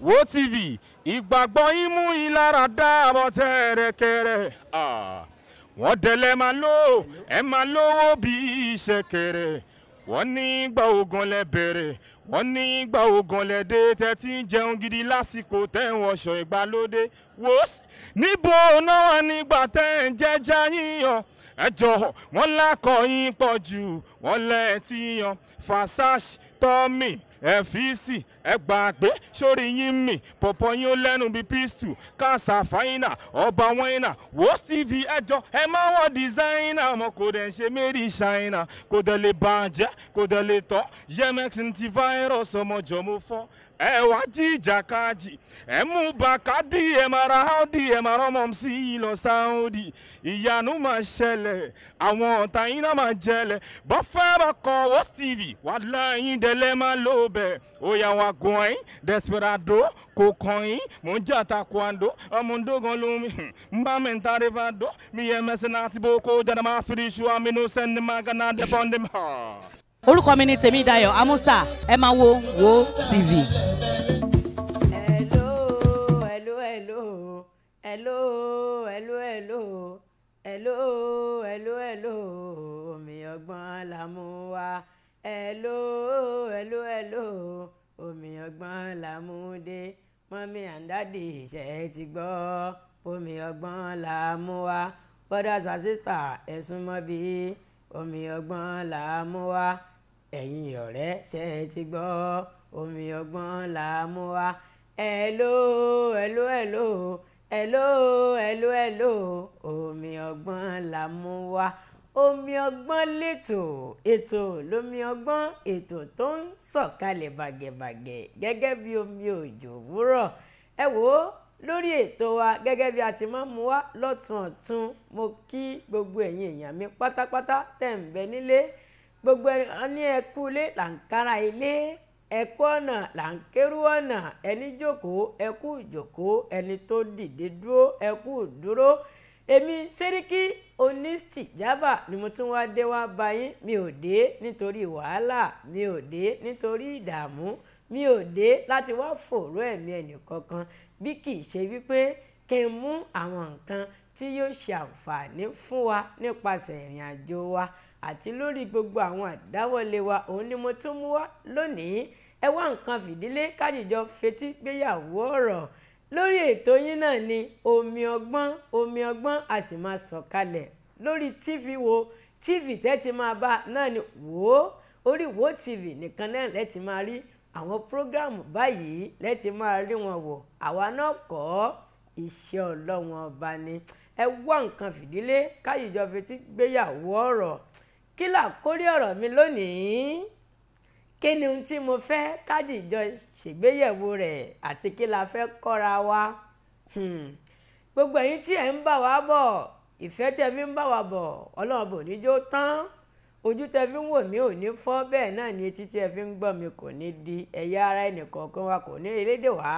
wo tv ìgbàgbọ́ yín mú yín lára dá àbọ̀ tẹ́rẹ̀kẹ́rẹ́ wọ́n dẹ̀lẹ́ máa lò ẹ máa lówó bí ìṣẹ̀kẹ̀rẹ̀ wọ́n ní gba ogun lẹ bẹ̀rẹ̀ wọ́n ní gba ogun lẹ dé tẹ́ ti ń jẹun gidi lásìkò tẹ́ ń wọṣọ ìgbàlódé wò ó níbo náà wà nígbà tẹ́ ń jẹ́jà yíyan ẹjọ́ wọ́n lákọ̀ yín pọ̀ jù wọ́n lẹ́ẹ̀tì yan fasash tọ́mì ẹ fi í sì ẹ gbà pé sórí yín mì pọ̀pọ̀ yín ó lẹ́nu bíi pistol káàsà fáyínà ọba wáyínà wo steve ẹjọ ẹ má wọ dísáínà ọmọ kò dẹ̀ ṣe mary ṣáínà kò dẹ̀ lè bàjẹ́ kò dẹ̀ lè tọ́ yẹmẹtì ti fáírọ̀sì ọmọ jọ̀mọ́ fọ́ ewati jakaji emubakadi emaraudi emaromomsi ilosaudi ìyanu máa Emara àwọn ọ̀tá iná máa jẹlẹ̀ bọ́fẹ́rọ̀ kọ wọ́stìvì wàláyìn délé máa lò bẹ̀ òyà wà gùnrin desperado kò kọrin mò ń jà taekwondo ọmọ ndógan lómi mbàmẹ́ntà rivado mi yẹ mẹsẹ̀ náà ti bó kó jẹ́ dama spiritual mi ní sẹ́ni magana dẹ́bọ́ndé mọ́. orúkọ mi ni Tèmídayọ̀ Amusa ẹ máa wo Wo TV. hello hello hello hello hello hello hello hello hello omi ọgbọ́n la mú wá hello hello hello omi ọgbọ́n la mú dé mọ́mí àǹdádì ìṣẹ́ ti gbọ́ omi ọgbọ́n la mú wá brothers and sisters ẹ̀sùn mọ́bí omi ọgbọ́n là á mú wá ẹ̀yin ọ̀rẹ́ ṣe é ti gbọ́ omi ọgbọ́n là á mú wá hello hello hello hello hello hello omi ọgbọ́n là á mú wá omi ọgbọ́n lẹ́tọ̀ ètò lómi ọgbọ́n ètò tó ń sọ̀kalẹ̀ bàgẹ̀bàgẹ̀ gẹ́gẹ́ bí omi òjò òwúrọ̀ ẹ wò ó lórí ètò wa gẹ́gẹ́ bí a ti máa ń mú wá lọ́tún ọ̀tún mo kí gbogbo ẹ̀yin èèyàn mi pátápátá tẹ̀ ń bẹ nílé gbogbo ẹ̀yàn ní ẹ kú ilé là ń kára ilé ẹ kú ọ̀nà là ń kérú ọ̀nà ẹni jókòó ẹ kú ìjókòó ẹni tó dìde dúró ẹ kú èmi sẹ́ríkì onísìtìjábà ni mo tún wá dé wá bá mi ò dé nítorí wàhálà mi ò dé nítorí ìdààmú mi ò dé láti wá fòró ẹ̀mí ẹnìkankan bí kì í ṣe wípé kí n mú àwọn nǹkan tí yóò ṣe àǹfààní fún wa nípasẹ̀ ìrìn àjò wa àti lórí gbogbo àwọn àdáwọlé wa òun ni mo tún mú wá lónìí ẹ wá nǹkan fìdílé kájíjọ fetí gbéyàwó ọ̀rọ̀ lórí ètò yín náà ni omi ọgbọ́n omi ọgbọ́n a sì máa sọ̀kalẹ̀ lórí tv wo tv tẹ́ ti máa bá náà ni wò ó orí wo tv nìkan náà lẹ́ ti máa rí àwọn prógáàmù báyìí lẹ́tì máa rí wọn wò àwa náà kọ́ iṣẹ́ ọlọ́run ọba ni ẹ wá nǹkan fìdílé káyìjọ fetí gbéyàwó ọ̀rọ̀ kí làkórí ọ̀rọ̀ mi lónìí kí ni ohun tí mo fẹ́ kájíjọ ṣègbéyẹ̀wò rẹ̀ àti kí la fẹ́ kọ́ra wa hmm. gbogbo ẹ̀yin tí ẹ̀ ń bá wa bọ̀ ìfẹ́ tí ẹ fi ń bá wa bọ̀ ọlọ́run bò ní tán ojú tẹ fi ń wò mí ò ní fọ́ bẹ́ẹ̀ náà ni etí tí ẹ fi ń gbọ́ mi kò ní di ẹ̀yà ara ẹnìkọ̀ọ̀kan wa kò ní elédè wá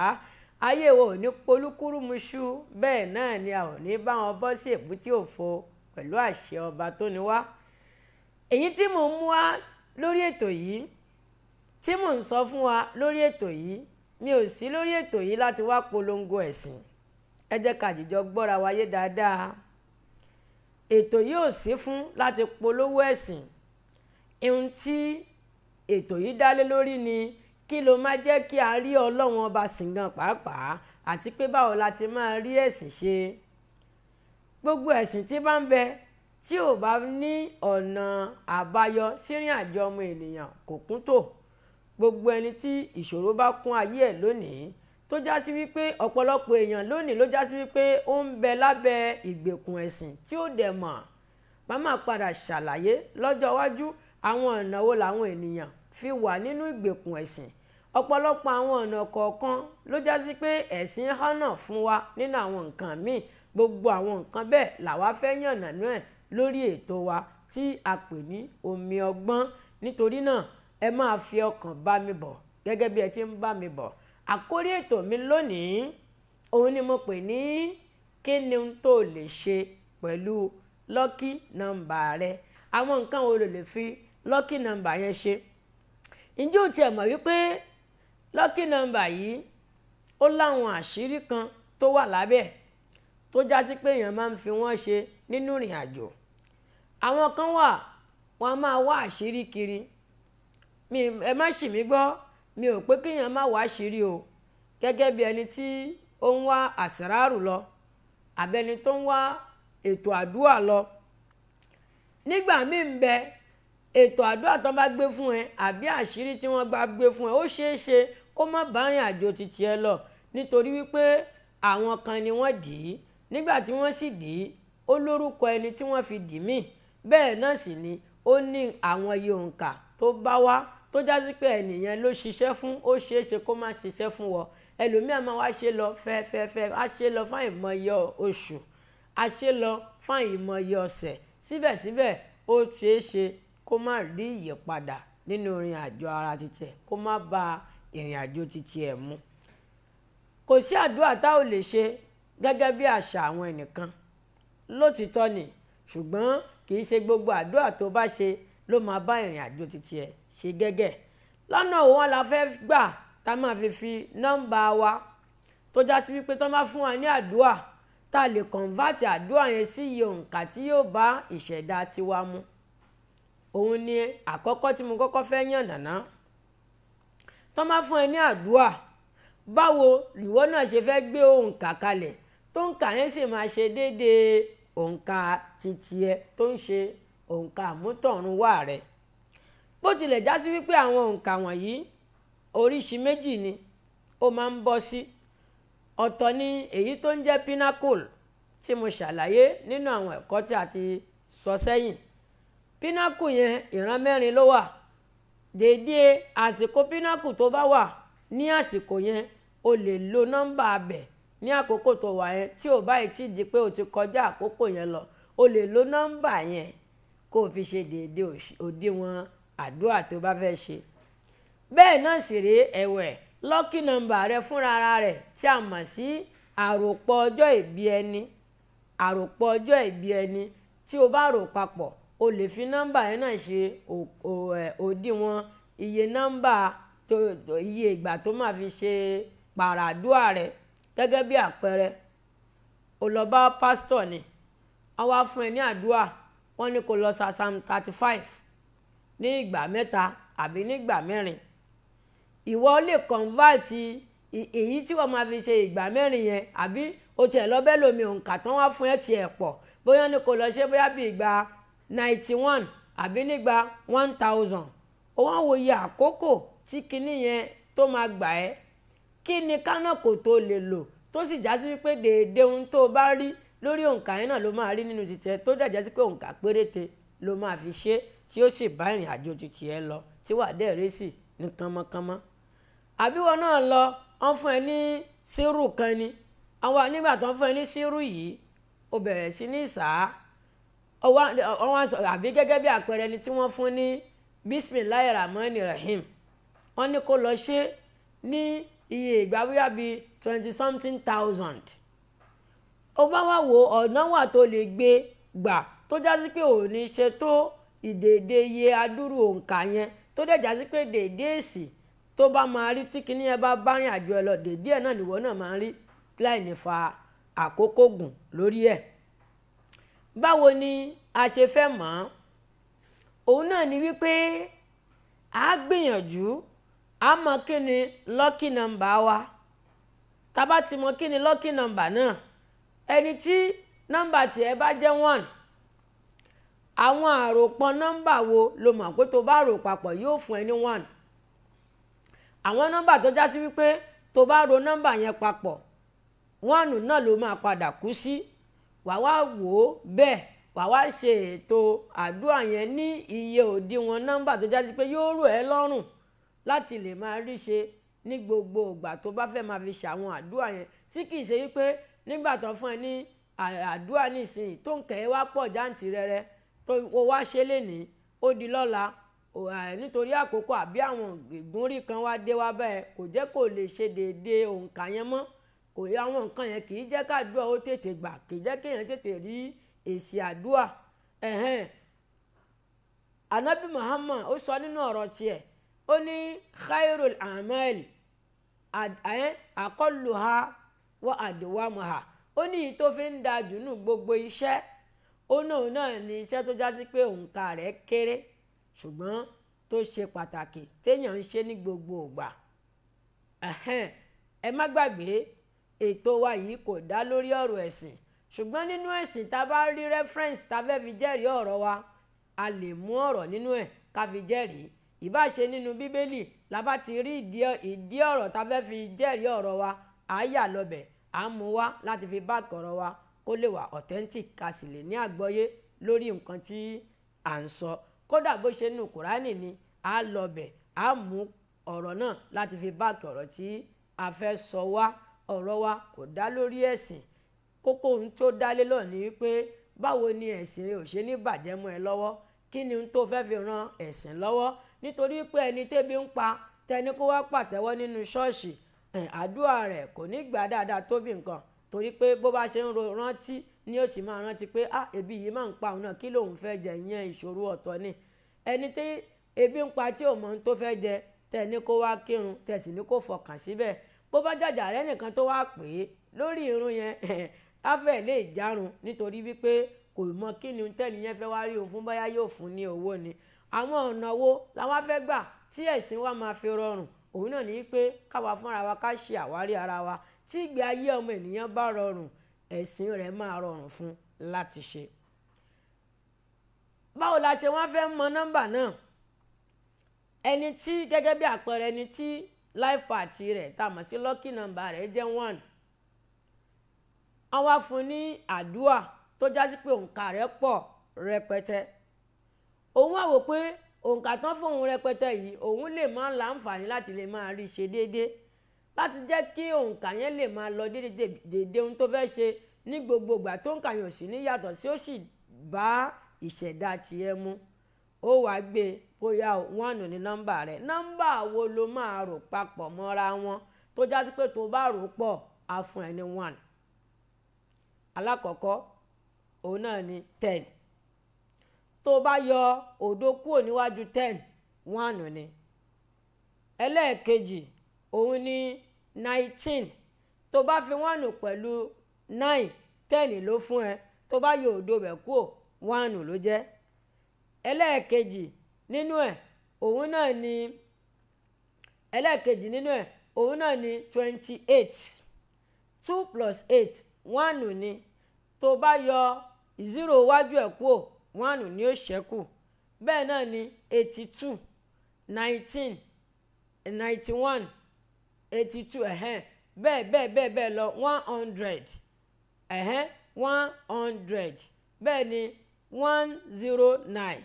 ayé wa ò ní polúkúrúmuṣu bẹ́ẹ̀ náà ni a ò ní bá wọn bọ́ sí èbúté òfo pẹ̀lú àṣẹ ọba tó ni wá èyí tí mò ń mú wá lórí ètò yìí tí mò ń sọ fún wa lórí ètò yìí mi ò sí lórí ètò yìí láti wá polongo ẹ̀sìn ẹ jẹ́ ká gbọ́ra wáyé dáadáa ètò yìí ò sí fún láti polówó ẹ̀sìn ihun tí ètò yìí dálé lórí ni kí ló máa jẹ́ kí a rí ọlọ́run ọba sìn gan pàápàá àti pé báwo la ti máa rí ẹ̀sìn ṣe gbogbo ẹ̀sìn tí bá ń bẹ tí ò bá ní ọ̀nà àbáyọ sírìn àjọ ọmọ ènìyàn kò kún tò gbogbo ẹni tí ìṣòro bá kún ayé ẹ̀ lónìí tó já sí wípé ọ̀pọ̀lọpọ̀ èèyàn lónìí ló já sí wípé ó ń bẹ lábẹ́ ìgbèkùn ẹ̀sìn tí ó dẹ̀ mọ̀ màmá padà ṣàlàyé lọ́jọ́ iwájú àwọn ọ̀nà wo làwọn ènìyàn fi wà nínú ìgbèkùn ẹ̀sìn ọ̀pọ̀lọpọ̀ àwọn ọ̀nà kọ̀ọ̀kan ló já sí pé ẹ̀sìn hànà fún wa nínú àwọn nǹkan míì gbogbo àwọn nǹkan bẹ́ẹ̀ làwa fẹ́ yànnà náà lórí ètò wa tí a pè ní omi ọgbọ́n nítorí náà ẹ máa fi ọkàn bá mi bọ̀ gẹ́gẹ́ bí ẹ ti ń bá mi bọ̀ àkórí ètò mi lónìí òun ni mo pè ní kí ni n tó lè ṣe pẹ̀lú lọ́kì nọ́mbà rẹ àwọn nǹkan wo ló lè fi lọ́kì nọ́mbà yẹn ṣe ǹjẹ́ o tiẹ̀ mọ̀ wípé lọ́kì nọ́mbà yìí ó láwọn àṣírí kan tó wà lábẹ́ tó já sí pé èèyàn máa ń fi wọ́n ṣe nínú ìrìn àjò àwọn kan wà wọ́n á máa wá àṣírí kiri ẹ má ṣì mí gbọ́ mi ò pé kéèyàn má wá àṣírí o gẹ́gẹ́ bí ẹni tí ó ń wá àsírárù lọ àbẹni tó ń wá ètò àdúrà lọ nígbà míì ń bẹ ètò àdúrà tó bá gbé fún ẹ àbí àṣírí tí wọ́n bá gbé fún ẹ ó ṣeé ṣe kó má bá rìn àjò títí ẹ lọ nítorí wípé àwọn kan ni wọ́n dì í nígbà tí wọ́n sì dì í ó lórúkọ ẹni tí wọ́n fi dì mí bẹ́ẹ̀ náà sì ni ó ní àwọn iye tó bá wá tó jásí pé ẹnìyẹn ló ṣiṣẹ́ fún ó ṣeé ṣe kó má ṣiṣẹ́ fún wọ ẹlòmíà máa wá ṣe lọ fẹ́ẹ́fẹ́ẹ́fẹ́ á ṣe lọ fún àìmọye oṣù á ṣe lọ fún àìmọye ọ̀sẹ̀ síbẹ̀síbẹ̀ ó ṣeé ṣe kó má rí ìyípadà nínú ìrìn àjò ara títẹ kó má ba ìrìn àjò títí ẹ̀ mu kò sí àdúrà tá ò lè ṣe gẹ́gẹ́ bí àṣà àwọn ẹnìkan lótìtọ́ ni ṣùgbọ́n kì í ṣe gbogbo àdúrà tó bá ṣe ló máa bá ìrìn àjò títí ẹ̀ ṣe gẹ́gẹ́ lọ́nà wọn la fẹ́ gbà tá a máa fi fi nọ́mbà wa tó já sí wípé tó máa fún wa ní àdúrà tá a lè kọ̀ǹvàtì àdúrà yẹn sí iye òǹkà tí yóò bá ìṣẹ̀dá tiwa mu òun ni àkọ́kọ́ tí mo kọ́kọ́ fẹ́ yàn nàná tó máa fún ẹ ní àdúrà báwo ìwọ náà ṣe fẹ́ gbé òǹkà kalẹ̀ tó ń kà yẹn sì máa ṣe déédéé òǹkà titi ẹ tó ń ṣe òǹkà àmútọ̀runwá rẹ̀ bó tilẹ̀ já sí wípé àwọn òǹkà wọ̀nyí oríṣi méjì ni ó máa ń bọ́ sí ọ̀tọ̀ ni èyí tó ń jẹ́ pinnacle tí mo ṣàlàyé nínú àwọn ẹ̀kọ́ tí a ti sọ sẹ́yìn pinnacle yẹn ìran mẹ́rin ló wà dédé àsìkò pinnacle tó bá wà ní àsìkò yẹn o lè lo nọ́mbà abẹ ní àkókò tó wà yẹn tí ò báyìí ti di pé o ti kọjá àkókò yẹn lọ o lè lo nọ́mbà yẹn kó o fi ṣe déédéé òdiwọ̀n àdúrà tó bá fẹ́ ṣe bẹ́ẹ̀ náà sì rí ẹ̀wẹ̀ lọ́kì nọ́mbà rẹ fúnra rẹ̀ tí a mọ̀ sí àròpọ̀ ọjọ́ ìbí ẹni àròpọ̀ ọjọ́ ìbí ẹni tí o bá rò papọ̀ o lè fi nọ́mbà yẹn náà ṣe òdiwọ̀n iye nọ́mbà iye ìgbà tó máa fi ṣe pàràdúà rẹ gẹ́gẹ́ bí àpẹẹrẹ o lọ bá pásítọ̀ ni wọ́n wá fún ẹ ní àdúà wọ́n ní kó lọ sa thirty five ní ìgbà mẹ́ta àbí nígbà mẹ́rin ìwọ lè convert èyí tí wọ́n máa fi ṣe ìgbà mẹ́rin yẹn àbí o tiẹ̀ lọ́bẹ̀ lomi òǹkà tán wá fún ẹ̀ tiẹ̀ pọ̀ bóyá ni kò lọ ṣe bóyá bí ìgbà ninety one àbí nígbà one thousand ó wá wo iye àkókò tí kinní yẹn tó máa gbà ẹ́ kí ni kánà kò tó lè lò tó sì já sí wípé dèédé ohun tó o bá rí lórí òǹkà yẹn náà ló máa rí nínú títẹ tó dẹ̀ sí pé òǹkà péréte ló máa fi ṣe é tí ó sì bá ìrìn àjò ti tiẹ̀ lọ tí wàá dẹ̀ rẹ́ sí ní kánmọ́kánmọ́ àbíwọ náà lọ wọ́n fún ẹ ní sírù kan ni àwọn nígbà tó ń fún ẹ ní sírù yìí ó bẹ̀rẹ̀ sí ní sàá àbí gẹ́gẹ́ bí àpẹẹrẹ ni tí wọ́n fún ní bisimilayi rahman rahim wọ́n ní kó lọ ṣe ní iye ìgbà bíi twenty something thousand ó bá wà wò ọ̀nà wà tó lè gbé gbà tó jásí pé òun ní ṣe tó ìdèdè iye adúrú òǹkà yẹn tó dẹ̀ jásí pé dèdè èsì tó bá máa rí tí kinní yẹn bá bá rìn àjò ẹ lọ dèdè ẹ náà nìwọ náà máa rí láì ní fa àkókò gùn lórí ẹ̀. báwo ni a ṣe fẹ́ mọ̀ ọ́n òun náà ni wípé a gbìyànjú a mọ̀ kí ni lọ́kì nọ́mbà wa tá a bá ti mọ̀ kí ni lọ́kì nọ́mbà náà ẹni tí nọ́mbà tiẹ̀ bá jẹ́ one àwọn àròpọ̀ nọ́mbà wo lo mọ̀ pé tó bá rò papọ̀ yóò fún ẹ ní one àwọn nọ́mbà tó já sí wípé tó bá ro nọ́mbà yẹn papọ̀ one náà ló máa padà kú sí wàá wá wò ó bẹ́ẹ̀ wàá wá ṣe ètò àdúrà yẹn ní iye òdiwọ̀n nọ́mbà tó já sí pé yóò rò ẹ́ lọ́rùn láti lè máa rí ṣe ní gbogbo ìgbà tó bá fẹ́ máa fi ṣàwọn àdúrà yẹn tí kìí ṣe wípé nígbà tó fún ẹ ní àdúrà nísìnyí tó ń kẹ́ ẹ wá pọ̀ jáǹtì rẹ́rẹ́ tó o wá ṣe lénìí ó di lọ́la nítorí àkókò àbí àwọn ìgúnrí kan wá dé wá bẹ́ẹ̀ kò jẹ́ kó lè ṣe déédéé òǹkà yẹn mọ́ kò yẹ àwọn nǹkan yẹn kì í jẹ́ kádùá ó tètè gbà kì í jẹ́ kéèyàn tètè rí èsì àdúà anabi muhammad ó sọ nínú ọ̀rọ̀ tiẹ̀ ó ní khairul amal àkọlù ha wọ́n àdìwámu ha ó ní ìtòfin dájú nù gbogbo iṣẹ́ ó náà náà ní iṣẹ́ tó já sí pé òǹkà rẹ̀ kéré ṣùgbọ́n tó ṣe pàtàkì téèyàn ń ṣe ní gbogbo ògbà ẹ má gbàgbé ètò wa yìí kò dá lórí ọ̀rọ̀ ẹ̀sìn ṣùgbọ́n nínú ẹ̀sìn tá a bá rí reference tá a fẹ́ fi jẹ́rìí ọ̀rọ̀ wa a lè mú ọ̀rọ̀ nínú ẹ̀ ká fi jẹ́rìí ìbáṣe nínú bíbélì la bá ti rí ìdí ọ̀rọ̀ tá a fẹ́ fi jẹ́rìí ọ̀rọ̀ wa àáyà lọ́bẹ̀ à ń mú wá láti fi báàkì ọ̀rọ̀ wa kó lè wà authentic ká sì lè ní àgbọ́yé lórí nǹkan tí à ń sọ kódà bó ṣe nù kúránì ni a lọ bẹ̀ a mú ọ̀rọ̀ náà láti fi báàkì ọ̀rọ̀ tí a fẹ́ sọ wá ọ̀rọ̀ wa kò dá lórí ẹ̀sìn kókó ohun tó dálé lọ ni wípé báwo ni ẹ̀sìn rẹ ò ṣe ní bàjẹ́ mọ́ ẹ lọ́wọ́ kí ni ohun tó fẹ́ fi ran ẹ̀sìn lọ́wọ́ nítorí pé ẹni tébi ń pa tẹni kó wá pàtẹ́wọ́ nínú ṣọ́ọ̀ṣì àdúrà rẹ̀ kò ní gbà dáadáa tó nǹkan torí pé bó bá ṣe ń rántí ni ó sì máa rántí pé ah ebi yìí máa ń pa òun náà kí lòun fẹ́ jẹ ìyẹn ìṣòro ọ̀tọ̀ ni ẹni tí ebi ń pa tí ò mọ̀ tó fẹ́ jẹ tẹ̀ ní kó wá kírun tẹ̀ sì ní kó fọkàn síbẹ̀ bó bá jàjà rẹ nìkan tó wá pè é lórí irun yẹn afẹ́ lè járun nítorí wípé kò mọ kí ni tẹ́ni yẹn fẹ́ wá rí òun fún báyá yóò fún ní owó ni àwọn ọ̀nà wo làwọn afẹ́ gbà tí ẹ̀sìn wa máa fi rọrùn òun náà ní pé káwa fúnra wa ká ṣe àwárí ara wa tí ìgbé ayé ọmọ ènìyàn bá rọrùn ẹ̀sìn rẹ̀ máa rọrùn fún láti ṣe. báwo la ṣe wọ́n fẹ́ mọ nọ́mbà náà ẹni tí gẹ́gẹ́ bí àpẹẹrẹ ẹni tí life party rẹ̀ tá a mọ̀ sí lucky number rẹ̀ jẹ́ one wọ́n wá fún ní àdúà tó jásí pé òǹkà rẹ̀ pọ̀ rẹpẹtẹ òun wá wò pé òǹkà tán fóun rẹpẹtẹ yìí òun lè máa ń láǹfààní láti lè máa rí ṣe déédéé láti jẹ́ kí òǹkà yẹn lè máa lọ déédéé ohun tó fẹ́ ṣe ní gbogbo ìgbà tó ń kà yàn sí níyàtọ̀ sí ó sì bá ìṣẹ̀dá tiẹ̀ mu ó wàá gbé e, bóyá one ní nọ́mbà rẹ̀ nọ́mbà wo ló máa rò papọ̀ mọ́ra wọn tó já pé tó bá rò pọ̀ á fún ẹ ní one alákọ̀ọ́kọ́ òun náà ni ten tó bá yọ òdo kúrò níwájú ten one ni ẹlẹ́ẹ̀kejì òun ni nineteen tó bá fi wọ́n nù pẹ̀lú nine ten ló fún ẹ tó bá yọ òdo rẹ̀ kú one ló jẹ́ ẹlẹ́ẹ̀kejì nínú ẹ̀ òun náà ni ẹlẹ́ẹ̀kejì nínú ẹ̀ òun náà ni twenty eight two plus eight one ni tó bá yọ zero wájú ẹ̀ kú one ni ó ṣẹ́kù bẹ́ẹ̀ náà ni eighty two nineteen ninety one eighty two ẹ̀hẹ́n bẹ́ẹ̀ bẹ́ẹ̀ bẹ́ẹ̀ bẹ́ẹ̀ lọ one hundred ẹ̀hẹ́n one hundred bẹ́ẹ̀ ni one zero nine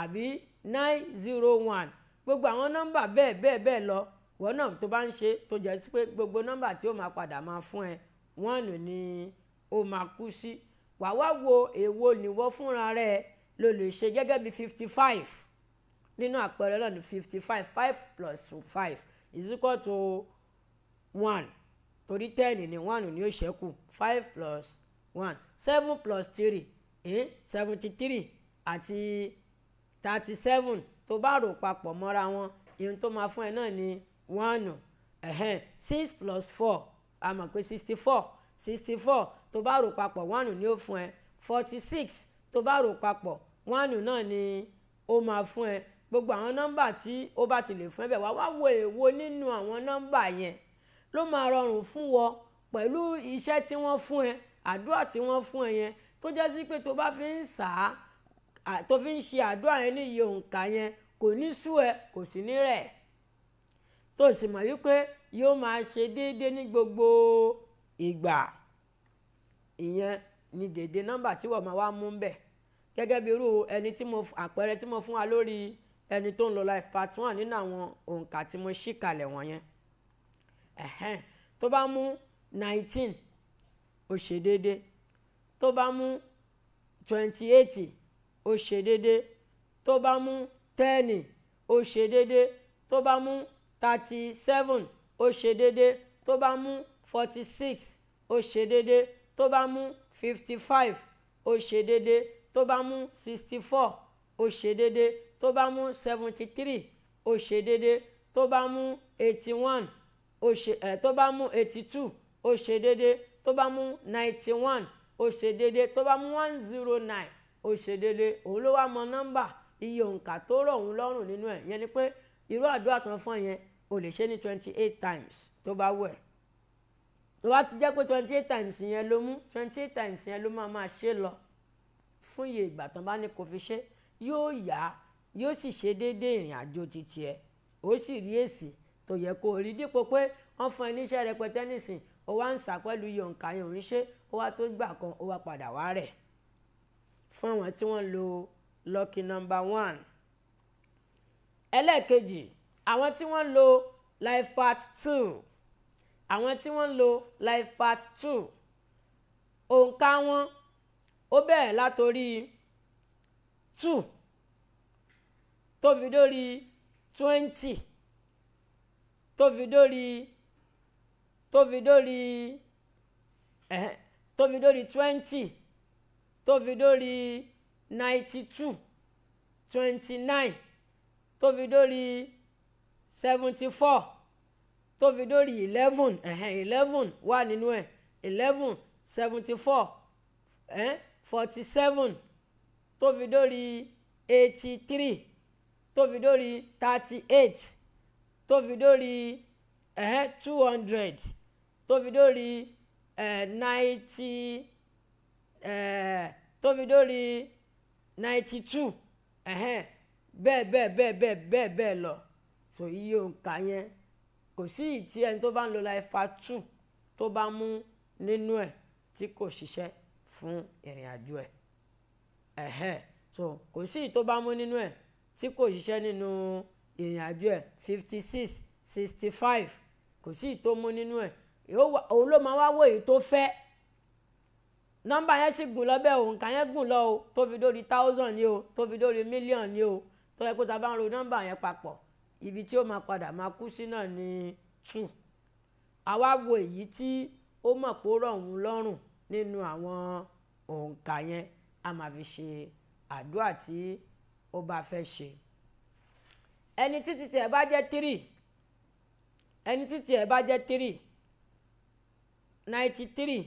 àbí nine zero one gbogbo àwọn nọ́mbà bẹ́ẹ̀ bẹ́ẹ̀ bẹ́ẹ̀ lọ wọ́n náà tó bá ń ṣe tó jẹ́ sí pé gbogbo nọ́mbà tí ó máa padà máa fún ẹ wọ́n ní ó máa kú sí wàá wá wo èwo nìwọ fúnra rẹ ló lè ṣe gẹ́gẹ́ bí fifty five nínú àpẹẹrẹ náà ni fifty five five plus two five is equal to one torí ten ni one ni ó ṣẹ́kù five plus one seven plus three eh? seventy three àti thirty seven tó bá rò papọ̀ mọ́ra wọn ihun tó máa fún ẹ náà ni one ẹ̀hẹ́n six plus four a mọ̀ pé sixty four sixty four tó bá rò papọ̀ one ni ó fún ẹ forty six tó bá rò papọ̀ one náà ni ó máa fún ẹ gbogbo àwọn nọ́mbà tí ó bá ti lè fún ẹ bẹ̀ wá wá wo èèwo nínú àwọn nọ́mbà yẹn ló máa rọrùn fún wọ pẹ̀lú iṣẹ́ tí wọ́n fún ẹ àdúrà tí wọ́n fún ẹ yẹn tó jẹ́ sí pé tó bá fi ń sà á tó fi ń ṣe àdúrà yẹn ní iye òǹkà yẹn kò ní sú ẹ kò sí ní rẹ̀ tó sì mọ̀ wípé yóò máa ṣe déédéé ní gbogbo ìgbà ìyẹn ni dèdè nọ́mbà tí wọ́n máa wá mú ń bẹ̀ gẹ́gẹ́ bí irú ẹni tí mo àpẹẹrẹ tí mo fún wa lórí ẹni tó ń lọ life part one nínú àwọn òǹkà tí mo ṣì kalẹ̀ wọ̀nyẹn ẹ̀hẹ́n tó bá mú nineteen ó ṣe déédéé tó bá mú twenty eight ó ṣe déédéé tó bá mú ten ó ṣe déédéé tó bá mú thirty seven ó ṣe déédéé tó bá mú forty six ó ṣe déédéé tó bá mú fifty five ó ṣe déédéé tó bá mú sixty four ó ṣe déédéé tó bá mú seventy three ó ṣe déédéé tó bá mú eighty one ó ṣe ẹ tó bá mú eighty two ó ṣe déédé tó bá mú ninety one ó ṣe déédé tó bá mú one zero nine ó ṣe déédé òun ló wá mọ nọ́mbà iye òǹkà tó rọ̀ òun lọ́rùn nínú ẹ̀ yẹn ni pé irú àdúrà tán fún yẹn o lè ṣe ní twenty eight times tó bá wù ẹ́ tó bá ti jẹ́ pé twenty eight times yẹn ló mú twenty eight times yẹn ló máa máa ṣe lọ fún iye ìgbà tán bá ní kó fi ṣe yóò yá yóò sì ṣe déédéé ìrìn àjò títí ẹ ó sì rí èsì tó yẹ kó rí dípò pé wọ́n fún ẹ níṣẹ́ rẹpẹtẹ nísìn ó wá ń sá pẹ̀lú yọǹkà yẹn òun ṣe ó wá tó gbà kan ó wá padà wá rẹ̀ fún àwọn tí wọ́n lo lucky number one ẹlẹ́ẹ̀kejì àwọn tí wọ́n lo life part two àwọn tí wọ́n lo life part two òǹkà wọn ó bẹ̀rẹ̀ látòrí two tó fi dórí twenty tó fi dórí tó fi dórí ẹ̀hẹ́n tó fi dórí twenty tó fi dórí ninety two twenty nine tó fi dórí seventy four tó fi dórí eleven ẹ̀hẹ́n eleven wà nínú ẹ̀ eleven seventy four ẹ̀hẹ́n forty seven tó fi dórí eighty three tó fi dórí thirty eight tó fi dórí two hundred tó fi dórí eh, ninety eh, tó fi dórí ninety two bẹ́ẹ̀ bẹ́ẹ̀ bẹ́ẹ̀ bẹ́ẹ̀ bẹ́ẹ̀ bẹ́ẹ̀ lọ so iye òǹkà yẹn kò sí ìtí ẹni tó bá ń lo láìfa two tó bá mú nínú ẹ̀ tí kò ṣiṣẹ́ fún ìrìn àjò ẹ̀ so kò sí ìtó bá mú nínú ẹ̀ tí kò ṣiṣẹ́ nínú. No ìrìn àjò ẹ̀ fifty six sixty five kò sí ìtò mú nínú ẹ̀ òun ló máa wá wò èyí tó fẹ́ nọ́mbà yẹn sì gùn lọ́bẹ̀ òǹkà yẹn gùn lọ o tó fi dórí thousand ni o tó fi million ni o tó yẹ kó ta bá ń ro nọ́mbà yẹn papọ̀ ibi tí ó máa padà máa kú sí náà ni two àwa wo èyí tí ó mọ̀ pé ó rọ̀ òun lọ́rùn nínú àwọn òǹkà yẹn a máa fi ṣe àdúrà tí ó bá fẹ́ ṣe ẹni títí tiẹ̀ bá jẹ́ three ẹni títí tiẹ̀ bá jẹ́ three ninety three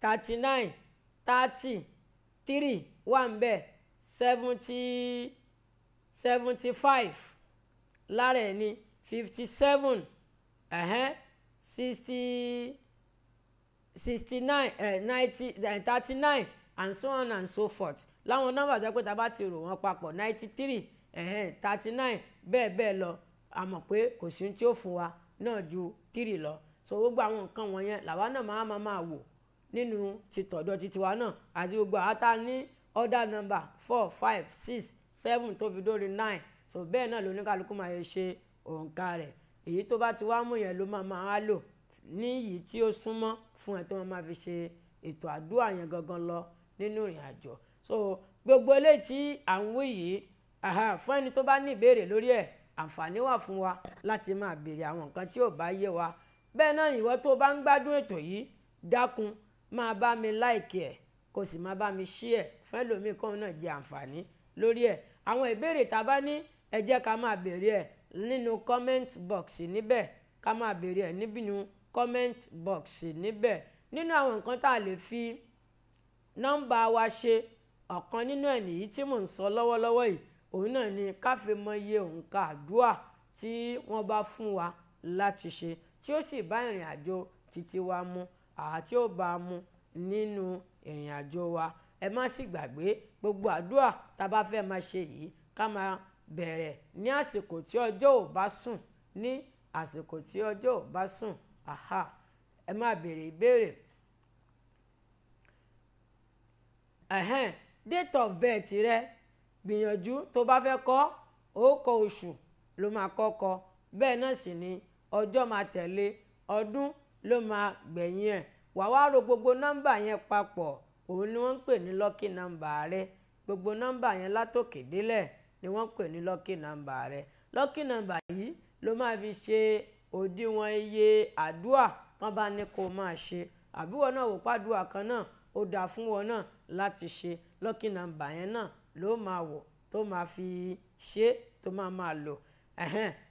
thirty nine thirty three wà ń bẹ̀ seventy seventy five lára ẹ̀ ni fifty seven sixty sixty nine eh, ninety eh, thirty nine and so on and so forth láwọn nọ́mbà tó pé tá a bá ti rò wọ́n papọ̀ ninety three thirty nine bẹ́ẹ̀ bẹ́ẹ̀ lọ a mọ̀ pé kò sí tí ó fún wa náà ju three lọ so gbogbo àwọn nǹkan wọ̀nyẹn làwa náà máa máa máa wò nínú ti tọ̀dọ̀ ti tiwa náà àti gbogbo àwọn tá a ní order number four five six seven tó fi dórí nine so bẹ́ẹ̀ náà lóníkàlùkù máa yẹ ṣe òǹkà rẹ̀ èyí tó bá ti wá mú yẹn ló máa máa lò ní yìí tí ó súnmọ́ fún ẹ tó máa máa fi ṣe ètò àdúrà yẹn gangan lọ nínú ìrìn àjò so gbogbo eléyìí tí à ń wí yìí fún ẹni tó bá ní ìbéèrè lórí ẹ̀ àǹfààní wà fún wa láti máa béèrè àwọn nǹkan tí ò bá yé wa bẹ́ẹ̀ náà ìwọ tó bá ń gbádùn ètò yìí dákun máa bá mi láìkì ẹ̀ kó sì máa bá mi ṣí ẹ̀ fẹ́ lómi kóun náà jẹ àǹfààní lórí ẹ̀ àwọn ìbéèrè tá a bá ní ẹ jẹ́ ká máa béèrè ẹ̀ nínú comment box níbẹ̀ ká máa béèrè ẹ̀ níbínú comment box níbẹ̀ nínú àwọn nǹkan tá a lè fi nọ́mbà wa ṣe ọ̀kan nínú ẹ̀ nìyí tí mò ń sọ lọ́wọ́lọ́wọ́ yìí òun náà ni káfíńmọye òǹkà àdúà tí wọ́n bá fún wa láti ṣe tí ó sì bá ìrìn àjò títí wa mu àti ó bá a mu nínú ìrìn àjò wa ẹ má sì gbàgbé gbogbo àdúà tá a bá fẹ́ máa ṣe yìí ká máa bẹ̀rẹ̀ ní àsìkò tí ọjọ́ ò bá sùn ní àsìkò tí ọjọ́ ò bá sùn àhà ẹ má béèrè ìbéèrè date of birth rẹ gbìyànjú tó bá fẹ́ kọ ó kọ oṣù ló máa kọ́kọ́ bẹ́ẹ̀ náà sì ni ọjọ́ máa tẹ̀lé ọdún ló máa gbẹ̀yìn ẹ̀ wà wá ro gbogbo nọ́mbà yẹn papọ̀ òun ni wọ́n ń pè ní lọ́kì nọ́mbà rẹ gbogbo nọ́mbà yẹn látòkè délẹ̀ ni wọ́n ń pè ní lọ́kì nọ́mbà rẹ lọ́kì nọ́mbà yìí ló máa fi ṣe òdiwọ̀n iye àdúà tán bá ní kó máa ṣe àbúrò náà wò pàdúà kan náà ó dáa fún wọn náà láti ṣe lọ́kì nọ́mbà yẹn náà ló máa wọ̀ tó máa fi ṣe tó máa máa lò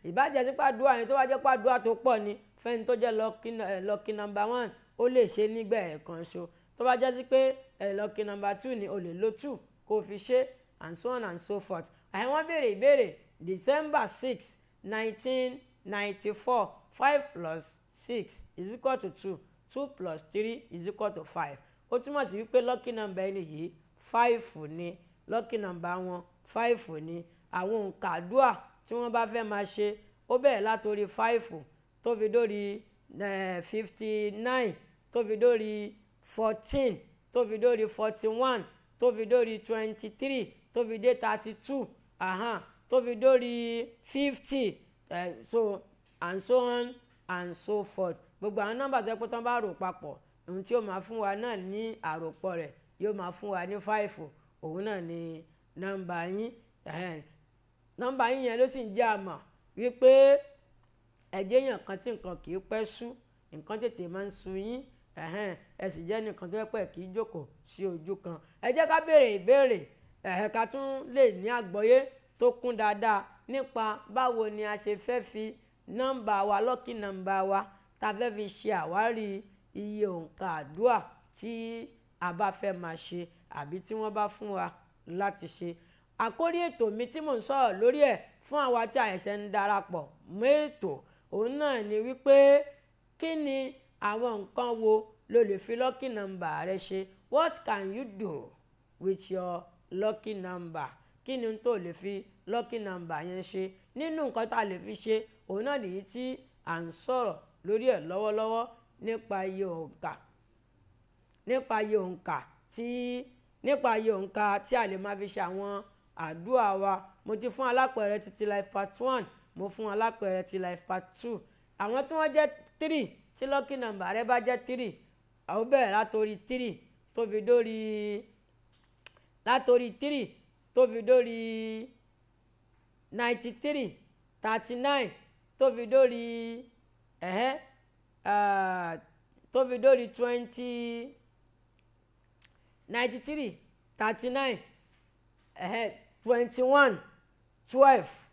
ìbàjẹ́ sí pàdúrà yẹn tó bá jẹ́ pàdúrà tó pọ̀ ni fẹ́ni tó jẹ́ lọ́kì eh, nọmba one ó lè ṣe nígbà ẹ̀ẹ̀kan ṣo tó bá jẹ́ sí pé eh, lọ́kì nọmba two ni o lè lo two kó o fi ṣe and so on and so forth àwọn béèrè ìbéèrè December six nineteen ninety four five plus six is equal to two two plus three is equal to five ó túmọ̀ sí wípé lọ́kì nọmba ẹni yìí five ni lọ́kì nàmbà wọn fáìfù ni àwọn òǹkà àdúà tí wọ́n bá fẹ́ máa ṣe ó bẹ̀rẹ̀ látòrí fáìfù tó fi dórí eh, fifty nine tó fi dórí fourteen tó fi dórí forty one tó fi dórí twenty three tó fi dé thirty two tó fi dórí fifty eh, so and so on and so forth gbogbo àwọn nọ́mbà tó yẹ pé tán bá rò papọ̀ ohun tí yóò máa fún wa náà ní àròpọ̀ rẹ̀ yóò máa fún wa ní fáìfù òun náà ni nọ́mbà yín nọ́mbà yín yẹn ló sì ń jẹ́ àmọ̀ wípé ẹ̀jẹ̀ yàn kan tí nǹkan kì í pẹ́ sú nǹkan tètè máa ń sú yín ẹ sì jẹ́ nìkan tó yẹ pé kì í jókòó sí ojú kan ẹ jẹ́ ká béèrè ìbéèrè ẹ̀hẹ́ ká tún lè ní àgbọ́yé tó kún dáadáa nípa báwo ni a ṣe fẹ́ fi nọ́mbà wa lọ́kì nọ́mbà wa tá a fẹ́ fi ṣe àwárí iye òǹkà àdúrà tí a bá fẹ́ máa ṣe àbí tí wọ́n bá fún wa láti ṣe àkórí ètò mi tí mò ń sọ̀rọ̀ lórí ẹ̀ fún àwa tí àìsẹ̀ ń darapọ̀ mọ́ ètò òun náà ni wípé kí ni àwọn nǹkan wo ló lè fi lucky number rẹ ṣe what can you do with your lucky number kí ni tó lè fi lucky number yẹn ṣe nínú nǹkan tá a lè fi ṣe òun náà nìyí tí à ń sọ̀rọ̀ lórí ẹ̀ lọ́wọ́lọ́wọ́ nípa iye òǹkà nípa iye òǹkà tí nípa iye òǹkà tí a lè máa fi ṣe àwọn àdúrà wa mo ti fún alápẹ̀rẹ̀ ti life part one mo fún alápẹ̀rẹ̀ ti life part two àwọn tí wọ́n jẹ́ three tí lucky number rẹ bá jẹ́ three àwọn bẹ̀rẹ̀ látòrí three tó fi dórí látòrí three tó fi dórí ninety three thirty nine tó fi dórí ẹ̀hẹ́ ah, tó fi dórí twenty ninety three thirty nine twenty one twelve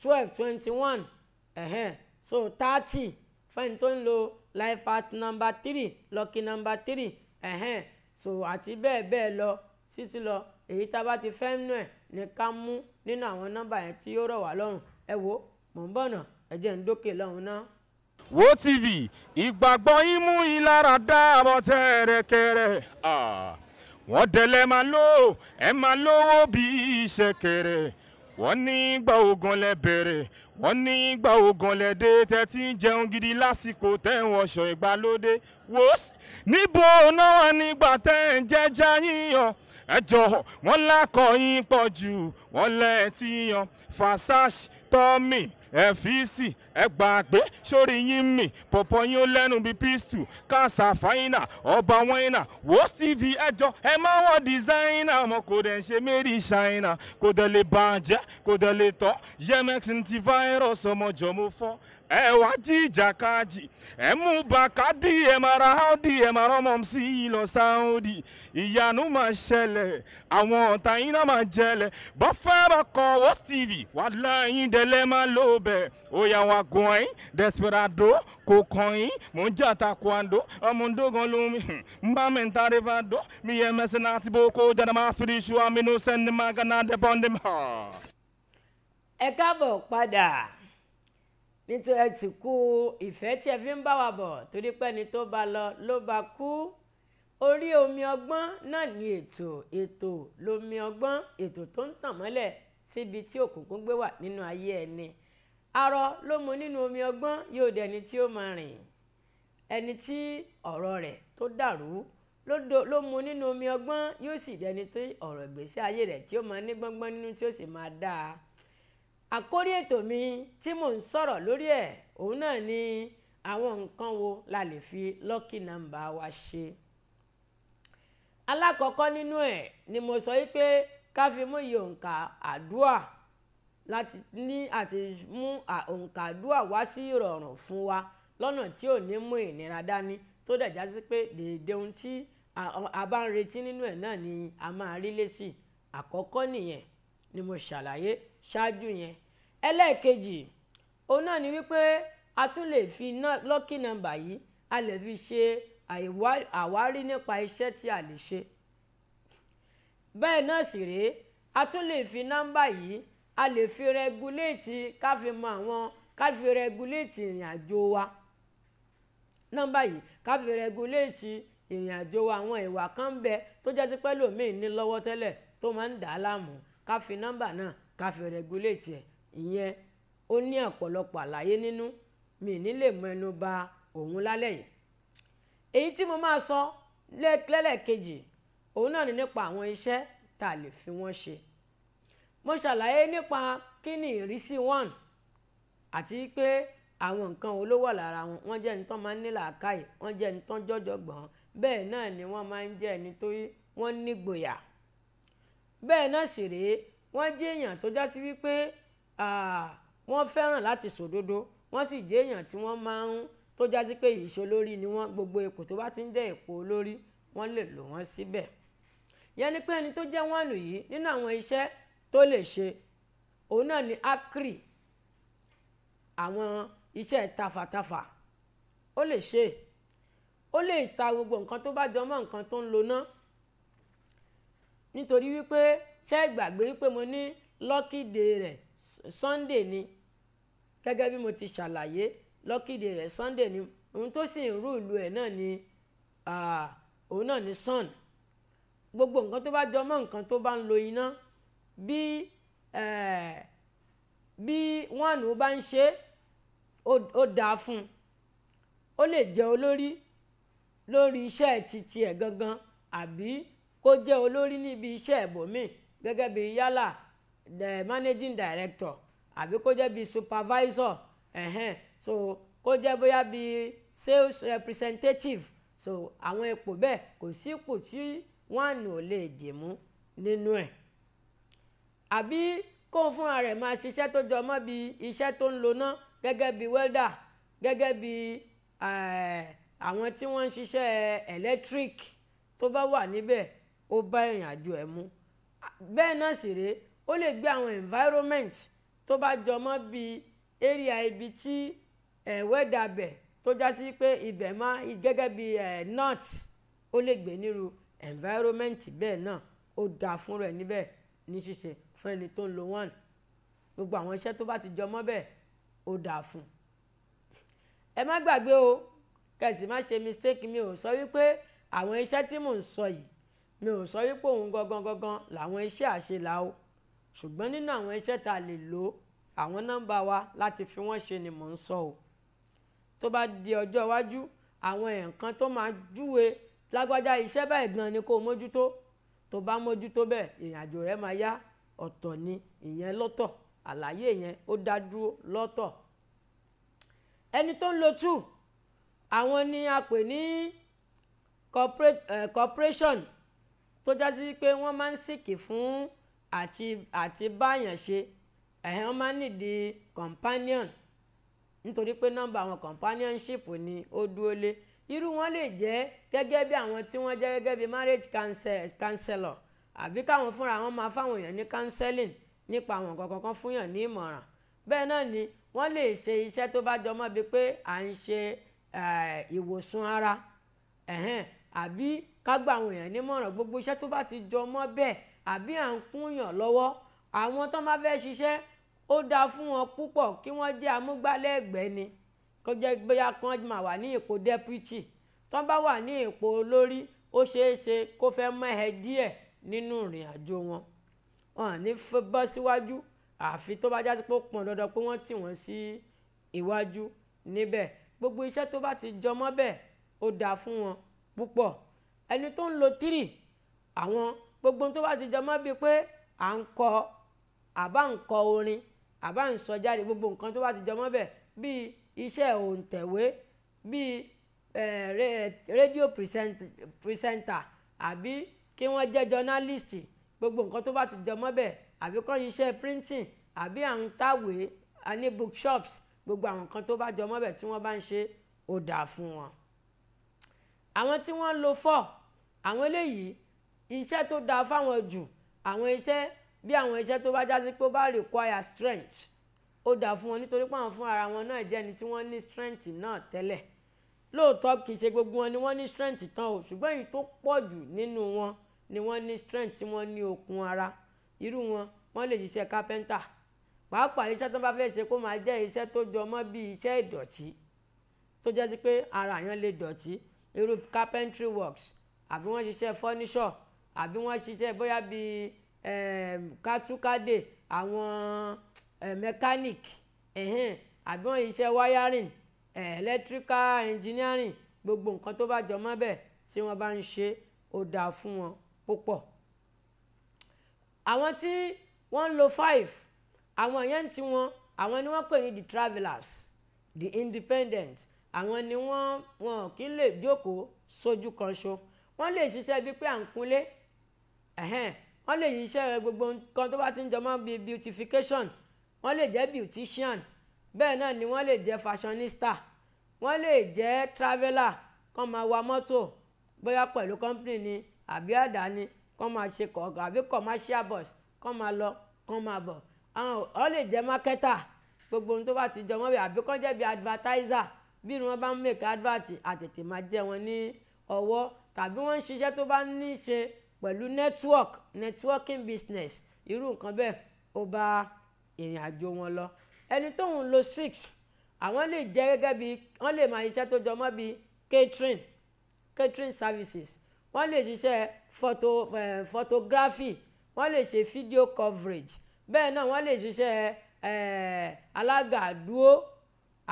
twelve twenty one so thirty fẹ́ni tó ń lo life at number three lucky number three so àti bẹ́ẹ̀ bẹ́ẹ̀ lọ títí lọ èyí tá a bá ti fẹ́ nù ẹ̀ ní ká mú nínú àwọn nọ́mbà yẹn tí yóò rọ̀ wá lọ́rùn ẹ wo mò ń bọ̀ nà ẹ jẹ́ ń dókè lọ́hùn náà. Wo TV ìgbàgbọ́ yín mú yín lára dá àbọ̀tẹ́ rẹ̀ kẹrẹ̀. Ah wọ́n dẹ̀lẹ̀ máa lò ẹ máa lówó bí ìṣẹ̀kẹ̀rẹ̀ wọ́n ní gba ogun lẹ bẹ̀rẹ̀ wọ́n ní gba ogun lẹ dé tẹ́ ti ń jẹun gidi lásìkò tẹ́ ń wọṣọ ìgbàlódé wòs níbo náà wà nígbà tẹ́ ń jẹ́já yíyan ẹ jọ̀ọ́ wọ́n yín pọ̀ jù wọ́n lẹ́ẹ̀ tí yan fasash tọ́mì ẹ fi í sì ẹ gbà pé sórí yín mì pọ̀pọ̀ yín ó lẹ́nu bíi pistol káàsà fáyínà ọba wáyínà wo steve ẹjọ ẹ máa wọ dizaina ọmọ kò dẹ̀ ṣe mary ṣáínà kò dẹ̀ lè bàjẹ́ kò dẹ̀ lè tọ́ yemex ti fáírọ̀sì ọmọ jọ̀mọ́ fọ́ ji wati jakaji emu bakadi emara howdy emara ọmọ mi sí lọ sáódì ìyanu máa ṣẹlẹ̀ àwọn ọ̀tá yín náà máa jẹlẹ̀ bọ́fẹ́ bá kọ wọ́ stevie wà láyìn délé máa lò bẹ̀ òyà wà gùn desperado kò kàn yín mò ń jà taekwondo ọmọ ndógan ló mi mbà mi ta mi yẹ mẹsìn náà ti bó kó jáde máa sùn iṣu àmínú sẹ́ni máa gánà dẹ́bọ́ndé mọ́. nítorí ẹ sì kú ìfẹ́ tí ẹ fi ń bá wa bọ̀ torí pé ẹni tó bá lọ ló bá kú orí omi ọgbọ́n náà ni ètò ètò lomi ọgbọ́n ètò tó ń tàn mọ́lẹ̀ síbi tí òkùnkùn gbé wà nínú ayé ẹni arọ ló mu nínú omi ọgbọ́n yóò dẹni tí ó máa rìn ẹni tí ọ̀rọ̀ rẹ̀ tó dàrú ló mu nínú omi ọgbọ́n yóò sì dẹni tí ọ̀rọ̀ ìgbésí ayé rẹ̀ tí ó máa ní gbọ́ngbọ́n nínú tí ó sì máa dáa àkórí ètò mi tí mò ń sọ̀rọ̀ lórí ẹ̀ òun náà ni àwọn nǹkan wo la lè fi lucky number wa ṣe. alákọ̀ọ́kọ́ nínú ẹ̀ ni mo sọ yí pé ká fi mú iye òǹkà àdúà láti ní àti mú òǹkà àdúà wá sí ìrọ̀rùn fún wa lọ́nà tí ò ní mú ìnira dání tó dẹ̀ sí pé dèédé ohun tí a bá ń retí nínú ẹ̀ náà ni a máa rí lésì àkọ́kọ́ nìyẹn ni mo ṣàlàyé ṣáájú yẹn ẹlẹ́ẹ̀kejì òun náà ni wípé a tún lè fi lọ́kì nọ́mbà yìí a lè fi ṣe àwárí nípa iṣẹ́ tí a lè ṣe bẹ́ẹ̀ náà sì rèé a tún lè fi nọ́mbà yìí a lè fi rẹguléètì ká fi mọ àwọn ká fi rẹguléètì ìrìn àjò wa nọ́mbà yìí ká fi rẹguléètì ìrìn àjò wa àwọn ìwà kan ń bẹ tó jẹ́ sí pẹ́ lòmíì ní lọ́wọ́ tẹ́lẹ̀ tó máa ń dà á láàmú ká fi nọ́mbà náà ká fi rẹguléètì ẹ̀ ìyẹn ó ní ọ̀pọ̀lọpọ̀ àlàyé nínú mi ní lè mọ ẹnu ba òun lálẹ́ yìí èyí tí mo máa sọ lẹ́lẹ́kejì òun náà ni nípa àwọn iṣẹ́ tá a lè fi wọ́n ṣe mo ṣàlàyé nípa kí ni ìrísí one àti pé àwọn nǹkan wo ló wà lára wọn wọ́n jẹ́ ẹni tó máa ń ní làákàyè wọ́n jẹ́ ẹni tó ń jọ́jọ́ gbọ̀n bẹ́ẹ̀ náà ni wọ́n máa ń jẹ́ ẹni tó wọ́n nígboyà bẹ́ẹ̀ náà sì rèé wọ́n jẹ́ èèyàn tó já sí wípé wọ́n fẹ́ràn láti sòdodo wọ́n sì jẹ́ èèyàn tí wọ́n máa ń tó jásí pé ìṣolórí ni wọ́n gbogbo ipò tó bá ti ń jẹ́ ipò olórí wọ́n lè lò wọ́n síbẹ̀ yẹn ni pé ẹni tó jẹ́ wánù yìí nínú àwọn iṣẹ́ tó lè ṣe òun náà ni akri àwọn iṣẹ́ tafàtafà ó lè ṣe ó lè ta gbogbo nǹkan tó bá jọmọ́ nǹkan tó ń lo ná nítorí wípé ṣé gbàgbé wípé mo ní lọ́kìdè rẹ̀ Sunday ni gẹ́gẹ́ bí mo ti ṣàlàyé lọ́kìdí rẹ̀ Sunday ni ohun tó sì ń rúùlù ẹ̀ náà ni òun náà ni sun gbogbo nǹkan tó bá jọ mọ́ nǹkan tó bá ń lo iná bí bí wánù bá ń ṣe ó dáa fún un ó lè jẹ́ olórí lórí iṣẹ́ titi ẹ̀ gangan àbí kó jẹ́ olórí níbi iṣẹ́ ẹ̀bòmíì gẹ́gẹ́ bí yálà the managing director àbí kó jẹ́ bíi supervisor ẹ̀hẹ́n so kó jẹ́ bóyá bíi sales representative so àwọn ipò bẹ́ẹ̀ kò sí ipò tí wọ́n ò lè dì mú nínú ẹ̀ àbí kóun fúnra rẹ̀ máa ṣiṣẹ́ tó jọ mọ́ bíi iṣẹ́ tó ń lo gẹ́gẹ́ bíi welder gẹ́gẹ́ bíi eh, àwọn tí wọ́n ń ṣiṣẹ́ electric tó bá wà níbẹ̀ ó bá ìrìn àjò ẹ̀ mu bẹ́ẹ̀ náà sì rèé ó lè gbé àwọn environment tó bá jọmọ́ bíi area ibi tí wẹ́dàbẹ̀ tó já sí pé ibẹ̀ máa gẹ́gẹ́ bí north ó lè gbé nírú environment bẹ́ẹ̀ náà ó dáa fún rẹ̀ níbẹ̀ ní ṣíṣe fún ẹni tó ń lo one gbogbo àwọn iṣẹ́ tó bá ti jọmọ́ bẹ́ẹ̀ ó dáa fún un ẹ má gbàgbé o kẹsì má ṣe mistake mi ò sọ wípé àwọn iṣẹ́ tí mò ń sọ yìí mi ò sọ wípé òun gangan gangan làwọn iṣẹ́ àṣelà o ṣùgbọ́n nínú àwọn iṣẹ́ tá a lè lò àwọn nọ́mbà wa láti fi wọ́n ṣe ni mò ń sọ o tó bá di ọjọ́ iwájú àwọn nǹkan tó máa júwe lágbájá iṣẹ́ báyìí gan ni kó mójútó tó bá mójútó bẹ́ẹ̀ ìrìnàjò rẹ máa yá ọ̀tọ̀ ni ìyẹn lọ́tọ̀ àlàyé yẹn ó dá dúró lọ́tọ̀ ẹni tó ń lo two àwọn ni a pè ní eh, corporation tó já sí pé wọ́n máa ń sìnkì fún àti àti báyàn ṣe ẹ̀hìn wọn máa nídìí companion nítorí pé nọ́mbà àwọn companionship ni ó dúró lé irú wọn lè jẹ́ gẹ́gẹ́ bí àwọn tí wọ́n jẹ́ gẹ́gẹ́ bí marriage counselor àbí káwọn fúnra wọn máa fáwọn èèyàn ní counseling nípa àwọn nǹkan kankan fún yàn ní ìmọ̀ràn bẹ́ẹ̀ náà ni wọ́n lè ṣe iṣẹ́ tó bá jọmọ́ bíi pé à ń ṣe eh, ìwòsàn ara àbí ká gba àwọn èèyàn nímọ̀ràn gbogbo iṣẹ́ tó bá ti jọmọ́ bẹ́ẹ̀ àbí à ń kúnyàn lọ́wọ́ àwọn tó máa fẹ́ ṣiṣẹ́ ó dáa fún wọn púpọ̀ kí wọ́n jẹ́ amúgbálẹ́gbẹ̀ẹ́ ni kó jẹ́ bóyá kan máa wà ní ipò dẹ́pútì tó bá wà ní ipò olórí ó ṣeé ṣe kó fẹ́ mọ́ ẹ díẹ̀ nínú ìrìn àjò wọn wọn à ní bọ́ síwájú àfi tó bá jásí pé ó pọn dandan pé wọ́n tì wọ́n sí iwájú níbẹ̀ gbogbo iṣẹ́ tó bá ti jọmọ́ bẹ́ẹ̀ ó dáa fún wọn púpọ̀ ẹni tó ń lo tírì àwọn gbogbo tó bá ti jọ mọ́ bíi pé à ń kọ àbá ń kọ orin àbá ń sọ jáde gbogbo nǹkan tó bá ti jọ mọ́ bẹ̀ bíi iṣẹ́ òǹtẹ̀wé bíi rédíò pírísẹ́ńtà àbí kí wọ́n jẹ́ jọ́nálìstì gbogbo nǹkan tó bá ti jọ mọ́ bẹ̀ àbí kọ́ iṣẹ́ printing àbí à ń tàwé a ní bookshops gbogbo àwọn nǹkan tó bá jọ mọ́ bẹ̀ tí wọ́n bá ń ṣe ó dáa fún wọn. àwọn tí wọ́n ń lo four àwọn eléyìí iṣẹ́ tó dáa fáwọn jù àwọn iṣẹ́ bí àwọn iṣẹ́ tó bá jásí pé ó bá require strength ó dáa fún wọn nítorí pé àwọn fún ara wọn náà jẹ́ ẹni tí wọ́n ní strength náà tẹ́lẹ̀ lóòótọ́ kì í ṣe gbogbo wọn ni wọ́n ní strength tán o ṣùgbọ́n èyí tó pọ̀ jù nínú wọn ni wọ́n ní strength tí wọ́n ní okun ara irú wọn wọ́n lè ṣiṣẹ́ carpenter pàápàá iṣẹ́ tó bá fẹ́ ṣe kó máa jẹ́ iṣẹ́ tó jọ mọ́ bí iṣẹ́ ìdọ̀tí tó jẹ́ sí pé ara yẹn lè dọ̀tí irú carpentry works àbí wọ́n ṣiṣẹ́ furniture àbí wọ́n ṣiṣẹ́ bóyá bíi kátúkádè àwọn mechanic àbí wọ́n ṣiṣẹ́ wiring electrical engineering gbogbo nǹkan tó bá jọ mọ́ bẹ́ẹ̀ tí wọ́n bá ń ṣe ó dáa fún wọn púpọ̀. àwọn tí wọ́n ń lo five àwọn yẹn tí wọ́n àwọn ni wọ́n pè ní the travellers the independent àwọn ni wọ́n wọn kì í lè jókòó sójú kan ṣo wọ́n lè ṣiṣẹ́ bíi pé à ń kúnlé wọ́n lè yí iṣẹ́ gbogbo nǹkan tó bá ti ń jọ mọ́ bíi beautification wọ́n lè jẹ́ beautician bẹ́ẹ̀ náà ni wọ́n lè jẹ́ fashionista wọ́n lè jẹ́ traveller kán máa wa mọ́tò bóyá pẹ̀lú company ni àbí àdáni kán máa ṣe kọ̀ọ̀kan àbí commercial bus kán máa lọ kán máa bọ̀ wọ́n lè jẹ́ marketer gbogbo ohun tó bá ti jọ mọ́ bẹ́ẹ̀ àbí kán jẹ́ bíi advertiser bí wọ́n bá ń make advert àtètè máa jẹ́ wọn ní ọwọ́ tàbí wọ́n ń ṣiṣẹ́ tó bá ní ṣe pẹ̀lú network networking business irú nǹkan bẹ́ẹ̀ ó bá ìrìn àjò wọn lọ ẹni tóun lo six àwọn lè jẹ́ gẹ́gẹ́ bí wọ́n lè máa iṣẹ́ tó jọmọ́ bí catering catering services wọ́n lè ṣiṣẹ́ photo eh, photography wọ́n lè ṣe video coverage bẹ́ẹ̀ náà wọ́n lè ṣiṣẹ́ eh, alágàdúró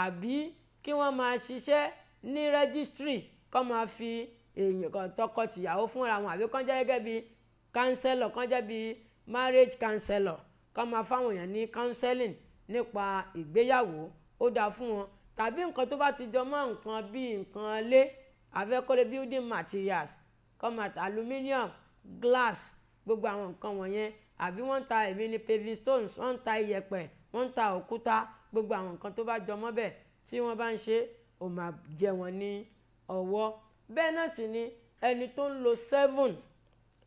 àbí kí wọ́n máa ṣiṣẹ́ ní registry kọ́ máa fi èèyàn kan tọkọ-tìyàwó fúnra wọn àbí kán jẹ́ gẹ́gẹ́ bí kánsẹ́lọ̀ kán jẹ́ bí marriage kánsẹ́lọ̀ kán máa fáwọn èèyàn ní counseling nípa ìgbéyàwó ó dáa fún wọn tàbí nǹkan tó bá ti jọ mọ́ nǹkan bíi nǹkan lé àfẹ́kọ́lé building materials kán máa ta aluminium glass gbogbo àwọn nǹkan wọ̀nyẹn àbí wọ́n ń ta èmi ní paving stones wọ́n ń ta iyẹ̀pẹ̀ wọ́n ń ta òkúta gbogbo àwọn nǹkan tó bá jọ mọ́ bẹ́ẹ̀ tí wọ́n bá ń ṣe ó máa jẹ wọ́n ní ọwọ́ bẹ́ẹ̀ náà sì ni ẹni tó ń lo seven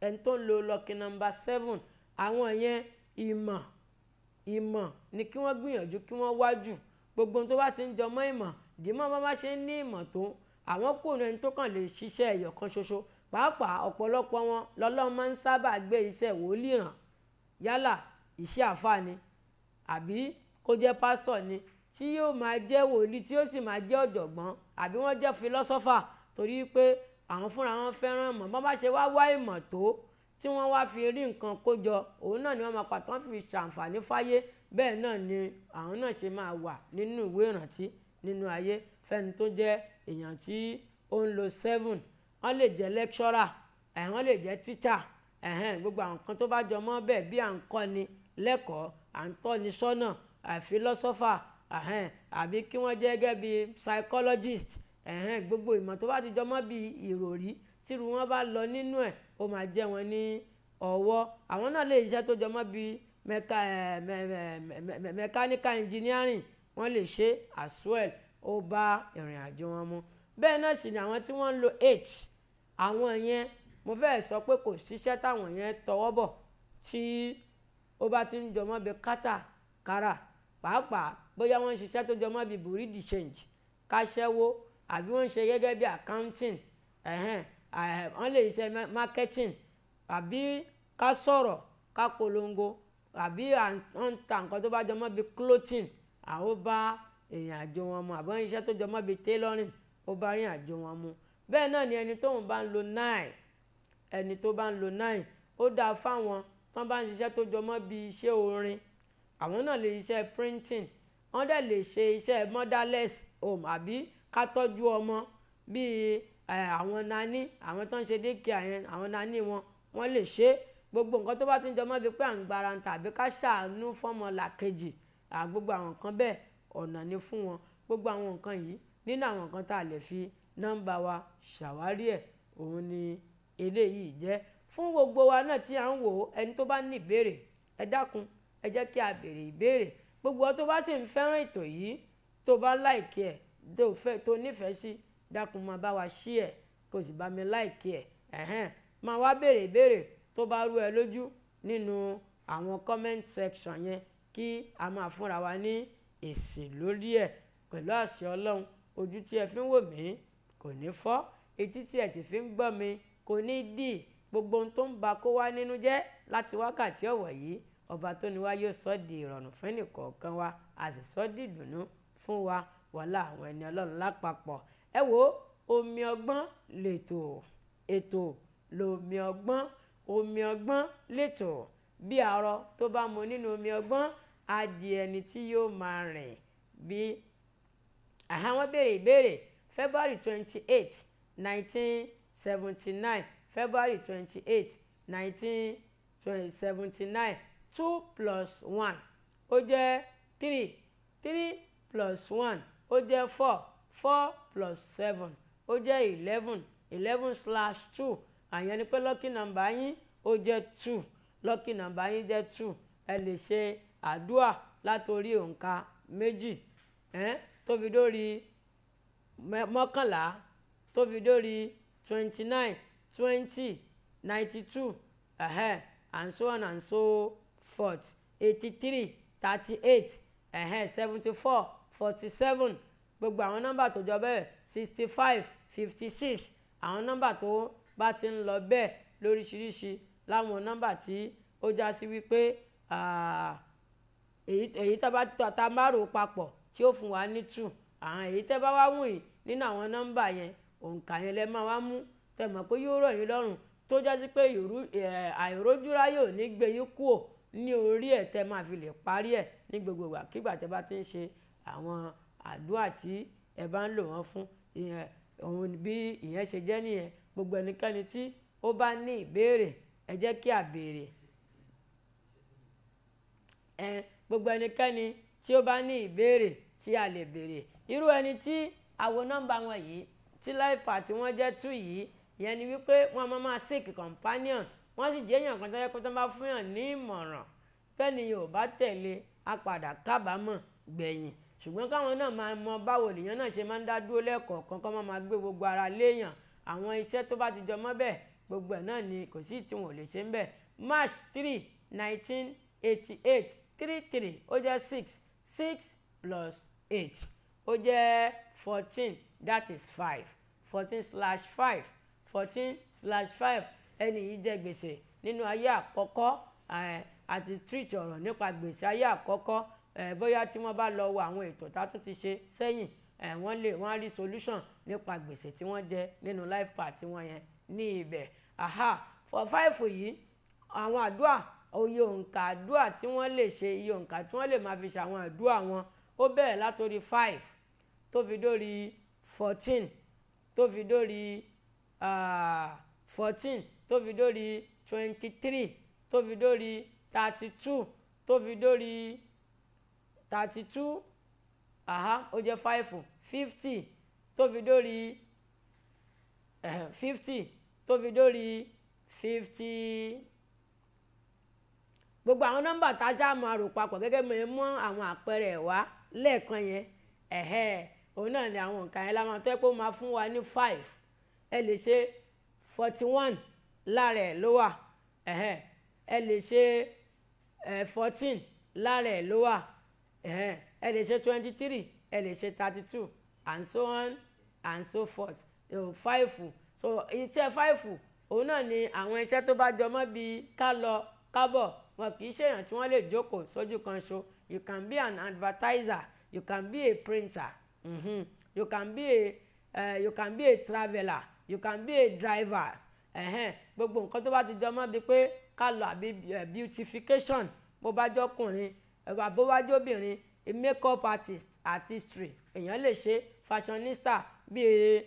ẹni tó ń lo lọ́kì nọ́mbà seven àwọn yẹn ìmọ̀ ìmọ̀ ni kí wọ́n gbìyànjú kí wọ́n wájú gbogbo ohun tó bá ti ń jọmọ́ ìmọ̀ dìímọ̀ bá bá ṣe ń ní ìmọ̀ tó àwọn kò ní ẹni tó kàn lè ṣiṣẹ́ ẹ̀yọ̀ kan ṣoṣo pàápàá ọ̀pọ̀lọpọ̀ wọn lọ́lọ́run máa ń sábà gbé iṣẹ́ wòlíì ràn yálà iṣẹ́ àfáà ni àbí kó jẹ́ pásítọ̀ ni tí yóò máa jẹ́ wòlíì tí yóò sì máa jẹ́ ọ̀jọ̀gbọ́n àbí wọ́n jẹ́ fílọ́sọ́fà torí pé àwọn fúnra wọn fẹ́ràn mọ̀ bọ́n bá ṣe wá wá ìmọ̀ tó tí wọ́n wá fi rí nǹkan kó jọ òun náà ni wọ́n máa pàtó fi ṣàǹfààní fáyé bẹ́ẹ̀ náà ni àwọn náà ṣe máa wà nínú ìwé ìrántí nínú ayé fẹ́ni tó jẹ́ èèyàn tí ó ń lo seven wọ́n lè jẹ́ lecturer wọ́n lè jẹ́ teacher gbogbo àwọn kan tó bá jọ mọ́ bẹ́ẹ̀ bí à ń kọ́ni lẹ́kọ̀ọ́ à ń tọ́ni sọ́nà philosopher àbí kí wọ́n jẹ́ gẹ́gẹ́ bí psychologist ẹ̀hẹ́n gbogbo ìmọ̀ tó bá ti jọmọ́ bí ìròrí tírú wọn bá lọ nínú ẹ̀ ó máa jẹ́ wọn ní ọwọ́ àwọn náà lè iṣẹ́ tó jọmọ́ bí mechanical engineering wọ́n lè ṣe as well ó bá ìrìn àjò wọn mu bẹ́ẹ̀ náà sì ni àwọn tí wọ́n ń lo h àwọn yẹn mo fẹ́ sọ pé kò síṣẹ́ táwọn yẹn tọwọ́ bọ̀ tí ó bá ti ń jọmọ́ bí kátàkárà pàápàá bóyá wọ́n ń ṣiṣẹ́ tó jọmọ́ bí burúdi change káṣẹ́wó àbí wọ́n ń ṣe gẹ́gẹ́ bí accounting wọ́n lè ṣe marketing àbí ká sọ̀rọ̀ ká polongo àbí wọ́n ń ta nǹkan tó bá jọmọ́ bíi clothing àwọn bá ìrìn àjò wọn mu àbí wọ́n ń ṣiṣẹ́ tó jọmọ́ bíi tailoring ó bá rìn àjò wọn mu bẹ́ẹ̀ náà ni ẹni tóun bá ń lo nine ẹni tó bá ń lo nine ó dáa fáwọn tán bá ń ṣiṣẹ́ tó jọmọ́ bíi iṣẹ́ orin àwọn náà lè ṣiṣẹ́ printing wọ́n dẹ̀ lè ṣe iṣẹ́ motherless home àbí ká tọ́jú ọmọ bíi àwọn nání àwọn tó ń ṣe dékìá yẹn àwọn nání wọn wọ́n lè ṣe é gbogbo nǹkan tó bá ti ń jọmọ́ bíi pé à ń gbaranta àbí ká ṣàánú fọ́mọ làkejì gbogbo àwọn nǹkan bẹ́ẹ̀ ọ̀nà ni fún wọn gbogbo àwọn nǹkan yìí nínú àwọn nǹkan tá a lè fi nọ́mbà wa ṣàwárí ẹ̀ òun ni eléyìí jẹ́ fún gbogbo wa náà tí à ń wò ó ẹni tó bá ní ìbéèrè ẹ dákun ẹ jẹ́ kí a béèrè ìbéèrè gbogbo ọ tó bá sì ń fẹ́ràn ètò yìí tó bá láìkí ẹ̀ tó fẹ́ tó nífẹ̀ẹ́ sí dákun máa bá wa ṣí ẹ̀ kó sì bá mi láìkí ẹ̀ ẹ̀hẹ́n máa wá béèrè ìbéèrè tó bá rú ẹ lójú nínú àwọn comment section yẹn kí a máa fúnra wa ní èsì lórí ẹ̀ pẹ̀lú àṣẹ ọlọ́run ojú tí ẹ fi ń wò mí kò ní fọ́ etí tí ẹ sì fi ń gbọ́ mi kò ní dì gbogbo ohun tó ń ba kó wá nínú jẹ́ láti wákàtí ọ̀wọ̀ yìí ọba tó ni wá yóò sọ di ìrọ̀rùn fún ẹnìkọ̀ọ̀kan wa a sì sọ di ìdùnnú fún wa wàhálà àwọn ẹni ọlọ́run lápapọ̀ ẹ wo omi ọgbọ́n lètò ètò lomi ọgbọ́n omi ọgbọ́n lètò bí arọ tó bá mu nínú omi ọgbọ́n á di ẹni tí yóò máa rìn bí àwọn béèrè ìbéèrè February twenty eight nineteen seventy nine February twenty eight nineteen seventy nine two plus one ó jẹ́ three three plus one ó jẹ́ four four plus seven ó jẹ́ eleven eleven slash two àyàn ni pé lucky number yín ó jẹ́ two lucky number yín jẹ́ two ẹ lè ṣe àdúà látòrí òǹkà méjì eh? tó fi dórí mọ́kànlá tó dórí twenty nine twenty ninety two and so on and so forth eighty three thirty eight seventy four forty seven gbogbo àwọn nọ́mbà tó jọ bẹ́ẹ̀ sixty five fifty six àwọn nọ́mbà tó bá ti ń lọ bẹ́ẹ̀ lóríṣiríṣi láwọn nọ́mbà tí ó já sí wípé èyí tó bá ta márùn papọ̀ tí ó fún wa ní two àwọn èyí tẹ́ bá wá wùnyí nínú àwọn nọ́mbà yẹn òǹkà yẹn lẹ́ máa wá mú tẹ́ mọ̀ pé yóò rọ̀ yín lọ́rùn tó já sí pé àìrójúráyè ò ní gbé yín kúò ní orí ẹ̀ tẹ́ máa fi lè parí ẹ̀ ní gbogbo ìgbà kígbà tẹ́ bá ti ń ṣe àwọn àdúrà tí ẹ bá ń lò wọ́n fún ìyẹn òun bí ìyẹn ṣe jẹ́ nìyẹn gbogbo ẹnikẹ́ni tí ó bá ní ìbéèrè ẹ jẹ́ kí a béèrè ẹ gbogbo ẹnikẹ́ni tí ó bá ní ìbéèrè tí a lè béèrè irú ẹni tí àwo nọ́mbà wọn yìí tí láìpà tí wọ́n jẹ́ tú yìí ìyẹn ni wípé wọ́n máa máa seek companion wọ́n sì jẹ́ èèyàn kan tó yẹ kó tó bá fún yàn ní ìmọ̀ràn tẹ́ni yóò bá tẹ̀lé a kábàámọ̀ gbẹ̀yìn ṣùgbọ́n káwọn náà máa mọ báwo nìyẹn náà ṣe máa ń dá dúró lẹ́ẹ̀kọ̀ọ̀kan kọ́ máa gbé gbogbo ara léèyàn àwọn iṣẹ́ tó bá ti jọ mọ́ bẹ́ẹ̀ gbogbo ẹ̀ náà ni kò sí tí lè ṣe ń bẹ̀ march three nineteen eighty eight three three ó jẹ́ six six plus eight ó jẹ́ fourteen that is five fourteen slash five fourteen slash five ẹni yìí jẹ́ gbèsè nínú ayé àkọ́kọ́ eh, àti treat ọ̀rọ̀ nípa gbèsè ayé àkọ́kọ́ Eh, bóyá tí wọ́n bá lọ wo àwọn ètò tá a tún ti ṣe sẹ́yìn eh, wọ́n lè wọ́n á rí solution nípa gbèsè tí wọ́n jẹ nínú life part wọn yẹn ní ibẹ̀ aha for five yìí àwọn àdúrà oye òǹkà àdúrà tí wọ́n lè ṣe iye òǹkà tí wọ́n lè máa fi ṣàwọn àdúrà wọn ó bẹ̀rẹ̀ látòrí five tó fi dórí fourteen tó fi dórí fourteen tó fi dórí twenty three tó fi dórí thirty two tó fi dórí thirty two aha ó jẹ́ five fifty tó fi dórí fifty tó fi dórí fifty gbogbo àwọn nọ́mbà tá a ṣáà máa rò papọ̀ gẹ́gẹ́ bí mo mọ àwọn àpẹẹrẹ ẹ̀ wá lẹ́ẹ̀kan yẹn ẹ̀hẹ́ òun náà ni àwọn nǹkan yẹn láwọn tó yẹ pé ó máa fún wa ní five ẹ lè ṣe forty one lára ẹ̀ ló wà ẹ̀hẹ́ ẹ lè ṣe fourteen lára ló wà ẹ lè ṣe twenty three ẹ lè ṣe thirty two and so on and so forth five so iṣẹ́ five òun náà ni àwọn iṣẹ́ tó bá jọmọ́ bíi ká lọ kábọ̀ wọn kì í ṣèyàn tí wọ́n lè jókòó sójú kan ṣo you can be an advertiser you can be a printer mm-hmm. you can be a uh, you can be a traveller you can be a driver gbogbo nǹkan tó bá ti jọmọ́ bíi pé ká lọ àbí eh, beautification bó bá jọkùnrin ẹ̀wà bówájú obìnrin makeup artist artistry èèyàn lè ṣe fashionista bíi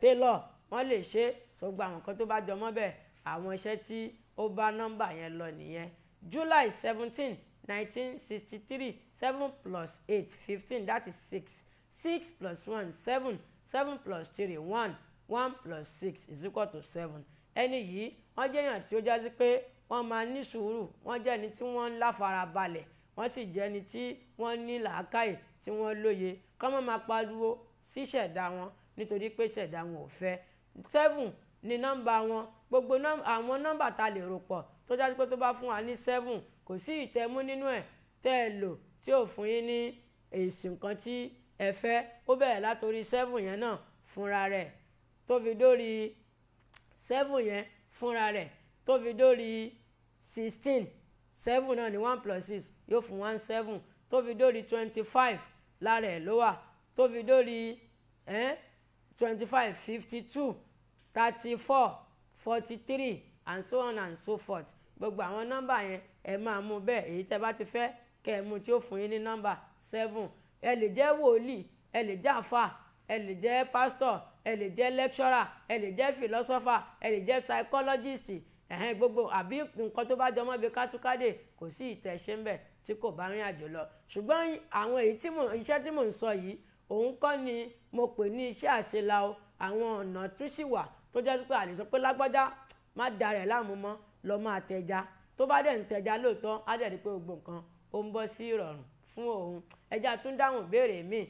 tailor wọ́n lè ṣe sọgbà àwọn nǹkan tó bá jọ mọ́ bẹ́ẹ̀ àwọn iṣẹ́ tí ó bá nọ́mbà yẹn lọ nìyẹn July seventeen nineteen sixty three seven plus eight fifteen that is six six plus one seven seven plus three one one plus six is equal to seven ẹni yìí wọ́n jẹ́ èèyàn tí ó jásí pé wọ́n máa ní sùúrù wọ́n jẹ́ ẹni tí wọ́n ń láfara wọ́n sì jẹ́ni tí wọ́n ní làákàyè tí wọ́n lóye kọ́ mọ́ máa pariwo sí ṣẹ̀dá wọn nítorí pé ṣẹ̀dá wọn ò fẹ́ seven ni nọ́mbà wọn gbogbo àwọn nọ́mbà tá a lè rò pọ̀ tó jáde pé tó bá fún wa ní seven kò sí ìtẹ́mú nínú ẹ̀ tẹ́ ẹ lò tí ò fún yín ní èsì nǹkan tí ẹ fẹ́ ó bẹ̀rẹ̀ látòrí seven yẹn náà fúnra rẹ̀ tó fi dórí seven yẹn fúnra rẹ̀ tó fi dórí sixteen seven náà ní one plus six yóò fún one seven tó fi dórí twenty five lára ẹ̀ ló wà tó fi dórí twenty five fifty two thirty four forty three and so on and so forth gbogbo àwọn nọ́mbà yẹn ẹ máa mú bẹ́ẹ̀ èyí tẹ́ bá ti fẹ́ kẹ́ ẹ mú tí ó fún yín ní nọ́mbà seven ẹ lè jẹ́ wòlíì ẹ lè jẹ́ àfà ẹ lè jẹ́ pásítọ̀ ẹ lè jẹ́ lẹ́kṣọ́rà ẹ lè jẹ́ fìlọ́sọ́fà ẹ lè jẹ́ psychologist ẹ̀hẹ́n gbogbo àbí nǹkan tó bá jọmọ́ bíi kátúkádé kò sí ìtẹ̀ṣe ń bẹ̀ tí kò bá rìn àjò lọ ṣùgbọ́n àwọn èyí tí mò iṣẹ́ tí mò ń sọ yìí òun kọ́ ni mo pè ní iṣẹ́ àṣelà o àwọn ọ̀nà tún sì wà tó jẹ́ pé àlè sọ pé lágbájá má da rẹ̀ láàmú mọ́ lọ máa tẹja tó bá dẹ̀ ń tẹja lóòótọ́ á dẹ̀ rí pé gbogbo nǹkan ó ń bọ́ sí ìrọ̀rùn fún òun ẹja tún dáhùn béèrè mi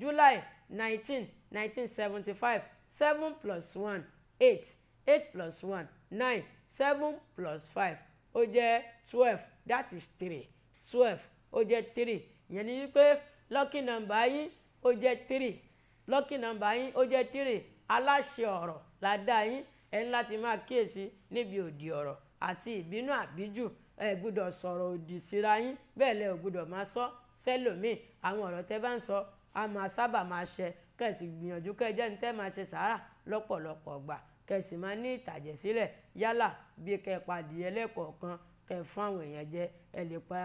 July nineteen nineteen seventy five seven plus one eight eight plus one nine seven plus five ó jẹ́ twelve that is three twelve ó jẹ́ three ìyẹn ni wípé lucky number yín ó jẹ́ three lucky number yín ó jẹ́ three aláṣẹ ọ̀rọ̀ la dá yín ẹ ní láti máa kíyèsí níbi òdì ọ̀rọ̀ àti ìbínú àbíjù ẹ gbúdọ̀ sọ̀rọ̀ òdì síra yín bẹ́ẹ̀ lẹ ò gbúdọ̀ máa sọ sẹ́lòmíì àwọn ọ̀rọ̀ tẹ́ bá ń sọ a máa sábà máa ṣẹ kẹ̀sì gbìyànjú kẹjẹ́ ní tẹ́ máa ṣe sàárà lọ́pọ̀lọpọ̀ gbà kẹsì máa ní ìtàjẹ̀ sílẹ̀ yálà bí kẹ pàdé ẹlẹ́kọ̀ọ̀kan kẹ fún àwọn èèyàn jẹ ẹ lè pa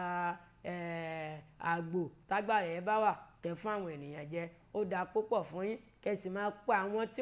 àgbò tágbàrà ẹ bá wà kẹ fún àwọn ènìyàn jẹ ó dáa púpọ̀ fún yín kẹsì máa pa àwọn tí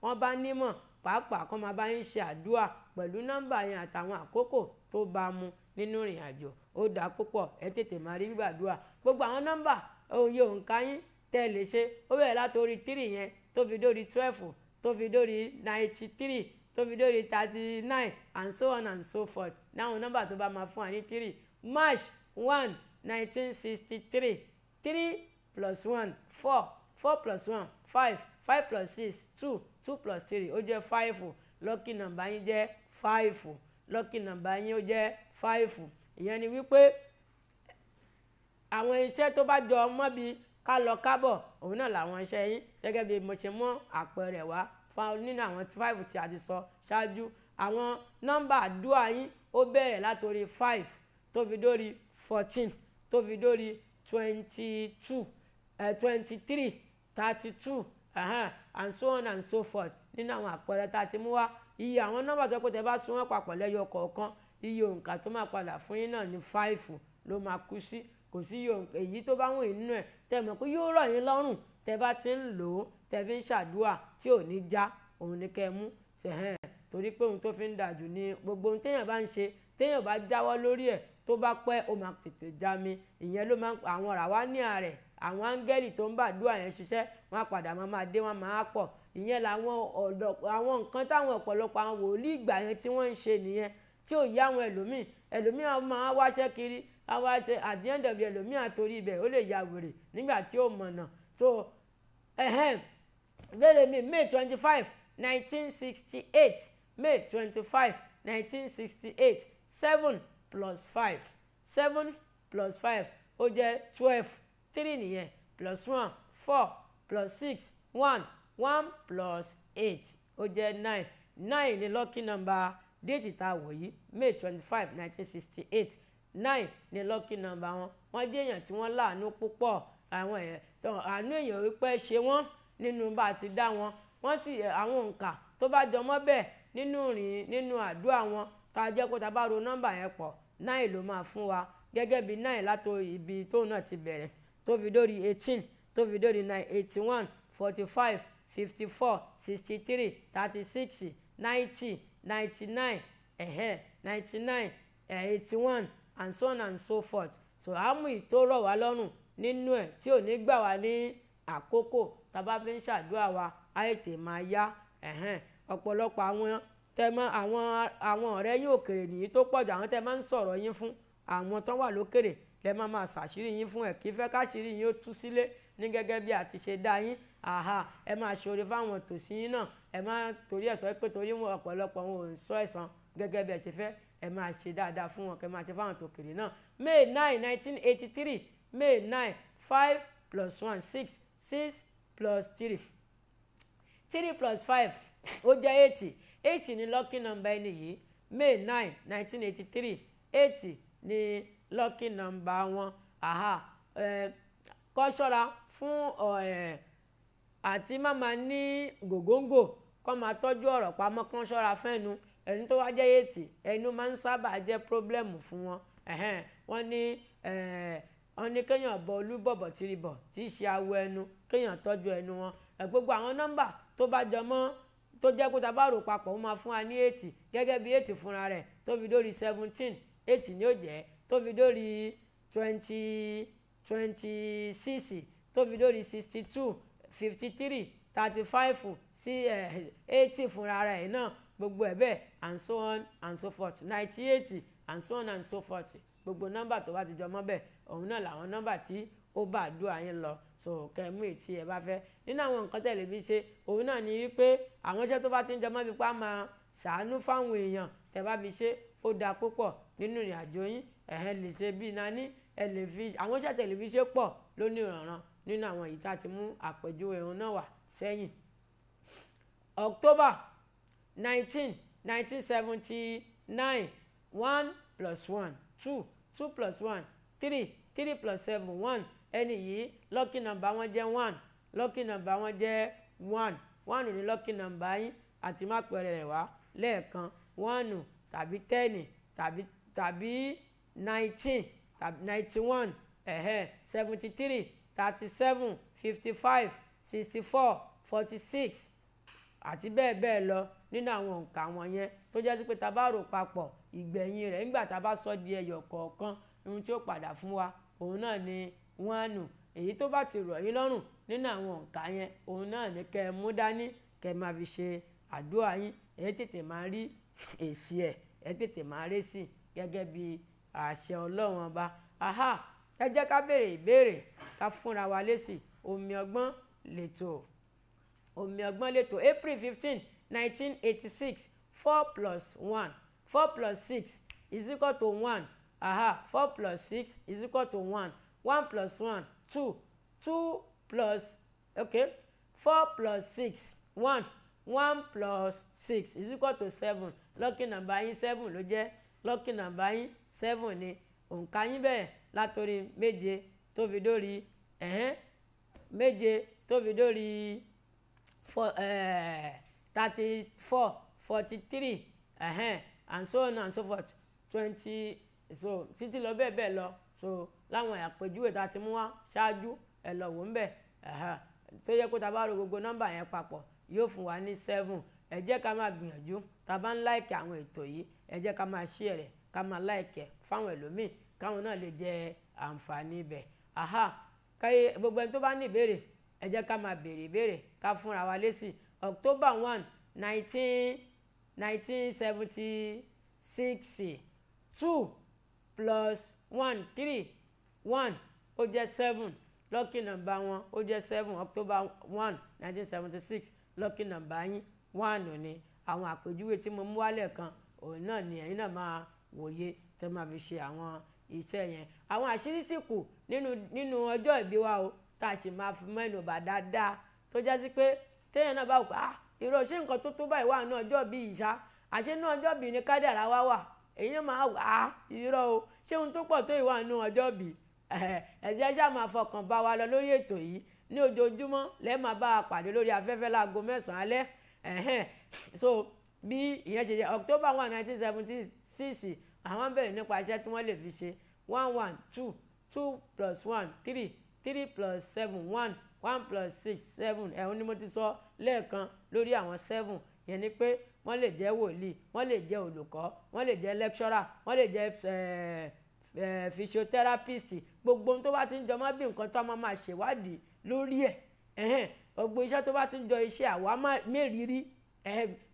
wọ́n bá nímọ̀ pàápàá kọ́ máa bá yín ṣe àdúrà pẹ̀lú nọ́mbà yẹn àtàwọn àkókò tó bá mu nínú ìrìn àjò ó dáa púpọ̀ ẹ tètè máa rí gbàdúrà gbogbo àwọn nọ́mbà òye òǹkà yín tẹ́ ẹ lè ṣe ó bẹ̀rẹ̀ láti orí tírì yẹn tó dórí twelve tó fi dórí ninety three tó fi dórí thirty nine and so on and so forth láwọn nọ́mbà tó bá máa fún wa ní three march one nineteen sixty three three plus one four four plus one five five plus six two two plus three ó jẹ́ five lucky number yín jẹ́ five lucky number yín ó jẹ́ five ìyẹn ni wípé àwọn iṣẹ́ tó bá jọ mọ́bi ká lọ kábọ̀ òun náà làwọn iṣẹ́ yín gẹ́gẹ́ bí mo ṣe mọ́ àpẹẹrẹ wá nínú àwọn five tí a ti sọ ṣáájú àwọn nọmba àdúrà yín ó bẹ̀rẹ̀ látòrí five tó fi dórí fourteen tó fi dórí twenty two eh, and so on and so forth nínú àwọn àpẹẹrẹ tá a ti mú iye àwọn nọmba tó pé bá sún wọn papọ̀ lẹ́yọ kọ̀ọ̀kan iye òǹkà tó máa padà fún yín náà ní fáìfù ló máa kú sí kò sí èyí tó bá wù yín nínú tẹ mọ̀ pé ti ń lò tẹ́fí ń ṣàdúà tí ò ní já òun ni kẹ́ ẹ mú ṣẹ̀hẹ́n torí pé ohun tó fi ń dàjù ni gbogbo ohun téèyàn bá ń ṣe téèyàn bá jáwọ́ lórí ẹ̀ tó bá pẹ́ ó máa tètè já mi ìyẹn ló máa ń àwọn ràwáníà rẹ̀ àwọn áńgẹ́lì tó ń bàdúrà yẹn ṣiṣẹ́ wọn padà máa máa dé wọn máa pọ̀ ìyẹn làwọn ọ̀dọ̀ àwọn nǹkan táwọn ọ̀pọ̀lọpọ̀ àwọn wòlíì ìgbà yẹn tí wọ́n ń ṣe nìyẹn tí ò yá àwọn ẹlòmíì ẹlòmíì àwọn máa wáṣẹ́ kiri àwọn àṣẹ àdéhùn ẹlòmíì àtòrí ibẹ̀ ó lè ya wèrè nígbà tí ó mọ̀nà so ẹ̀hẹ́n ìbéèrè mi may twenty five nineteen sixty eight may twenty five nineteen sixty eight seven plus five seven plus five ó jẹ́ twelve three nìyẹn plus one four plus six one one plus eight ó jẹ́ nine nine ni lucky number déètì tá a wò yìí may twenty five nineteen sixty eight nine ni lucky number wọn wọ́n jẹ́ èèyàn tí wọ́n láàánú púpọ̀ àwọn èèyàn àánú èèyàn wípé ṣe wọ́n nínú bá a ti dá wọn wọ́n sì eh, àwọn òǹkà tó bá jọmọ́ bẹ́ẹ̀ nínú rìn nínú àdúrà wọn tá a jẹ́ kó ta bá ro nọ́mbà yẹn pọ̀ náì ló máa fún wa gẹ́gẹ́ bí náì látò ibi tóun náà ti bẹ̀rẹ̀ tó fi dórí eighteen tó fi dórí nine eighty one forty five fifty four sixty three thirty six ninety ninety nine ẹ̀hẹ́ ninety nine eh, eighty one and so on and so forth so àmú ìtó rọ̀ wá lọ́rùn nínú ẹ̀ tí ò ní gbà wá ní àkókò tábà fi ń ṣàdúrà wa á ètè máa yá ọ̀pọ̀lọpọ̀ àwọn tẹmọ àwọn àwọn ọ̀rẹ́ yín òkèrè nìyí tó pọ̀jù àwọn tẹ máa ń sọ̀rọ̀ yín fún àwọn tán wà lókèrè lẹ máa máa ṣàṣírí yín fún ẹ kí fẹ́ káṣírí yín ó tú sílé ní gẹ́gẹ́ bí àti ṣe dá yín àhà ẹ máa ṣoore fáwọn tòsí yín náà ẹ máa torí ẹ̀sọ́ pé torí wọn ọ̀pọ̀lọpọ̀ wọn ò ń sọ ẹ̀san gẹ́gẹ́ bí ẹ ṣe fẹ́ ẹ máa ṣe dáadáa fún wọn kẹ máa ṣe fáwọn tòkèrè náà May nine nineteen eighty three May nine five plus one six six plus three three plus five ó jẹ́ eighty eighty ni lucky number ẹni yìí may nine nineteen eighty three eighty ni lucky number wọn aha ẹ kọ́ ṣọ́ra fún ẹ àti má máa ní gògóńgò kọ́ máa tọ́jú ọ̀rọ̀ pamọ́ kán ṣọ́ra fẹ́nu ẹni tó wá jẹ́ eighty ẹnu máa ń sábà jẹ́ problem fún wọn wọ́n ní wọn ní kéèyàn bọ olúbọ̀bọ̀ tìrìbọ̀ tí í ṣe awọ ẹnu kéèyàn tọ́jú ẹnu wọn gbogbo àwọn nọ́mbà tó bá jọ mọ́ tó jẹ́ pé tábà papọ̀ ó máa fún wa ní eighty gẹ́gẹ́ bí eighty fúnra rẹ̀ tó fi dórí seventeen eighty ni ó jẹ́ tó fi dórí twenty twenty six tó fi dórí sixty two fifty three thirty five sí eh, eighty fúnra rẹ̀ náà gbogbo ẹ̀ bẹ́ẹ̀ and so on and so forth ninety eight and so on and so forth gbogbo nọ́mbà tó bá ti jọ mọ́ bẹ́ẹ̀ òun náà làwọn nọ́mbà tí ó bá àdúrà yín lọ so kẹmú ètí ẹ bá fẹ́ nínú àwọn nǹkan tẹ̀lé bí ṣe òun náà ní wípé àwọn iṣẹ́ tó bá ti ń jẹ mọ́bi pa máa ṣàánú fáwọn èèyàn tẹ́ bá fi ṣe ó da púpọ̀ nínú ìrìn àjò yín ẹ̀hẹ́n lè ṣe bíi nání ẹ̀ lè fi àwọn iṣẹ́ tẹ̀lé bí ṣe pọ̀ lóní ìrànràn nínú àwọn èyí tá a ti mú àpèjúwe òun náà wà sẹ́yìn October nineteen nineteen seventy nine one plus one two two plus one three three plus seven one ẹni yìí lucky number wọn jẹ́ one lucky number wọn jẹ́ one one ní lucky number yín àti má pẹ̀rẹ̀ rẹ̀ wá lẹ́ẹ̀kan one tàbí ten tàbí tàbí nineteen tàbí ninety one ẹ̀hẹ́ seventy three thirty seven fifty five sixty four forty six àti bẹ́ẹ̀ bẹ́ẹ̀ lọ nínú àwọn nǹka wọ̀nyẹn tó jẹ́ sí pé tá a bá rò papọ̀ ìgbẹ̀yìn rẹ̀ nígbà tá a bá sọ di ẹyọ kọ̀ọ̀kan ohun tí ó padà fún wa òun náà ni wọ́n nù èyí tó bá ti rọ̀ yín lọ́rùn nínú àwọn òǹkà yẹn òun náà ni kẹ́ ẹ mú dání kẹ́ ẹ máa fi ṣe àdúrà yín ẹ tètè máa rí èsì ẹ̀ ẹ tètè máa rí sí gẹ́gẹ́ bí àṣẹ ọlọ́run ọba aha ẹ jẹ́ ká béèrè ìbéèrè ká fúnra wa lésì omi ọgbọ́n lètò omi ọgbọ́n lètò april fifteen nineteen eighty six four plus one four plus six is equal to one aha four plus six is equal to one one plus one two two plus okay four plus six one one plus six is equal to seven lucky number yín seven ló jẹ́ lucky number yín seven ni òǹkà yín bẹ̀rẹ̀ látòrí méje tó fi dórí ẹ̀hẹ́n méje tó fi dórí thirty four eh, forty three ẹ̀hẹ́n and so on and so forth twenty so títí lọ bẹ́ẹ̀ bẹ́ẹ̀ lọ so láwọn àpèjúwe tá a ti mú wá ṣáájú ẹ lọ wò ń bẹ̀ tó yẹ kó ta bá ro gbogbo nọ́mbà yẹn papọ̀ yóò fún wa ní seven ẹ jẹ́ ká máa gbìyànjú tá a bá ń láìkì àwọn ètò yìí ẹ jẹ́ ká máa share rẹ̀ ká máa láìkì fáwọn ẹlòmíì káwọn náà lè jẹ àǹfààní ibẹ̀ aha káyé gbogbo ẹni tó bá ní ìbéèrè ẹ jẹ́ ká máa béèrè ìbéèrè ká fúnra wa lésì October one nineteen nineteen seventy six two plus one three one ó jẹ́ seven lucky number wọn ó jẹ́ seven october one nineteen seventy six lucky number yín one ni àwọn àpèjúwe tí mo mú wálẹ̀ kan òun náà ni ẹ̀yin náà máa wòye tẹ́ máa fi ṣe àwọn iṣẹ́ yẹn àwọn àṣírí sì kù nínú nínú ọjọ́ ìbí wa o tá a sì máa fi mẹ́nu bà dáadáa tó já sí pé téèyàn náà bá wò pé ah ìrọ̀ṣẹ́ nǹkan tó tó báyìí wà ní ọjọ́ bíi ìṣá àṣẹ ní ọjọ́ bíi ní kádàrá wá wà èyí máa wà á irọ́ o ṣé ohun tó pọ̀ tó ìwà nù ọjọ́ bì ẹ̀jẹ̀ ṣáà máa fọkàn bá wa lọ lórí ètò yìí ní ojoojúmọ́ lẹ́ẹ̀ máa bá a pàdé lórí afẹ́fẹ́ láago mẹ́sàn-án alẹ́ so bí ìyẹn ṣe jẹ́ October one nineteen seventy six àwọn bẹ̀rẹ̀ nípa iṣẹ́ tí wọ́n lè fi ṣe one one two two plus one three three plus seven one one plus six seven ẹ̀hún ni mo ti sọ lẹ́ẹ̀kan lórí àwọn seven yẹn ni pé wọ́n lè jẹ́ wòlíì wọ́n lè jẹ́ olùkọ́ wọ́n lè jẹ́ lẹ́kṣọ́rà wọ́n lè jẹ́ physiotherapist gbogbo ohun tó bá ti ń jọmọ́ bí nǹkan tó máa máa ṣèwádìí lórí ẹ̀ gbogbo iṣẹ́ tó bá ti ń jọ iṣẹ́ àwa mẹ́rìírí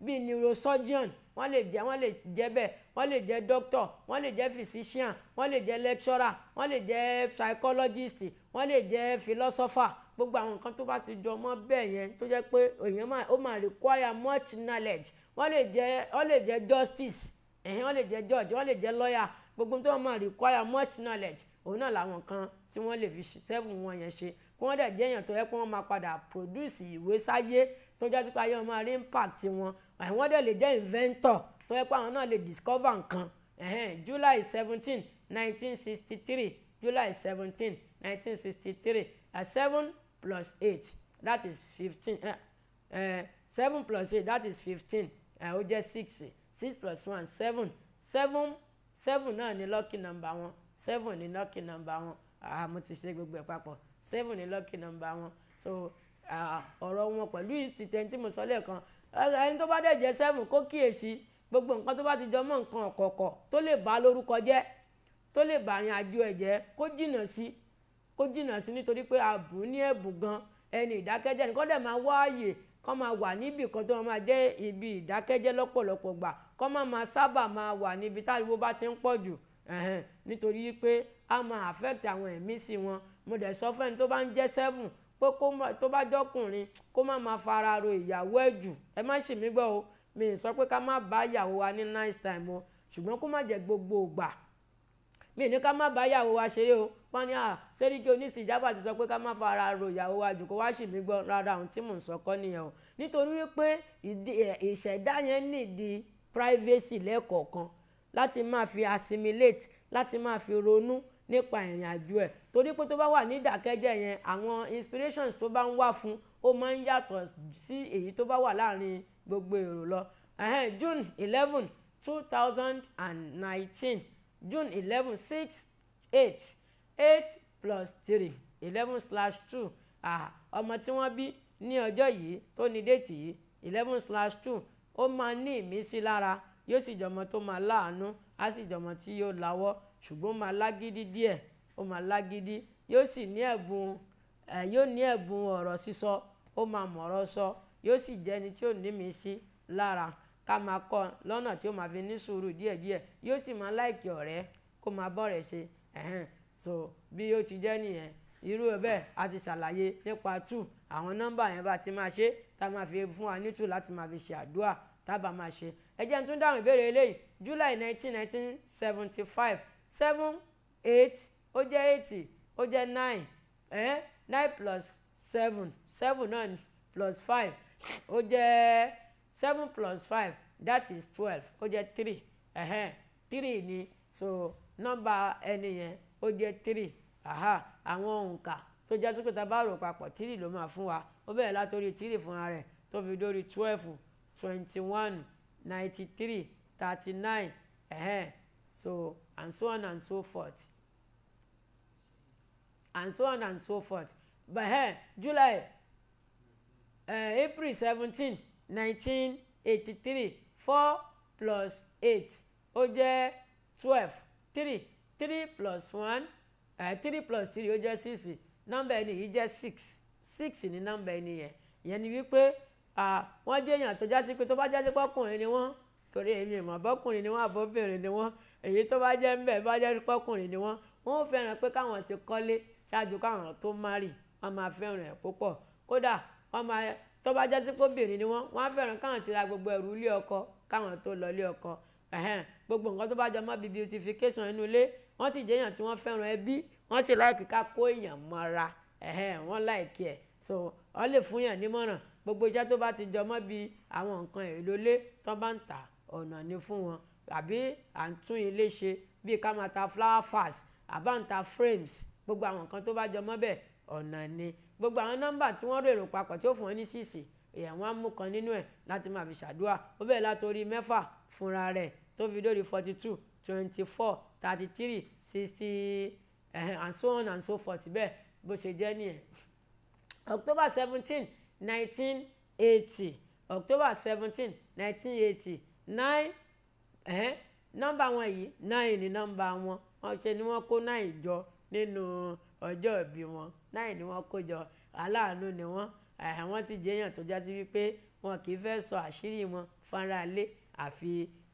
bíi neurosurgeon wọ́n lè jẹ́ wọ́n lè jẹ́ bẹ́ẹ̀ wọ́n lè jẹ́ doctor wọ́n lè jẹ́ physician wọ́n lè jẹ́ lecturer wọ́n lè jẹ́ psychologist wọ́n lè jẹ́ philosopher gbogbo àwọn nǹkan tó bá ti jọ mọ́ bẹ́ẹ̀ yẹn tó jẹ́ pé èèyàn ó máa require much knowledge wọ́n lè jẹ́ wọ́n lè jẹ́ justice ẹ̀hìn wọ́n lè jẹ́ judge wọ́n lè jẹ́ lawyer gbogbo tó máa require much knowledge òun náà làwọn kan tí wọ́n lè fi seven wọn yẹn ṣe kí wọ́n dẹ̀ jẹ́ èèyàn tó yẹ pé wọ́n máa padà produce ìwé sáyé tó jẹ́ pé ayé wọn máa rí impact wọn àwọn dẹ̀ lè jẹ́ inventor tó yẹ pé àwọn náà lè discover nǹkan July seventeen nineteen sixty three July seventeen nineteen sixty three at seven plus eight that is fifteen eh, eh, seven plus eight that is fifteen eh, ó jẹ́ six six plus one seven seven seven náà ni lucky number wọn seven ni lucky number wọn ah mo ti ṣe gbogbo ẹ̀ papọ̀ seven ni lucky number wọn so ah, ọ̀rọ̀ wọn pẹ̀lú ìtìtẹ́ni tí mo sọ lẹ́ẹ̀kan ẹni tó bá dẹ̀ jẹ́ seven kó kíyèsí gbogbo nǹkan tó bá ti jọ mọ́ nǹkan ọ̀kọ̀ọ̀kọ̀ tó lè bà lórúkọ jẹ́ tó lè bà rìn àjò ẹ̀ jẹ́ kó jìnnà sí i kó jìnnà sí nítorí pé àbù ní ẹ̀bùn gan ẹni ìdákẹ́jẹ́ ni kọ́ dẹ̀ máa wá ààyè kọ́ máa wà níbì kan tó máa jẹ́ ibi ìdákẹ́jẹ́ lọ́pọ̀lọpọ̀ gbà kọ́ máa máa sábà máa wà níbi táriwo bá ti ń pọ̀ jù nítorí pé a máa affect àwọn ẹ̀mí sí wọn mo dẹ̀ sọ fẹ́ni tó bá ń jẹ́ seven pé tó bá jọkùnrin kó má máa fara ro ìyàwó ẹ̀ jù ẹ má sì mí gbọ́ o mi sọ pé ká má bá ìyàwó wa ní nice time o ṣùgbọ́n kó má jẹ́ gbogbo ògbà mi ní ká má bá ìyàwó wa ṣeré o wọ́n ní à sẹ́ríkì oníṣìjábà ti sọ pé ká má fara ro ìyàwó wa jù kó wá sì mí gbọ́ rárá ohun tí mò ń sọ kọ́ nìyẹn o nítorí wípé ìṣẹ̀dá yẹn nídìí privacy lẹ́ẹ̀kọ̀ọ̀kan láti máa fi assimilate láti máa fi ronú nípa ìrìn àjò ẹ̀ torí pé tó bá wà ní ìdàkẹ́jẹ́ yẹn àwọn inspirations tó bá ń wá fún ó máa ń yàtọ̀ sí èyí tó bá wà láàrin gbogbo èrò lọ June eleven two thousand and nineteen june eleven six eight eight plus three eleven slash two ọmọ tí wọ́n bí ní ọjọ́ yìí tó ní déètì yìí eleven slash two ó máa ní ìmísí lára yóò sì jọmọ tó máa láàánú á sì jọmọ tí yóò láwọ́ ṣùgbọ́n máa lágídí díẹ̀ ó máa lágídí yóò sì ní ẹ̀bùn ẹ̀ yóò ní ẹ̀bùn ọ̀rọ̀ sísọ ó máa mọ̀ọ́rọ̀ sọ yóò sì jẹ́ ẹni tí ò ní ìmísí lára ká máa kọ́ lọ́nà tí ó máa fi ní sùúrù díẹ̀díẹ̀ yóò sì máa láìkì ọ̀rẹ́ kó máa bọ̀rẹ̀ ṣe so bí ó ti jẹ́ nìyẹn irú ẹ bẹ́ẹ̀ a ti ṣàlàyé nípa two àwọn nọ́mbà yẹn bá ti máa ṣe tá a máa fi fún wa ní two láti máa fi ṣe àdúrà tá a bá máa ṣe ẹ tún dáhùn ìbéèrè eléyìí July nineteen nineteen seventy five seven eight ó jẹ́ eighty ó jẹ́ nine eh? nine plus seven seven nine plus five ó jẹ́. Seven plus five, that is twelve. O je tiri. Tiri ni, so nọmba eniyen, o je tiri. Aha, awon nka. So jesu kweta, baro mpako. Tiri lo ma fun wa. Obey a latro rie, fun are to Tobiri lori twelve 21, 93, 39, so and so on and so forth. And so on and so forth. But July, eh, April 17th. nineteen eighty three four plus eight ó jẹ́ twelve three three plus one uh, three plus three ó jẹ́ six nọ́mbà ẹni yìí jẹ́ six six ní nọ́mbà ẹni yẹn ìyẹn ni wípé wọ́n jẹ́ èèyàn tó jásí pé tó bá jásí pọ́kùnrin ni wọ́n torí èmi ìmọ̀ bọ́kùnrin ni wọ́n àbóbìnrin ni wọ́n èyí tó bá jẹ́ ńbẹ̀ bá jẹ́ pọ́kùnrin ni wọ́n wọ́n ò fẹ́ràn pé káwọn ti kọ́lé ṣáájú káwọn tó márì wọ́n máa fẹ́ràn ẹ̀ púpọ̀ kódà wọ́n máa tó bá jẹ́ sí kóbìnrin ni wọ́n wọ́n á fẹ́ràn káwọn ti ra gbogbo ẹ̀rù ilé ọkọ káwọn tó lọ ilé ọkọ gbogbo nǹkan tó bá jẹ mọ́ beautification inú ilé wọ́n sì jẹ́yàn tí wọ́n fẹ́ràn ẹbí wọ́n sì láìkí ká kó èèyàn mọ́ra wọ́n láìkí ẹ̀ so wọ́n lè fún yàn nímọ̀ràn gbogbo iṣẹ́ tó bá ti jọ mọ́ bí àwọn nǹkan èlò ilé tó bá ń tà ọ̀nà ni fún wọn àbí à ń tún ilé ṣe bíi ká máa ta flower fast àbá ń ta frames gbogbo àwọn nǹkan tó bá jọ mọ́ bẹ́ẹ̀ ọ̀nà ni gbogbo àwọn nọ́mbà tí wọ́n rèrò papọ̀ tí ó fún wọn ní sísì èèyàn wọn á mú kan nínú ẹ̀ láti máa fi ṣàdúrà ó bẹ̀rẹ̀ látòrí mẹ́fà fúnra rẹ̀ tó fi dórí forty two twenty four thirty three sixty eh, and so on and so forth bẹ́ẹ̀ bó ṣe jẹ́ nìyẹn October seventeen nineteen eighty October seventeen nineteen eighty nine eh, nọ́mbà wọn yìí nine ni nọ́mbà wọn wọn ṣe ni wọ́n kó nine jọ nínú ọjọ́ ìbí wọn náà ni wọ́n kó jọ aláàánú ni wọ́n àwọn sì jẹ́ èèyàn tó já sí wípé wọn kì í fẹ́ sọ àṣírí wọn fara lé àfi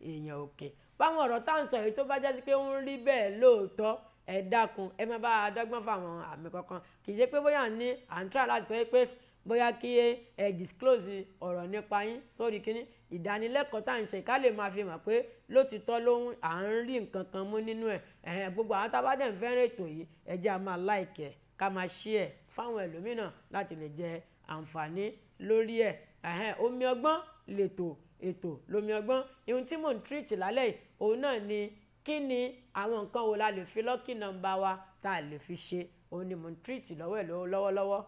èèyàn òkè báwọn ọ̀rọ̀ tá à ń sọ yìí tó bá já sí pé ń rí bẹ́ẹ̀ lóòótọ́ ẹ dákun ẹ má bá a dọ́gbọ́n fáwọn àmì kankan kì í ṣe pé bóyá ní à ń try láti sọ pé bóyá kí ẹ disclose ọ̀rọ̀ nípa yín sórí kínní ìdánilẹ́kọ̀ọ́ tá à ń ṣe ká lè máa fi mọ̀ pé lótìtọ́ lóhun à ń rí nǹkan kan mú nínú ẹ̀ ẹ̀hẹ̀n gbogbo àwọn tá a bá dẹ̀ ń fẹ́ràn ètò yìí ẹ a máa like ẹ̀ ká máa share ẹ̀ fáwọn ẹlòmíràn láti lè jẹ àǹfààní lórí ẹ̀ ẹ̀hẹ̀n omi ọgbọ́n lètò ètò lomi ọgbọ́n ihun tí mò ń tírìtì lálẹ́ yìí òun náà ni kí ni àwọn nǹkan wo la lè fi lọ́kì nọ́mbà wa tá a lè fi ṣe òun ni mò ń tírìtì lọ́wọ́ ẹ̀ lọ́wọ́lọ́wọ́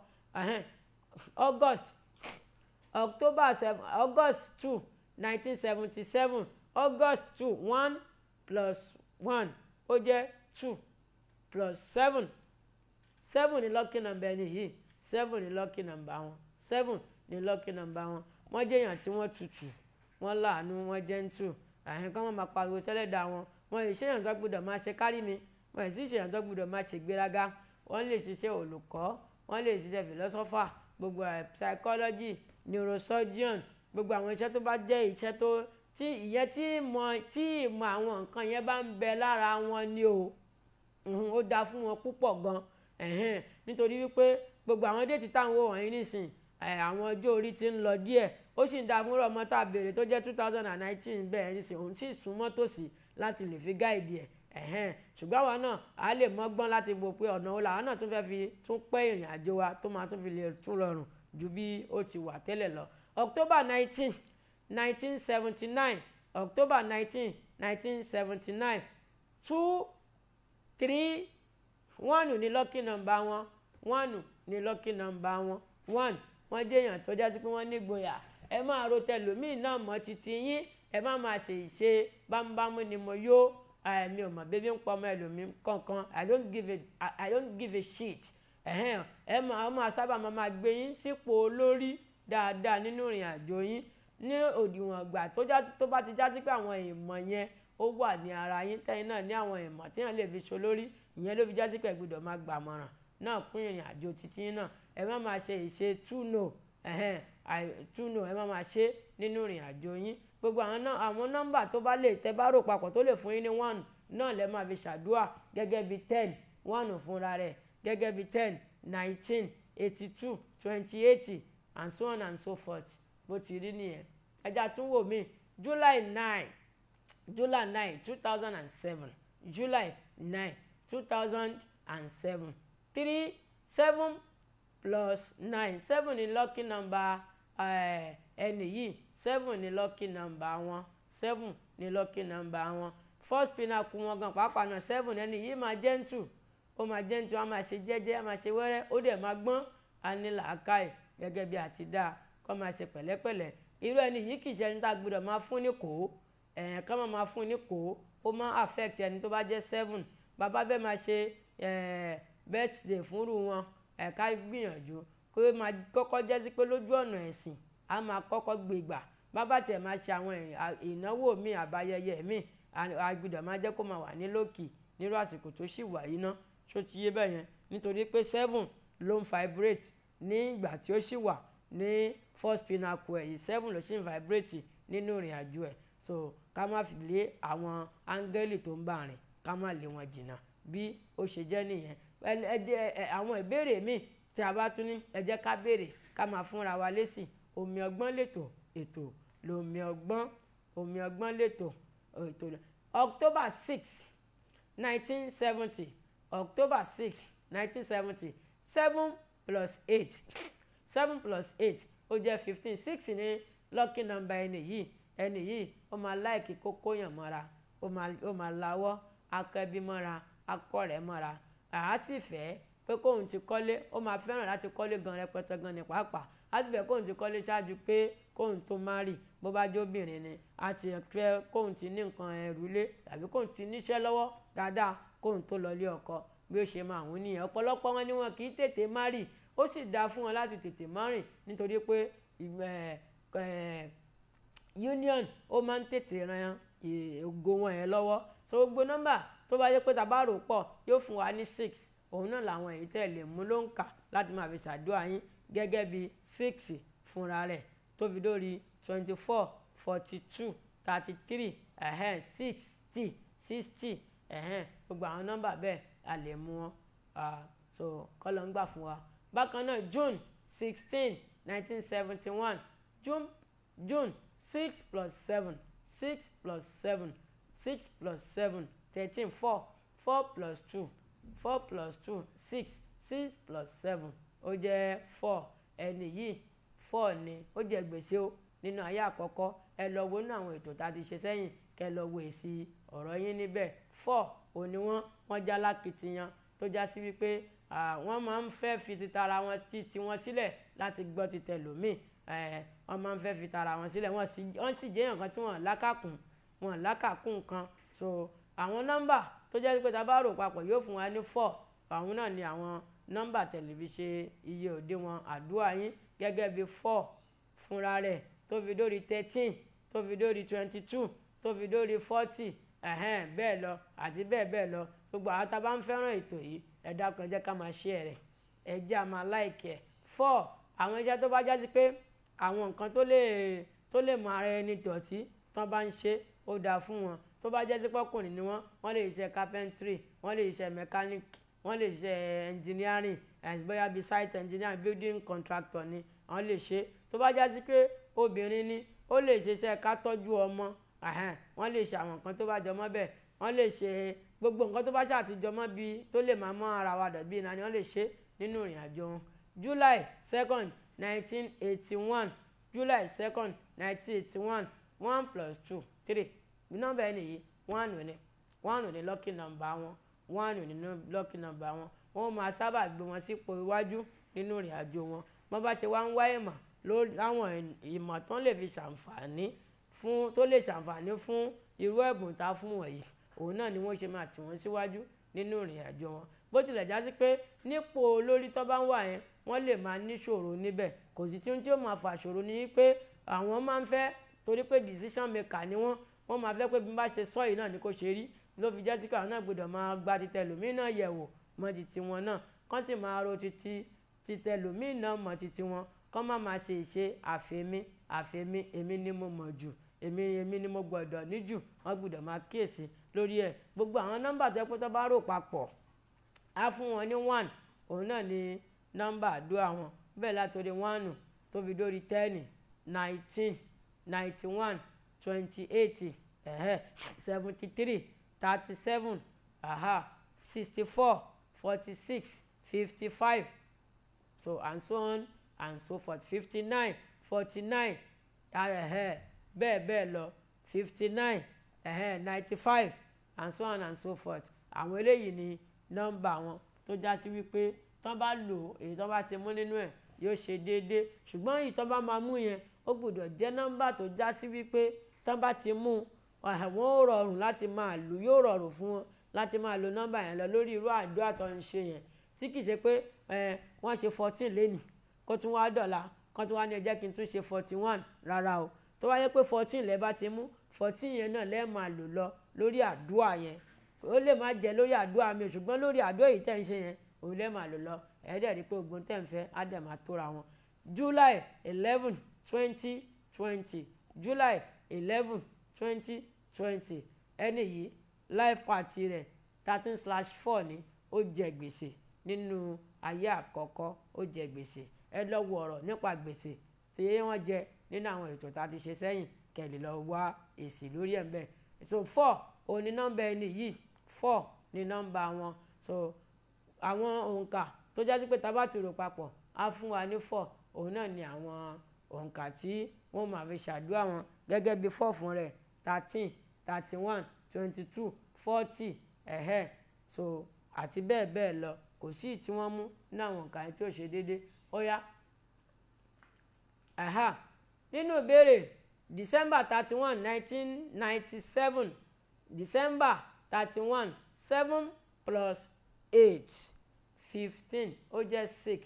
August october seven august two nineteen seventy seven august two one plus one ó jẹ́ two plus seven seven ni lucky number ẹni yìí seven ni lucky number wọn seven ni lucky number wọn wọ́n jẹ́ èèyàn tí wọ́n tutù wọ́n láàánú wọ́n gentle àyìn kan wọ́n máa pariwo sẹ́lẹ̀dà wọn wọ́n yìí ṣèyàn tó gbọ́dọ̀ máa ṣe kárí mi wọ́n yìí sì ṣèyàn tó gbọ́dọ̀ máa ṣe gbéraga wọ́n lè ṣiṣẹ́ olùkọ́ wọ́n lè ṣiṣẹ́ philosopher gbogbo psychology neurosurgeon gbogbo àwọn iṣẹ́ tó bá jẹ́ iṣẹ́ tó tí ìyẹn tí ìmọ̀ tí ìmọ̀ àwọn nǹkan yẹn bá ń bẹ lára wọn ni o ó dáa fún wọn púpọ̀ gan nítorí wípé gbogbo àwọn déètì táwọn wò wọ̀nyí nísìn àwọn ọjọ́ orí ti ń lọ díẹ̀ ó sì ń da fúnra ọmọ tá a béèrè tó jẹ́ two thousand and nineteen bẹ́ẹ̀ nísìn òun sì súnmọ́ tòsí láti lè fi gáìdì ẹ̀ ṣùgbọ́n àwọn náà a lè mọ́gbọ́n láti gbọ́ pé ọ̀nà wo làwọn náà tún fẹ́ fi tún pẹ́ ìrìn àjò wa tó máa tún fi lè tún rọrùn ju bí ó ti wà tẹ́lẹ̀ lọ october nineteen nineteen seventy nine october nineteen nineteen seventy nine two three one ní lucky number wọn one ní lucky number wọn one wọ́n jẹ́yàn tó jásí pé wọ́n nígboyà ẹ máa ro tẹlòmíì náà mọ́ títí yín ẹ má máa ṣe ìṣe bámúbámú ni mo yó mi ò mọ̀ bébí ń pọ̀ ọmọ ẹlòmíì kankan i don't give a i don't give a shit ẹ̀hẹ́n ẹ máa máa sábà máa máa gbé yín sípò olórí dáadáa nínú ìrìn àjò yín ní òdiwọ̀n ìgbà tó bá ti já sí pé àwọn ìmọ̀ yẹn ó wà ní ara yín tẹ́yìn náà ní àwọn ìmọ̀ tí yẹn lè fi ṣolórí ìyẹn ló fi já sí pé gbọ́dọ̀ máa gbàmọ̀ràn náà kún ìrìn àjò títí náà ẹ má máa ṣe ìṣe túnò túnò ẹ má máa ṣe nínú ìrìn àjò yín gbogbo àwọn nọ́mbà tó bá lè tẹ́ bá rò papọ̀ tó lè fún yín ní one náà lẹ́ máa fi ṣàdúrà gẹ́gẹ́ bíi ten one fúnra rẹ̀ gẹ́gẹ́ bí ten nineteen eighty two twenty eight and so on and so forth bó ti rí nìyẹn ẹja tún wò mí July nine July nine two thousand and seven July nine two thousand and seven three seven plus nine seven ni lucky number eh, ẹni uh, yìí seven ni lucky number wọn seven ni lucky number wọn first pinnacle wọn gan pàápàá náà seven ẹni yìí máa jẹ́ ń ó máa jẹ́ nítorí wọ́n máa ṣe jẹ́jẹ́ á máa ṣe wẹ́rẹ́ ó dẹ̀ máa gbọ́n á ní làákàyè gẹ́gẹ́ bí àti dáa kọ́ máa ṣe pẹ̀lẹ́pẹ̀lẹ́ irú ẹni yìí kì í ṣe ẹni tá a gbọ́dọ̀ máa fún ní kó ẹ̀ẹ́n kọ́ máa máa fún ní kó ó máa affect ẹni tó bá jẹ́ seven bàbá fẹ́ máa ṣe birthday fúnrú wọn ẹ̀ka gbìyànjú kó máa kọ́kọ́ jẹ́ sí pé lójú ọ̀nà ẹ̀sìn á máa kọ́kọ́ gbégbà bàbá tiẹ̀ máa ṣe àwọn ìnáwó mi àbáyẹyẹ mi àgbìdọ̀ máa jẹ́ kó máa wà ní lókì nírú àsìkò tó sì wà yìí náà ṣó ti yé bẹ́ẹ̀ yẹn nítorí pé seven ló ń vibrate ní ìgbà tí ó sì wà ní first pinnacle ẹ̀ seven ló sì ń vibrate nínú ìrìn àjò ẹ̀ so ká má fi lé àwọn áńgẹ́lì tó ń bá rìn ká má lé wọn jìnnà bí ó ṣe jẹ́ nìyẹn àwọn ìbéèrè míì tí a bá tún ní ẹ jẹ́ ká béèrè ká máa fúnra wa lésì omi ọgbọ́n lètò ètò lomi ọgbọ́n omi ọgbọ́n lètò ètò October six nineteen seventy October six, nineteen seventy. seven plus eight seven plus eight ó jẹ́ fifteen six ní lucky number ẹni yìí ẹni yìí ó máa láìkí kókó yàn mọ́ra ó máa lawọ́ akẹ́bí mọ́ra akọ́rẹ́ mọ́ra àá sì fẹ́ pé kóun ti kọ́lé ó máa fẹ́ràn láti kọ́lé gan rẹpẹtẹ gan ní pàápàá á sì fẹ́ kóun ti kọ́lé ṣáájú pé kóun tó márì bó bá jóbìnrin ni á ti fẹ́ kóun ti ní nǹkan ẹrù lé tàbí kóun ti níṣẹ́ lọ́wọ́ dáadáa kóun tó lọ lé ọkọ bí ó ṣe máa ń nìyẹn ọ̀pọ̀lọpọ̀ wọn ni wọn kì í tètè má rì ó sì dáa fún wọn láti tètè má rìn nítorí pé union ó máa ń tètè ran ògo wọn yẹn lọ́wọ́ so gbogbo nọ́mbà tó bá yẹ pé tá a bá rò pọ̀ yóò fún wa ní six òun náà làwọn èyí tẹ̀ lè mú ló ń kà láti máa fi ṣàdúrà yín gẹ́gẹ́ bí six fúnra rẹ̀ tóbi lórí twenty four forty two thirty three sixty sixty ẹ̀hẹ́n gbogbo àwọn nọ́mbà bẹ́ẹ̀ a lè mú wọn so kọ́lọ́ ń gbà fún wa bákan náà June sixteen nineteen seventy one June six plus seven six plus seven six plus seven thirteen four four plus two four plus two six six plus seven ó jẹ́ four ẹni yìí four ni ó jẹ́ gbèsè o nínú ayé àkọ́kọ́ ẹ lọ wo nínú àwọn ètò tá a ti ṣe sẹ́yìn kẹ lọ wo èsì ọ̀rọ̀ yín níbẹ̀ four òní wọn wọn já lákìtìyàn tó já sí wípé wọ́n máa ń fẹ́ fi ti tara wọn ti tiwọn sílẹ̀ láti gbọ́ ti tẹlòmíì wọ́n máa ń fẹ́ fi tara wọn sílẹ̀ wọ́n sì jẹ́ nǹkan tí wọ́n lákàkùn wọ́n lákàkùn kan so àwọn nọ́mbà tó jẹ́ pé tá a bá rò papọ̀ yóò fún wa ní four àwọn náà ni àwọn nọ́mbà tẹlifíṣẹ́ iye òdiwọ̀n àdúrà yín gẹ́gẹ́ bí four fúnra rẹ̀ tó fi dórí thirteen tó fi dórí twenty two tó fi dórí forty ẹ̀hẹ́n bẹ́ẹ̀ lọ àti bẹ́ẹ̀ bẹ́ẹ̀ lọ gbogbo àwọn tá a bá ń fẹ́ràn ètò yìí ẹ dákun ẹ ká máa share rẹ̀ ẹ jẹ́ á máa like ẹ̀ four àwọn iṣẹ́ tó bá jásí pé àwọn nǹkan tó lè tó lè mọ ara ẹni dọ̀tí tán bá ń ṣe ó dáa fún wọn tó bá jásí pọ́kùnrin ni wọ́n wọ́n lè ṣiṣẹ́ carpentry wọ́n lè ṣiṣẹ́ mechanic wọ́n lè ṣe engineering ẹ̀sìn bóyá bíi site engineering building contractor ni wọ́n lè ṣe tó bá jásí pé obìnrin ni ó lè ṣiṣẹ́ ká tọ́jú ọmọ wọ́n lè ṣe àwọn nǹkan tó bá jọmọ́ bẹ́ẹ̀ wọ́n lè ṣe gbogbo nǹkan tó bá ṣàtijọ́mọ́ bí tó lè máa mọ́ ara wa dàbí iná wọ́n lè ṣe nínú ìrìn àjò wọn July second nineteen eighty one July second nineteen eighty one one plus two three nọ́mbà ẹni yìí one òní one òní lucky number wọn one òní lucky number wọn wọ́n máa sábà gbé wọn sípò iwájú nínú ìrìn àjò wọn wọ́n bá ṣe wá ń wá ìmọ̀ láwọn ìmọ̀ tán lè fi ṣàǹfààní fún tó lè ṣàǹfààní fún irú ẹ̀bùn tá a fún wọ̀nyí òun náà ni wọ́n ṣe máa tì wọ́n síwájú nínú ìrìn àjò wọn bó tilẹ̀ já sí pé nípò olórí tó bá ń wà yẹn wọ́n lè máa níṣòro níbẹ̀ kò sì tí ó máa fà ṣòro ní pé àwọn máa ń fẹ́ torí pé decision maker ni wọ́n wọ́n máa fẹ́ pé bí n bá ṣe sọ yìí náà ni kò ṣe rí ló fi jẹ́ sí pé àwọn náà gbọ́dọ̀ máa gba titẹlòmíì náà yẹ̀wò mọ́ ti tiwọn náà kán sì máa ro titi titẹlòmíì náà mọ́ ti tiwọn kán má máa ṣe ìṣe àfẹ́mí àfi èmi èmi ni mo mọ̀ jù èmi èmi ni mo gbọ́dọ̀ níjù wọ́n gbọ́dọ̀ máa kíyèsí lórí ẹ̀ gbogbo àwọn nọ́mbà tó yẹ pé tó bá rò papọ̀ á fún wọn ní one òun náà ni nọ́mbà àdúrà wọn bẹ́ẹ̀ látòrí one tó fi dórí ten nineteen ninety one twenty eight seventy three thirty seven sixty four forty six fifty five so and so on and so forth fifty nine forty nine bẹ́ẹ̀ bẹ́ẹ̀ lọ fifty nine ninety five and so on and so forth àwọn eléyìí ni nọ́mbà wọn tó já sí wípé tán bá lò èyí tán bá ti mú nínú ẹ̀ yóò ṣe déédéé ṣùgbọ́n èyí tán bá máa mú yẹn ó gbọ́dọ̀ jẹ́ nọ́mbà tó já sí wípé tán bá ti mú àwọn ò rọrùn láti máa lò yóò rọrùn fún wọn láti máa lo nọ́mbà yẹn lọ lórí irú àdúrà tó ń ṣe yẹn tí kì í ṣe pé wọ́n ṣe fourteen lẹ́nìí kó tún wá dọ̀la kan tó wá ní ẹjẹ́ kí n tún ṣe forty one rárá o tó wáyé pé fourteen lẹ́ẹ̀ bá ti mú fourteen yẹn náà lẹ́ẹ̀ máa lò lọ lórí àdúrà yẹn ó lè má jẹ lórí àdúrà mi ṣùgbọ́n lórí àdúrà èyí tẹ̀ ń ṣe yẹn òun lẹ́ẹ̀ máa lò lọ ẹ̀ẹ́dẹ̀ rí i pé ogun tẹ̀ ń fẹ́ á dẹ̀ máa tóra wọn July eleven twenty twenty July eleven twenty twenty ẹni yìí life party rẹ̀ thirteen slash four ni ó jẹ gbèsè nínú ayé àkọ́kọ́ ó jẹ gbèsè ẹ lọ wo ọ̀rọ̀ nípa gbèsè tí wọ́n jẹ nínú àwọn ètò tá a ti ṣe sẹ́yìn kẹ́lẹ̀ lọ wá èsì lórí ẹ̀ ń bẹ̀ so four òní nọ́mbà ẹni yìí four ni nọ́mbà wọn so àwọn òǹkà tó jáde pé tá a bá ti rò papọ̀ á fún wa ní four òun náà ni àwọn òǹkà tí wọ́n máa fi ṣàdúrà wọn gẹ́gẹ́ bí four fún rẹ̀ thirteen thirty one twenty two forty ẹ̀hẹ́ so àti bẹ́ẹ̀ bẹ́ẹ̀ lọ kò sí tí wọ́n mú ní àwọn nǹkan tí ò ṣe déédéé ọ̀yá aha nínú ìbéèrè december thirty one nineteen ninety seven december thirty one seven plus eight fifteen ó jẹ́ six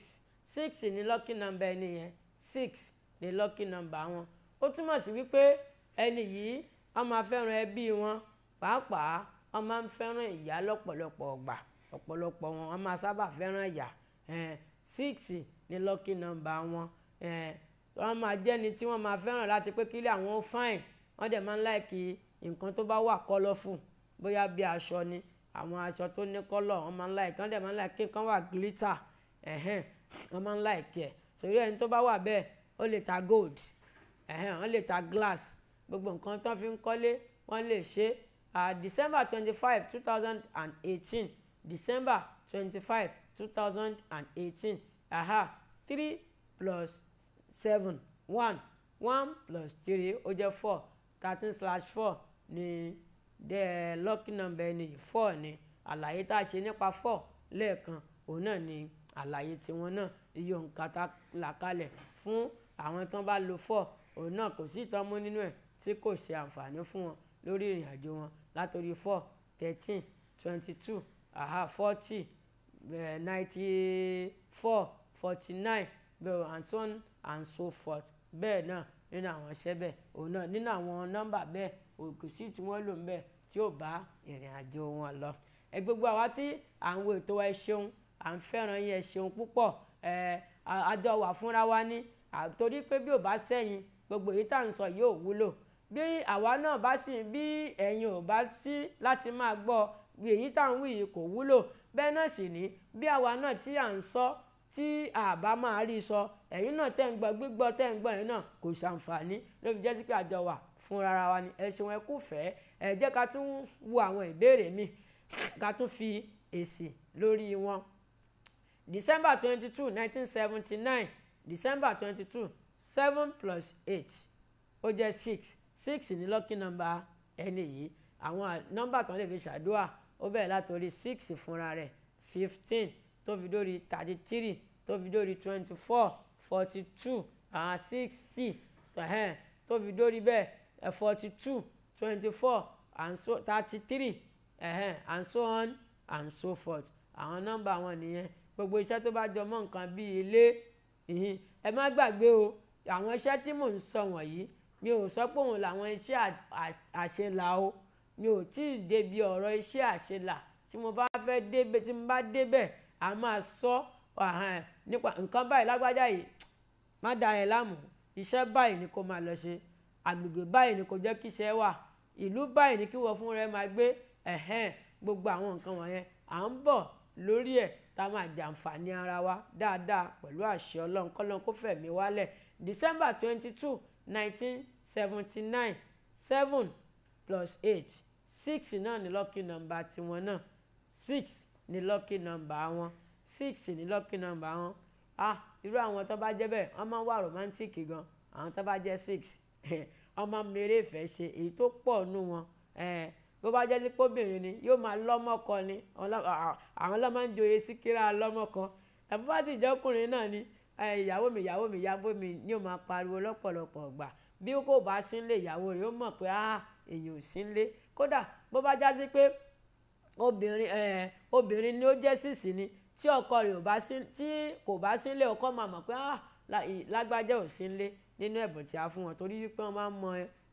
six ni lucky number ẹni yẹn six ni lucky number wọn ó túmọ̀ sí wípé ẹni yìí wọ́n máa fẹ́ràn ẹbí wọn pàápàá wọ́n máa ń fẹ́ràn ìyá lọ́pọ̀lọpọ̀ ọgbà ọ̀pọ̀lọpọ̀ wọn wọ́n máa sábà fẹ́ràn ìyá six ní lọ́kì nọ́mbà wọn eh, wọ́n máa jẹ́ni tí wọ́n máa fẹ́ràn láti pé kílẹ̀ àwọn ó fáìn wọ́n dẹ̀ máa ń láìkí nǹkan tó bá wà kọ́lọ́fù bóyá bí aṣọ ni àwọn aṣọ tó ní kọ́lọ̀ wọ́n máa ń láìkí wọ́n dẹ̀ máa ń láìkí nǹkan wà gílítà wọ́n máa ń láìkí ẹ̀ sórí ẹni tó bá wà bẹ́ẹ̀ ó lè ta gold wọ́n lè ta glass gbogbo nǹkan tó fi ń kọ́lé wọ́n lè ṣe December twenty five two thousand and eighteen December twenty five two thousand and eighteen aha three plus seven one one plus three ó jẹ́ four thirteen slash four ni the lucky number ni four ni àlàyé tá a ṣe nípa four lẹ́ẹ̀kan òun náà ni àlàyé tiwọn náà iye òǹkà a là kalẹ̀ fún àwọn tán bá lo four òun náà kò sí ìtàn mú nínú ẹ̀ tí kò ṣe àǹfààní fún wọn lórí ìrìn àjò wọn látòrí four thirteen twenty two aha forty eh, ninety four forty nine bẹ̀rù and so on and so forth bẹ́ẹ̀ náà nínú àwọn iṣẹ́ bẹ́ẹ̀ òun náà nínú àwọn nọ́mbà bẹ́ẹ̀ òkè sí tí wọ́n lò ń bẹ̀ tí ò bá ìrìn àjò wọn lọ. ẹ gbogbo àwa tí à ń wo ètò wa ẹ ṣeun à ń fẹ́ràn yín ẹ ṣeun púpọ̀ ẹ àjọ wà fúnra wa ní torí pé bí ò bá sẹ́yìn gbogbo èyí tá à ń sọ yóò wúlò bí àwa náà bá sì bí ẹ̀yin ò bá sí láti máa gbọ́ èyí tá à ń wí yìí kò wúlò bẹ́ẹ̀ náà sì ní bí àwa náà tí à ń sọ tí àbá máa rí sọ ẹ̀yin náà tẹ̀ ń gbọ́ gbígbọ́ tẹ̀ ń gbọ́ ẹ̀yin náà kò ṣàǹfààní ló fi jẹ́ sí pé àjọ wà fúnra wa ni ẹ ṣeun ẹ kú fẹ́ ẹ jẹ́ ká tún wo àwọn ìbéèrè míì ká tún fi èsì lórí wọn. December twenty two nineteen seventy nine December twenty two seven plus eight ó jẹ́ six six ní lucky number ẹni yìí àwọn nọ́mbà tó ń lè fi ṣàdúrà ó bẹ̀rẹ̀ látòrí six fúnra rẹ̀ fifteen tó fi dórí thirty three tó fi dórí twenty four forty two àwọn sixty tó fi dórí bẹ́ẹ̀ forty two twenty four and so thirty three and so on and so forth àwọn nọ́mbà wọn nìyẹn gbogbo iṣẹ́ tó bá jọ mọ́ nǹkan bíi ilé ẹ má gbàgbé o àwọn iṣẹ́ tí mò ń sọ wọ̀nyí mi ò sọ pé òun làwọn iṣẹ́ àṣelà o mi ò tí ì débi ọ̀rọ̀ iṣẹ́ àṣelà tí mo bá fẹ́ débẹ̀ tí mo bá débẹ̀ a máa sọ nípa nǹkan báyìí lágbájá yìí má da yẹn láàmú iṣẹ́ báyìí ni kò máa lọ ṣe àgbègbè báyìí ni kò jẹ́ kí iṣẹ́ wà ìlú báyìí ni kí wọ́n fún rẹ máa gbé ẹ̀hẹ́n gbogbo àwọn nǹkan wọ̀nyẹn à ń bọ̀ lórí ẹ̀ tá a máa jàǹfààní ara wa dáadáa pẹ̀lú àṣẹ ọlọ́run kó fẹ̀mí wálẹ̀ december twenty two nineteen seventy nine seven plus eight six náà ni lucky number tiwọn náà six ní lọ́kì nọmbà wọn six ní lọ́kì nọmbà wọn ah irú àwọn tó bá jẹ́ bẹ́ẹ̀ wọ́n máa ń wà romantic gan àwọn tó bá jẹ́ six wọ́n máa ń mèrè ìfẹ́ ṣe èyí tó pọ̀ nù wọn eh, bó bá jẹ́ sípòbìnrin ni yóò máa lọ́mọkọ ni àwọn lọ́mọ ah, ń joyè síkírà lọ́mọkọ tàbí bá sì jẹ́ ọkùnrin náà ni eh, ìyàwó mi ìyàwó mi ìyàwó mi ni ó máa pariwo lọ́pọ̀lọpọ̀ ọ̀gbà bí kò bá sínlé ìyàwó rẹ̀ ó mọ̀ pé èèyàn ah, ò sínlé kódà bó bá já pé obìnrin ẹ obìnrin ni ó jẹ́ sísì ni tí ọkọ rẹ̀ kò bá sílé ọkọ máa mọ̀ pé ah, lágbájá ò sílé nínú ẹ̀bùn tí a fún wọn torí wípé wọ́n máa ń mọ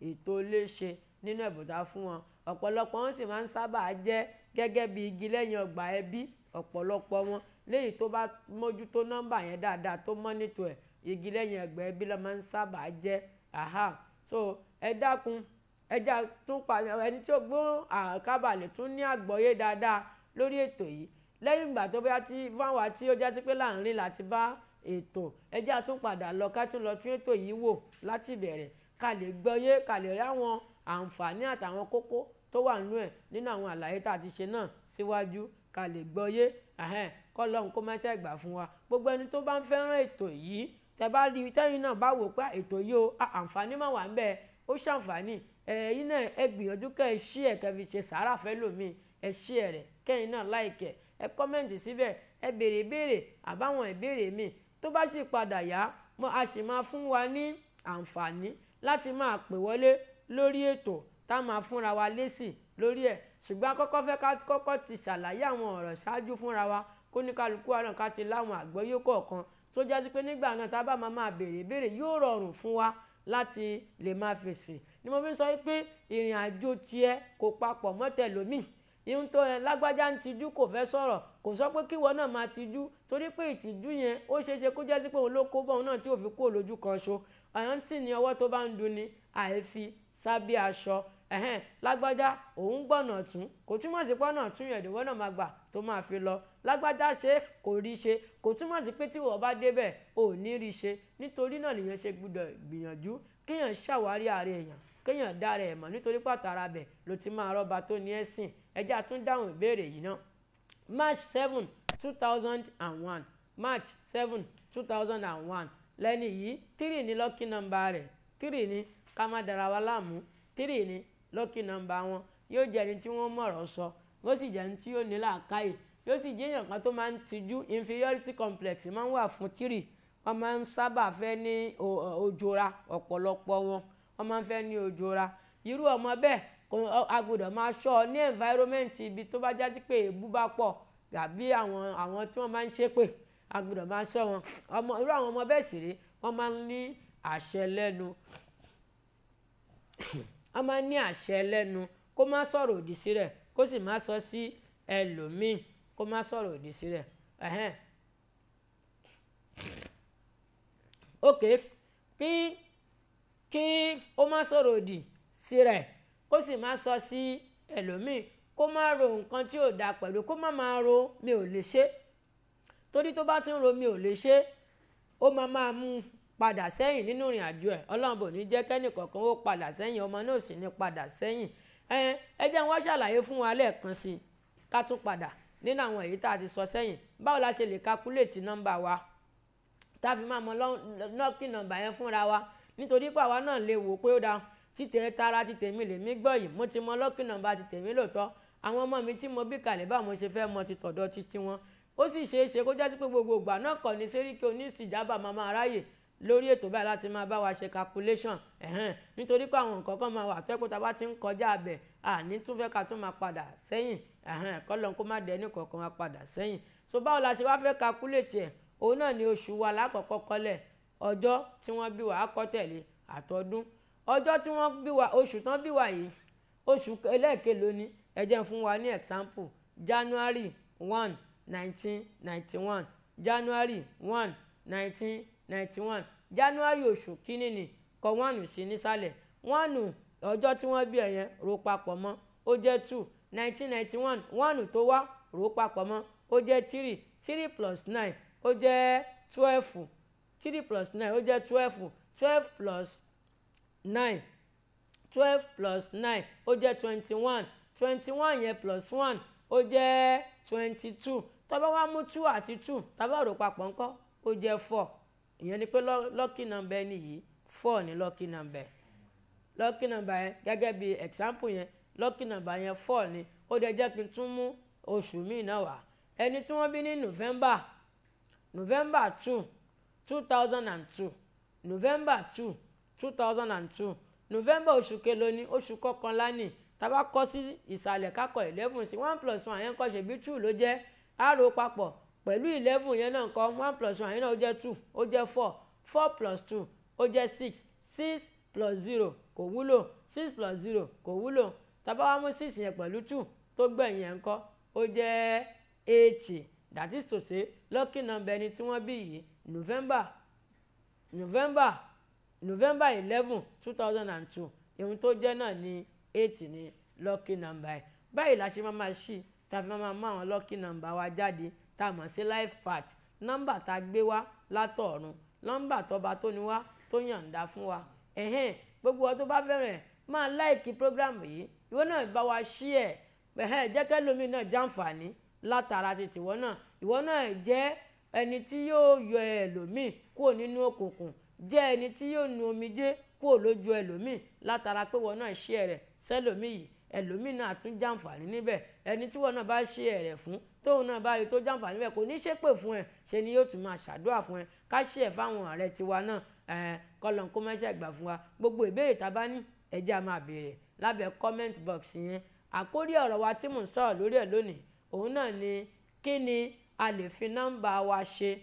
ètò ilé ṣe nínú ẹ̀bùn tá a fún wọn ọ̀pọ̀lọpọ̀ wọn sì máa ń sábà jẹ́ gẹ́gẹ́ bí igi lẹ́yìn ọgbà ẹbí ọ̀pọ̀lọpọ̀ wọn léyìí tó bá mójútó nọ́mbà yẹn dáadáa tó mọ́nítò ẹ̀ igi lẹ́yìn ọgbà ẹbí ló máa ń sábà jẹ́ aha so ẹ dákun ẹja tún padà ẹni tí ó gbọ́n àkábàlẹ̀ tún ní àgbọ́yé dáadáa lórí ètò yìí lẹ́yìn ìgbà tó bá ti fáwọn tí ó jásí pé láàrin láti bá ètò ẹja tún padà lọ ká tún lọ tún ètò yìí wò láti ìbẹ̀rẹ̀ ká lè gbọ́yé ká lè rí àwọn àǹfààní àtàwọn kókó tó wà nínú ẹ̀ nínú àwọn àlàyé tá a ti ṣe náà síwájú ká lè gbọ́yé kọ́lọ́hún kó mẹ́sẹ̀ gbà fún wa gbogbo ẹni tó bá ń fẹ́ràn ètò yìí tẹ́ bá rí tẹ́yìn náà bá wò pé ètò yìí o àǹfààní mà wà ń bẹ́ẹ̀ ó ṣàǹfààní ẹ̀yin náà ẹ gbìyànjú kẹ́ ẹ ṣí ẹ̀ kẹ́ fi ṣe sàárà fẹ́ lómi ẹ ṣí ẹ̀ rẹ̀ kẹ́yìn náà láìkẹ́ ẹ kọ́mẹ̀ntì síbẹ̀ ẹ béèrè béèrè àbáwọn ìbéèrè mi tó bá sì padà yá mo a sì máa fún wa ní àǹfààní láti máa pè wọlé lórí ètò tá a máa fúnra wa lésì lórí ẹ̀ ṣùgbọ́n akọ́kọ́ fẹ́ ká kọ́kọ́ ti ṣàlàyé àwọn ọ̀rọ̀ ṣáájú fúnra wa kó ní kálukú wa náà ká ti láwọn àgbọ́yé kọ̀ọ̀kan tó jásí pé nígbà náà tá a bá máa máa béèrè béèrè yóò rọrùn fún wa láti lè máa fèsì ni mo fi sọ pé ìrìn àjò tiẹ̀ kò papọ̀ mọ́tẹ̀lómìn ihun tó yẹn lágbájá ń tijú kò fẹ́ sọ̀rọ̀ kò sọ pé kíwọ náà máa tijú torí pé ìtìjú yẹn ó ṣeé ṣe kó jẹ́ sí pé òun ló kó bọ́ọ̀n náà tí ò fi kú olójú kan ṣo àyàn sì ní ọwọ́ tó bá ń dunni àìfi sábẹ́ aṣọ ẹ̀hẹ́n lágbájá òun gbọ́nà tún kò túmọ̀ sí pọ́nà tún yẹn ìdíwọ́ náà máa gbà tó máa fi lọ lágbájá ṣe kò rí ṣe kò túmọ̀ sí pé tíwọ́ bá débẹ̀ ò ní rí ṣe nítorí náà nìyẹn ṣe gbúdọ̀ gbìyànjú kíyàn ṣàwárí ààrẹ èèyàn kéèyàn dára ẹ̀ mọ̀ nítorí pàtàrà bẹ̀ ló ti máa rọ́ba tó ní ẹ̀sìn ẹjẹ́ àtún dáhùn ìbéèrè yìí náà march seven two thousand and one march seven two thousand and one lẹ́ni yìí tírì ni lọ́kì nọ́mbà rẹ̀ tírì ní ká má dara wa láàmú tírì ní lọ́kì nọ́mbà wọn yóò jẹ́ ẹni tí wọ́n mọ̀rọ̀ sọ yóò sì jẹ́ ẹni tí yóò ní làákàyè yóò sì jẹ́ èèyàn kan tó máa ń tijú inferiority complex máa ń wà fún tírì wọ́n máa ń sábà fẹ́ ní ojora ọ̀pọ̀lọpọ̀ wọn wọ́n máa ń fẹ́ ní òjòra irú ọmọ bẹ́ẹ̀ a gbọ́dọ̀ máa ṣọ́ ọ ní environment ibi tó bá jásí pé èébú bá pọ̀ tàbí àwọn àwọn tí wọ́n máa ń ṣépè a gbọ́dọ̀ máa ṣọ́ wọn ọmọ irú àwọn ọmọ bẹ́ẹ̀ sì rí wọ́n máa ń ní àṣẹ lẹ́nu wọ́n máa ń ní àṣẹ lẹ́nu kó má sọ̀rọ̀ òdì sí rẹ̀ kó sì má sọ sí ẹlòmíì kó má sọ̀rọ̀ òdì sí rẹ̀ ok kí kí ó má sọ̀rọ̀ òdì sí rẹ̀ kó sì má sọ sí ẹlòmíì kó má ro nǹkan tí ò dáa pẹ̀lú kó má máa ro mi ò lè ṣe torí tó bá ti ń ro mi ò lè ṣe ó máa máa mú un padà sẹ́yìn nínú ìrìn àjò ẹ̀ ọlọ́run bò ní jẹ́ kẹ́nìkọ̀ọ̀kan ó padà sẹ́yìn ọmọ náà sì ní padà sẹ́yìn ẹ jẹ́ wọ́n ṣàlàyé fún wa lẹ́ẹ̀kan sí i ká tún padà nínú àwọn èyí tá a ti sọ sẹ́yìn báwo la ṣe lè calculate nọ́mbà wa tá a fi máa mọ lọ́ọ̀kì nọ́mbà yẹn fúnra wa nítorí pé àwa náà lè wò pé ó dáa títẹ̀ tara títẹ̀ mi lèmi gbọ́ yìí mo ti mọ lọ́kì nọ́mbà títẹ̀ mi lóòótọ́ àwọn ọmọ mi tí mo bí kalẹ̀ bá mo ṣe fẹ́ mọ ti tọ̀dọ̀ ti ti wọn ó sì ṣeé ṣe kó jásí pé gbogbo ìgbà náà kọ́ ni sẹ́ríkì oníṣìjábà máa máa ráyè lórí ètò báyìí láti máa bá wa ṣe calculation ẹ̀hẹ́n nítorí pé àwọn nǹkan kan máa wà tẹ́pọ̀ tá a bá ti ń kọjá abẹ̀ àní tún fẹ́ ká tún máa padà sẹ́yìn ẹ̀hẹ́n kọ́lọ́n kó má dẹ kọ̀ọ̀kan wa padà sẹ́yìn so báwo la ṣe wá fẹ́ calculate ẹ̀ òun náà ni oṣù wa lákọ̀ọ́kọ́ kọ́lẹ̀ ọjọ́ tí wọ́n bí wa akọ́tẹ̀lé àtọdún ọjọ́ tí wọ́n bí wa oṣù tán bí wa yìí oṣù ẹlẹ́ẹ̀kẹ́lò ni ẹ fún wa ní example January one nineteen ninety one January one nineteen ninety one January oṣù kínní ni kọ wánù sí nísàlẹ̀ wánù ọjọ́ tí wọ́n bí ẹ yẹn papọ̀ mọ́ ó jẹ́ two nineteen ninety one wánù tó wá rò papọ̀ mọ́ ó jẹ́ three three plus nine ó jẹ́ twelve three plus nine ó jẹ́ twelve twelve plus nine twelve plus nine ó jẹ́ twenty one twenty one yẹn plus one ó jẹ́ twenty two tá wa wá mú two àti two tá bá rò papọ̀ ńkọ́ ó jẹ́ four ìyẹn ni pé lucky number ẹni yìí four ni lucky number lucky number yẹn gẹ́gẹ́ bí example yẹn lucky number yẹn four ni ó dẹ̀ jẹ́ kí n tún mú oṣù míì náà wá ẹni tí wọ́n bí ní November November two two thousand and two november two two thousand and two november oṣù kelo ní oṣù kọkànlá ní tábà kọ́ sí ìsàlẹ̀ kákọ̀ eleven sí one plus one yẹn kọ́ ṣe bí two ló jẹ́ àrò papọ̀ pẹ̀lú eleven yẹn náà kọ́ one plus one yẹn náà ó jẹ́ two ó jẹ́ four four plus two ó jẹ́ six six plus zero kò wúlò six plus zero kò wúlò tábà wá mú six yẹn pẹ̀lú two tó gbẹ̀yìn yẹn kọ́ ó jẹ́ eighty that is to say lucky number ẹni tí wọ́n bí yìí november november november eleven two thousand and two ohun tó jẹ́ náà ní eight ni lucky number ẹ̀ báyìí la ṣe máa ma ṣí tá a fi mú àwọn lucky number wa jáde tá a mọ̀ sí life part nọ́mbà tá a gbé wá látọ̀ọ̀run nọ́mbà tọba tó ní wá tó yàǹda fún wa ẹ̀hẹ́n gbogbo ọ tó bá fẹ́ràn ẹ̀ máa láìkí program yìí ìwọ náà bá wa ṣí ẹ̀ ẹ̀hẹ́n jẹ́ kẹ́lómi náà jàǹfààní látara ti tìwọ náà ìwọ náà jẹ́ ẹni tí yóò yọ ẹlòmíì kúrò nínú òkùnkùn jẹ́ ẹni tí yóò nu omijé kúrò lójú ẹlòmíì látara pé wọn náà ṣe rẹ̀ sẹ́lòmíì yìí ẹlòmíì náà tún jàǹfààní níbẹ̀ ẹni tí wọn náà bá ṣe ẹ̀rẹ̀ fún tóun náà bá tó jàǹfààní níbẹ̀ kò ní ṣépè fún ẹ ṣe ni yóò tún máa ṣàdúrà fún ẹ ká ṣe ẹ fáwọn ààrẹ tiwa náà ẹ kọlọ̀ kó mẹ́ṣẹ̀ gbà fún wa gbogbo ìbéèrè tá a bá ní ẹ a máa béèrè lábẹ́ comment box yẹn àkórí ọ̀rọ̀ wa tí mò ń sọ̀rọ̀ lórí ẹ̀ lónìí òun náà ni kí ni a lè fi nọ́mbà wa ṣe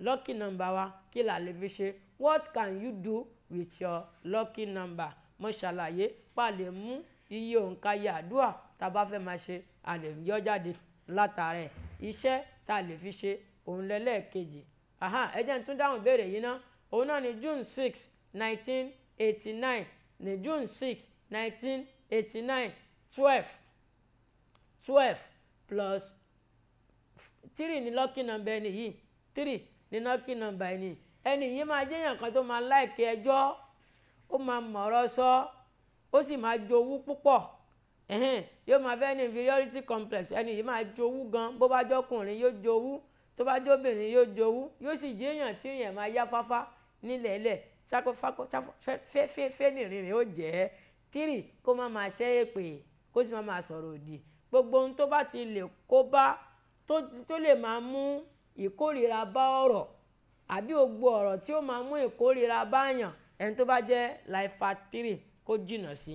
lucky number wa kí la lè fi ṣe what can you do with your lucky number mo ṣàlàyé pa lè mú iye òǹkà yẹ àdúrà tá a bá fẹ́ máa ṣe a lè yọ jáde látara ẹ̀ iṣẹ́ tá a lè fi ṣe òun lẹ́lẹ́ẹ̀kejì aha ẹ jẹ́ n tún dáhùn ìbéèrè yìí ná òun náà ni June six nineteen eighty nine ní June six nineteen eighty nine twelve twelve plus tírì ni lọ́kì nọmba ẹni yìí tírì ni lọ́kì nọmba ẹni ẹni yìí máa jẹ́yàn kan tó máa láìkí ẹjọ́ ó máa mọ̀ọ́rọ́ sọ ó sì máa jowú púpọ̀ yóò máa fẹ́ ní inferiority complex ẹni yìí máa jowú gan bó bá jọkùnrin yóò jowú tó bá jóbìnrin yóò jowú yóò sì jẹ́yàn tí yẹn máa yá fáfá nílẹ̀ ẹlẹ̀ fẹ́fẹ́fẹ́ nìrìn rẹ̀ ó jẹ́ tírì kó má máa ṣẹ́ èpè kó sì má máa sọ̀rọ̀ òdì gbogbo ohun tó bá ti lè kó bá tó lè máa mú ìkórìíra bá ọ̀rọ̀ àbí gbogbo ọ̀rọ̀ tí ó máa mú ìkórìíra báyàn ẹni tó bá jẹ́ láìfa tírì kó jìnà sí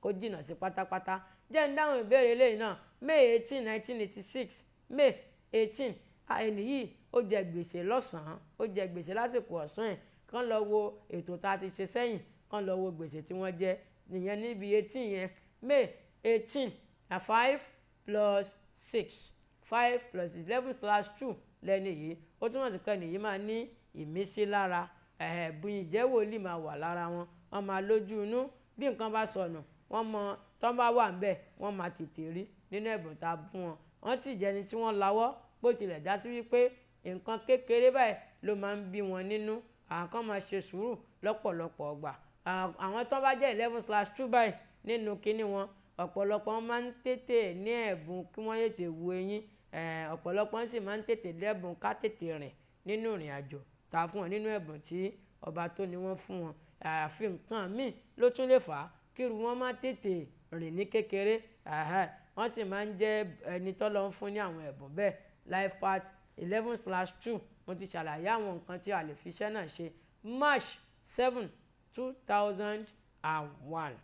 kó jìnà sí pátápátá jẹ́ ń dáhùn ìbéèrè eléyìí náà may eighteen nineteen eighty six may eighteen ẹni yìí ó jẹ gbèsè lọ́sàn-án ó jẹ gbèsè lásìkò ọ̀sán ẹ̀ kán lọ wo ètò tá a ti ṣe sẹ́yìn kán lọ wo gbèsè tí wọ́n jẹ nìyẹn níbi eighteen yẹn may eighteen na five plus six five plus eleven slash two lẹ́ni yìí ó túmọ̀ sí pé ẹni yìí máa ní ìmísí lára ẹ̀ẹ́dùn ìjẹ́wò lè máa wà lára wọn wọ́n máa lójú inú bí nǹkan bá sọnù wọ́n mọ tán bá wà ń bẹ̀ wọ́n máa tètè rí nínú ẹ̀bùn tá a fún wọn wọ́n sì jẹ́ni tí wọ́n lawọ́ bó tilẹ̀ já sí wípé nǹkan kékeré báyìí ló máa ń bí wọn nínú àwọn kan máa ṣe sùúrù lọ́pọ̀lọpọ̀ ọgbà àwọn tán bá jẹ́ eleven slash two báyìí nínú kinní wọn ọ̀pọ̀lọpọ̀ wọn máa ń tètè ní ẹ̀bùn kí wọ́n yètè wu eyín ọ̀pọ̀lọpọ̀ sì máa ń tètè lẹ́bùn ká tètè rìn nínú ìrìn àjò tá a fún wọn nínú ẹ̀bùn tí ọba tó ni wọ́n fún wọn àfi nǹkan míì ló tún lè fà á kíru wọn má tètè rìn ní kékeré wọ́n sì máa ń jẹ́ ẹni tọ́lọ́ ń fún ní àwọn ẹ̀bùn bẹ́ẹ̀ life part eleven slash two mo ti ṣàlàyé àwọn nǹkan tí a lè fi iṣẹ́ náà ṣe march seven two thousand and one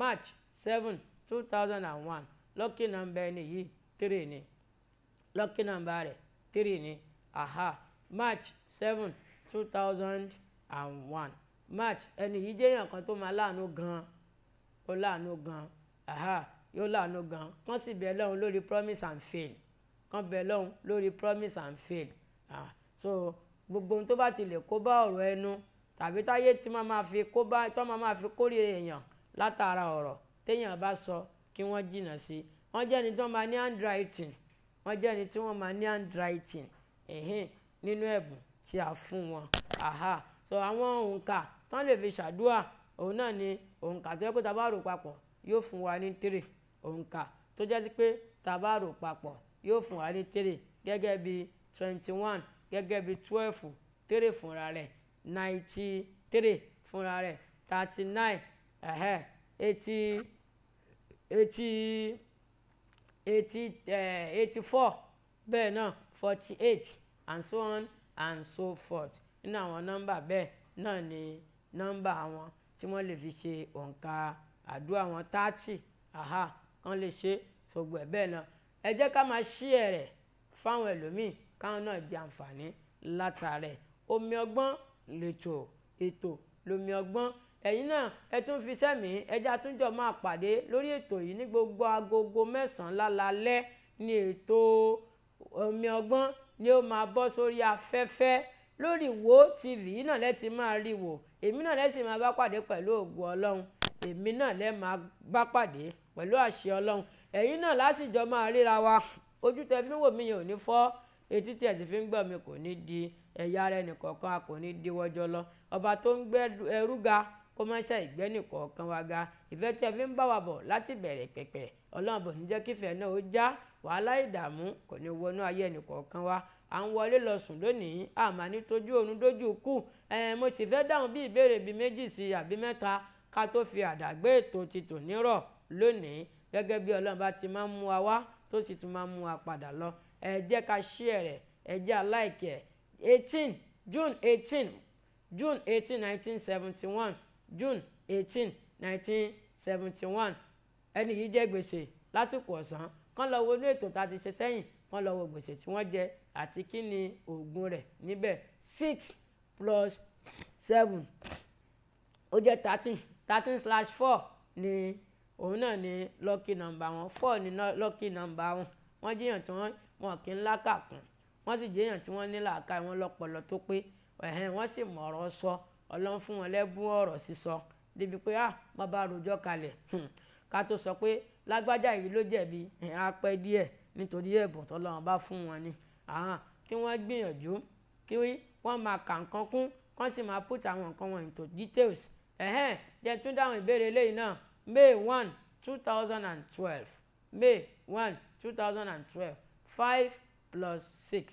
march seven two thousand and one lọ́kì nọ́mbà ẹni yìí three ni lọ́kì nàmbà rẹ̀ three ni aha march seven two thousand and one march ẹni yìí jẹ́ èèyàn kan tó máa láàánú gan-an ó láàánú gan-an aha yóò láàánú gan-an kàn sì bẹ̀ lọ́hùn lórí promise and fail kàn bẹ̀ lọ́hùn lórí promise and fail ah so gbogbo ohun tó bá ti lè kó bá ọ̀rọ̀ ẹnu tàbí táyé tí máa máa fi kó bá tó máa máa fi kórìíra èèyàn látara ọ̀rọ̀ téèyàn bá sọ kí wọ́n jìnnà sí wọ́n jẹ́ ẹni tó máa ní handwriting wọ́n jẹ́ ẹni tí wọ́n máa ní handwriting nínú ẹ̀bùn tí a fún wọn aha so àwọn òǹkà tán lè fi ṣàdúrà òun náà ni òǹkà tó yẹ pé tá bá rò papọ̀ yóò fún wa ní tèrè òǹkà tó jẹ́ pé tá papọ̀ yóò fún wa ní tèrè gẹ́gẹ́ bí twenty one gẹ́gẹ́ bí twelve tèrè fúnra rẹ̀ ninety three fúnra rẹ̀ thirty nine eighty eighty eighty eh, eighty four bẹ́ẹ̀ náà forty eight and so on and so forth nínú àwọn nọ́mbà bẹ́ẹ̀ náà ni nọ́mbà wọn tí wọ́n lè fi ṣe òǹkà àdúrà wọn thirty aha kan lè ṣe sọgbọ ẹ bẹ́ẹ̀ náà ẹ jẹ́ ká máa ṣí ẹ rẹ̀ fáwọn ẹlòmíì káwọn náà jẹ àǹfààní látàrẹ omi ọgbọ́n lètò ètò lomi ọgbọ́n ẹ̀yin náà ẹ tún fi sẹ́mi ẹja túnjọ máa pàdé lórí ètò yìí ní gbogbo agogo mẹ́sàn-án lálalẹ́ ní ètò omi ọgbọ́n ni ó máa bọ́ sórí afẹ́fẹ́ lórí Wo TV yìí náà lẹ́ ti máa rí wò èmi náà lẹ́ sì máa bá pàdé pẹ̀lú ògùn ọlọ́run èmi náà lẹ́ máa bá pàdé pẹ̀lú àṣẹ ọlọ́run ẹ̀yin náà lásìjọ máa ríra wa ojú tẹ fi ń wò mí yẹn ò ní fọ́ etí tí ẹ sì fi ń gbọ́ mi kò ní di ẹ̀yà ara ẹnì kọ̀ọ̀kan a kò ní di wọ́jọ́ lọ ọba tó ń gbé ẹrú ga kó má ṣe ìgbẹ́nìkọ̀ọ̀kan wa ga ìfẹ́ tí ẹ fi ń bá wa bọ̀ láti bẹ̀rẹ̀ pẹ̀pẹ̀ ọlọ́run bò ní jẹ́ kífẹ́ náà ó já wàhálà ìdààmú kò ní wọnú ayé ẹnìkọ̀ọ̀kan wa à ń wọlé lọ sùn lónìí àmà ní tójú òun dójú kù mo sì fẹ́ dáhùn bí ìbéèrè bíi méjì sí àbí mẹ́ta ká tó fi àdàgbé ètò ti tò nírọ̀ lónìí gẹ́gẹ́ bí ọlọ́run bá ti máa ń mú wa wá tó sì tún máa ń mú wa padà lọ ẹ jẹ́ ká share rẹ̀ ẹ jẹ́ aláìkẹ́ eighteen june eighteen june eighteen nineteen seventy one june eighteen nineteen seventy one ẹni yìí jẹ gbèsè lásìkò ọ̀sán kán lọ wo inú ètò tá a ti ṣe sẹ́yìn kán lọ wo gbèsè tí wọ́n jẹ àti kí ni oògùn rẹ̀ níbẹ̀ six plus seven ó jẹ́ thirteen thirteen slash four ni òun náà ni lucky number wọn four ni lucky number wọn wọ́n jẹ́yàn tí wọ́n wọn kì í lákàkùn wọ́n sì jẹ́yàn tí wọ́n ní làákàyè wọn lọ́pọlọ tó pé ẹ̀hẹ́n wọ́n sì mọ̀ ọ̀rọ̀ sọ. So ọlọ́run fún wọn lẹ́bùn ọ̀rọ̀ sísọ débi pé ah wọ́n bá rojọ́ kalẹ̀ hmm. ká tó sọ pé lágbájá yìí ló jẹ̀bi á pẹ́ díẹ̀ nítorí ẹ̀bùn tọ́lọ́run bá fún wọn ni kí wọ́n gbìyànjú kí wọ́n máa kà nǹkan kún kán sì máa put àwọn nǹkan wọn into details ẹ̀hẹ́n jẹ́ tún dáhùn ìbéèrè eléyìí náà May one two thousand and twelve May one two thousand and twelve five plus six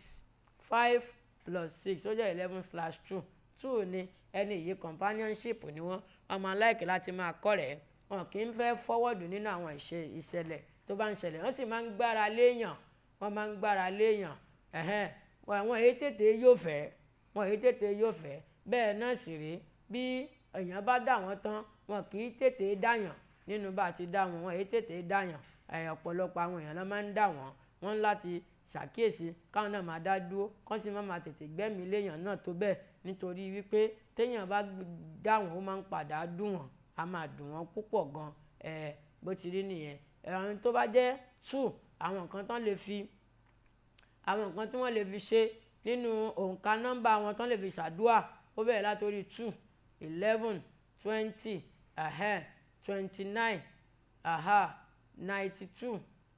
five plus six ó jẹ́ eleven slash two two ni ẹni yìí companionship ni wọ́n wọ́n máa láìkí láti máa kọ́rẹ̀ẹ́ wọn kì í fẹ́ fọwọ́dù nínú àwọn ìṣe ìṣẹ̀lẹ̀ tó bá ń ṣẹlẹ̀ wọ́n sì máa ń gbára léèyàn wọ́n máa ń gbára léèyàn ẹ̀hẹ́n wọn èyí tètè yóò fẹ́ wọn èyí tètè yóò fẹ́ bẹ́ẹ̀ náà sì rí bí èèyàn bá dà wọ́n tán wọn kì í tètè dàyàn nínú bá a ti dá wọn wọn èyí tètè dàyàn ọ̀pọ̀lọpọ̀ àwọn èèyàn ló máa ń dà wọ́n wọ́n láti ṣàkíyèsí káwọn náà máa dá dúró kán sì máa máa tètè gbẹ́mìí léèyàn náà tó bẹ́ẹ̀ nítorí wípé téèyàn bá dá wọn ó máa ń padà dùn wọn a máa dùn wọn púpọ̀ gan ẹ bó ti rí nìyẹn ẹ̀rọ tó bá jẹ́ two àwọn nǹkan tán lè fi àwọn nǹkan tí wọ́n lè fi ṣe nínú òǹkà nọ́mbà wọn tán lè fi ṣàdúà ó bẹ̀rẹ̀ látòrí two eleven twenty twenty nine ninety two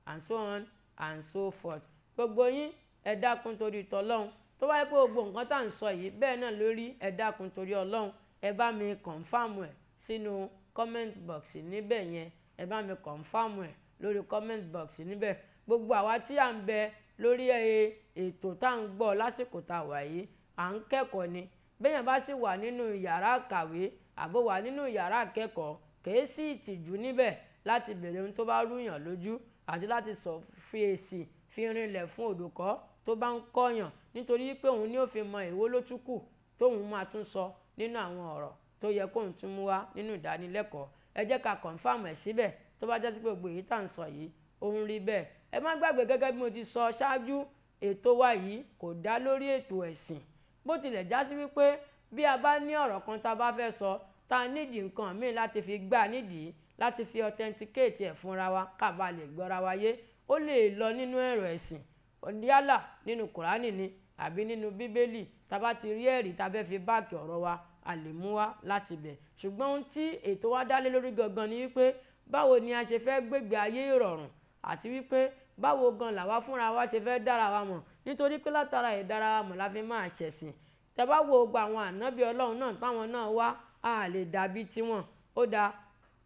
and so on and so forth gbogbo yín ẹ dákun torí tọlọ́hún tó bá yẹ pé gbogbo nǹkan tá à ń sọ yìí bẹ́ẹ̀ náà lórí ẹ dákun torí ọlọ́run ẹ bá mi kọ̀ǹfàmù ẹ̀ sínú comment box níbẹ̀ yẹn ẹ bá mi kọ̀ǹfàmù ẹ̀ lórí comment box níbẹ̀ gbogbo àwa tí à ń bẹ lórí e, ètò tá à ń gbọ́ lásìkò tá a wà yìí à ń kẹ́kọ̀ọ́ ni bẹ́ẹ̀ bá sì wà nínú yàrá kàwé àbó wà nínú yàrá akẹ́kọ̀ọ́ kèé sí ìtìjú níbẹ̀ láti bèrè ohun tó bá rúyàn lójú àti láti sọ fi èsì fi rinlẹ̀ fún olùkọ́ tó bá ń kọyàn nítorí pé òun ni ó fi mọ èwo ló tún kù tóun máa tún sọ nínú àwọn ọ̀rọ̀ tó yẹ kóun tún mú wá nínú ìdánilẹ́kọ̀ọ́ ẹ jẹ́ ká kọ̀ǹfàmù ẹ̀ síbẹ̀ tó bá jásí pé gbogbo èyí tá à ń sọ yìí òun rí bẹ́ẹ̀ ẹ má gbàgbé gẹ́gẹ́ bí mo ti sọ ṣáájú ètò wa yìí kò dá lórí ètò ẹ̀sìn bó tilẹ̀ jásí wípé bí a bá ní ọ̀rọ̀ kan tá a bá fẹ́ sọ tá a nídìí nǹkan míì láti fi gbà nídìí láti fi authenticate ẹ̀ fúnra wa ká ba lè gbọ́ra wa yé ó lè lọ nínú ẹ̀rọ ẹ̀sìn yálà nínú kùránì ni àbí nínú bíbélì tàbá ti rí ẹ̀rí tàbẹ́ fi báàkì ọ̀rọ̀ wa a lè mú wa láti bẹ̀ ṣùgbọ́n ohun tí ètò wa dá lé lórí gangan ni wípé báwo ni a ṣe fẹ́ gbégbé ayé ìrọ̀rùn àti wípé báwo gan làwa fúnra wa ṣe fẹ́ dára wa mọ̀ nítorí pé látara ìdára wa mọ̀ la fi máa ṣẹ̀sìn tẹ́bá wo gba àwọn ànábì ọlọ́run náà táwọn náà wá a lè dàbí tiwọn ó da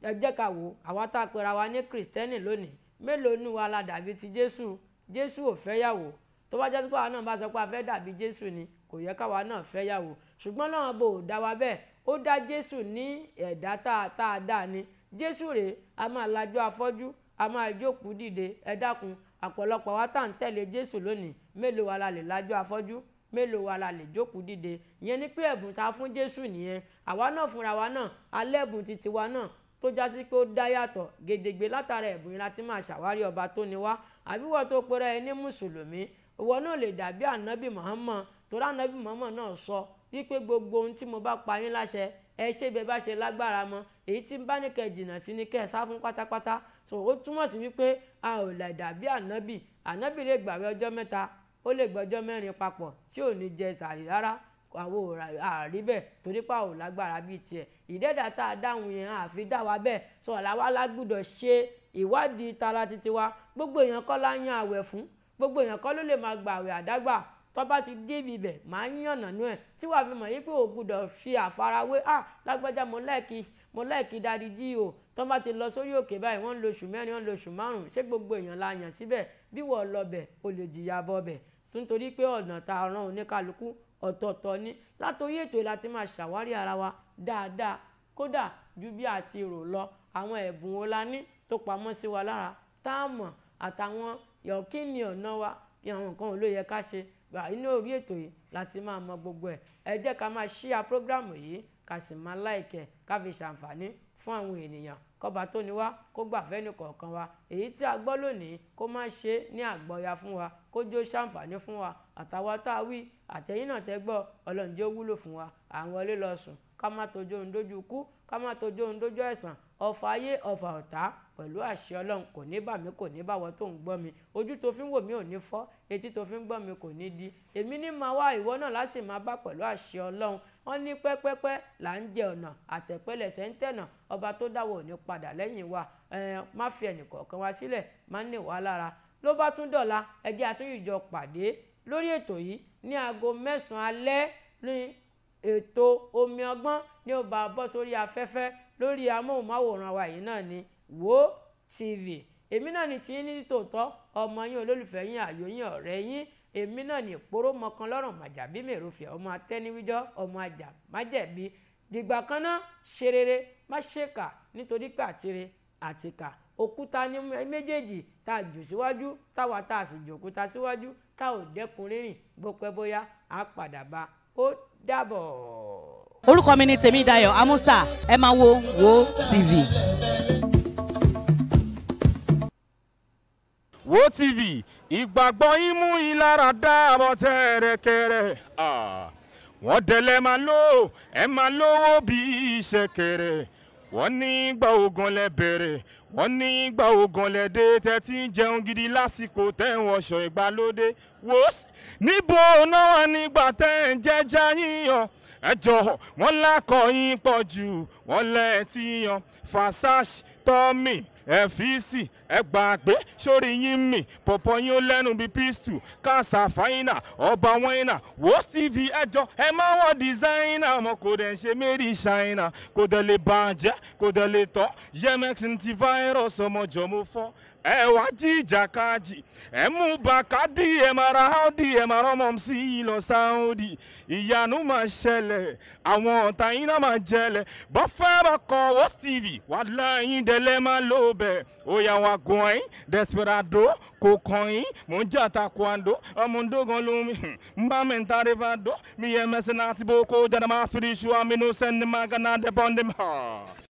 ẹ ká wò àwa tá a pera wa ní kìrìsìtẹ́nì lónìí mélòó nù wa la dàbí ti jésù jésù ò fẹ́yàwó tó bá jẹ́ sípò àwọn náà bá sọ pé a fẹ́ dàbí jésù ni kò yẹ káwa náà fẹ́yàwó ṣùgbọ́n náà bò dá wa bẹ́ẹ̀ ó dá jésù ní ẹ̀dá tá a dá ni jésù rèé a máa lajú afọ́jú a máa jókòó dìde ẹ dákun àpọ̀lọpọ̀ wa tá à ń tẹ̀lé jésù lónìí mélòó wa la lè lajú afọ́jú mélòó wa la lè jókòó dìde ìyẹn ni pé ẹ̀bùn tá a fún jésù nìyẹn àwa náà fúnra wa náà alẹ́ titi wa náà tó já sí pé ó dá yàtọ̀ gedegbe látara ẹ̀bùn yìí láti máa ṣàwárí ọba tó ni wá àbíwọ́ tó pera ẹ ní mùsùlùmí ìwọ náà lè dàbí ànábì Muhammad torí ànábì Muhammad náà sọ wípé gbogbo ohun tí mo bá pa yín láṣẹ ẹ ṣe bẹ́ẹ̀ bá ṣe lágbára mọ́ èyí tí ń bá ní kẹ́ jìnnà sí ni kẹ́ ẹ sá fún pátápátá so ó túmọ̀ sí wípé a ò lè dàbí ànábì ànábì lè gbààwẹ̀ ọjọ́ mẹ́ta ó lè gbọ́jọ́ mẹ́rin papọ̀ tí ò ní jẹ sàrí rárá àwọn ò rí bẹ́ẹ̀ torí pa ò lágbára bíi tiẹ̀ ìdẹ́dà tá a dáhùn yẹn àfi dá bẹ́ẹ̀ sọ làwa lágbúdọ̀ ṣe ìwádìí tara titi wa gbogbo èèyàn kọ́ la yan àwẹ̀ fún gbogbo èèyàn kọ́ ló lè máa gba àwẹ̀ àdágbà tó bá ti débi ibẹ̀ máa ń yànnà nú ẹ̀ tí wàá fi mọ̀ yí pé o gbọ́dọ̀ fi àfarawé à lágbájá mo lẹ́ẹ̀kì mo lẹ́ẹ̀kì dadi jí o tó bá ti lọ sórí òkè báyìí wọ́n ń lo oṣù mẹ́rin wọ́n ń lo oṣù márùn-ún ṣé gbogbo èèyàn la yàn síbẹ̀ bí wọ́n lọ bẹ̀ o lè jìyà bọ́ bẹ̀ nítorí pé ọ̀nà tá a oníkálukú ọ̀tọ̀ọ̀tọ̀ ni látòrí ètò láti máa ṣàwárí ara wa dáadáa kódà ju bí a rò lọ àwọn ẹ̀bùn wo la ní tó pamọ́ sí wa lára tá a mọ̀ àtàwọn yọ̀kínni ọ̀nà wa kí àwọn nǹkan ló yẹ ká ṣe gbà inú orí ètò yìí láti máa mọ gbogbo ẹ̀ ẹ jẹ́ ká máa ṣíà prógráàmù yìí ká sì máa láìkẹ̀ ká fi ṣàǹfààní fún àwọn ènìyàn kọba tó ní wá kó gbà fẹ́ni kọ̀ọ̀kan wa èyí tí a gbọ́ lónìí kó má ṣe ní àgbọ̀ya fún wa kó ṣàǹfààní fún wa àtàwa tá a wí àtẹ̀yìn náà tẹ́ gbọ́ ọlọ́run jẹ́ wúlò fún wa àwọn ilé lọ sùn ká má tójú òun dójú ikú ká má tójú òun dójú ẹ̀san ọ̀fà ayé ọ̀fà ọ̀tá pẹ̀lú àṣẹ ọlọ́run kò ní bà mí kò ní bàwọ́ tó ń gbọ́ mi ojú tó fi ń wò mí ò ní fọ́ etí tó fi ń gbọ́ mi kò ní di èmi ní máa wá ìwọ náà láti máa bá pẹ̀lú àṣẹ ọlọ́run wọ́n ní pẹ́pẹ́pẹ́ là ń jẹ ọ̀nà àtẹ̀pẹ́lẹ̀sẹ̀ ń tẹ̀nà ọba tó dáwọ́ ò ní padà lẹ́yìn wa má fi ẹnìkọ̀ọ̀kan wa sílẹ̀ má ní wàá lára ló bá tún dọ̀la ẹjẹ́ àtúnyìjọ pàdé lórí ètò yìí ní aago mẹ́sàn-án alẹ́ ní ètò omi ọgbọ́n ní ó bọ́ sórí afẹ́fẹ́ lórí amóhùnmáwòrán wa yìí náà ni wo tv èmi náà ni tí yín ní tòótọ́ ọmọ yín olólùfẹ́ yín àyò yín ọ̀rẹ́ yín èmi náà ní ìpòrò mọ̀kan lọ́rùn màjàbí mèròfẹ́ ọmọ atẹ́niwíjọ́ ọmọ ajá májẹ̀bi dìgbà kan náà ṣe rere má ṣèkà nítorí pé àtire àtìkà òkúta ní méjèèjì tá a jù síwájú táwa tá a sì jù òkúta síwájú tá ò dẹ́kun rírìn bó bóyá á padà bá ó dàbọ̀. orúkọ mi ni tèmi dayọ̀ amusa ẹ máa wo wo tv. wo tv ìgbàgbọ́ yín mú yín lára dá àmọ́ tẹ́rẹ̀kẹ́rẹ́ wọ́n dẹ̀lẹ́ máa lò ẹ máa lówó bí ìṣẹ̀kẹ̀rẹ̀ wọ́n ní gba ogun lẹ bẹ̀rẹ̀ wọ́n ní gba ogun lẹ dé tẹ́tí jẹun gidi lásìkò tẹ́ ń wọṣọ ìgbàlódé wòs níbo náà wà nígbà tẹ́ ń jẹ́jà yíyan ẹ jọ̀ọ́ wọ́n yín pọ̀ jù wọ́n lẹ́ẹ̀tì yan Fasash Tommy ẹ̀fíìsì ẹgbàgbé sórí yín mì pọ̀pọ̀ yín ó lẹ́nu bíi pístù káàsà fáyínà ọba wáyínà wo steve ẹjọ́ ẹ má wọ́n dìzáínà ọmọ kò dẹ̀ ṣe kò dẹ̀ lè bàjẹ́ kò dẹ̀ lè tọ́ ti fáírọ̀sì ọmọ ewati jakaji emuba kadi emara di emara ọmọ sí ilọ saudi ìyanu máa ṣẹlẹ̀ àwọn ọ̀tá iná máa jẹlẹ̀ bọ́fẹ́ bá kọ wọ́ stevie wà láyìn délé máa lò bẹ̀ òyà wà desperado kò kàn yín mò ń jà takò àdó ọmọ ndógan ló mi ń bá mi ń ta rẹ́fà dó mi ti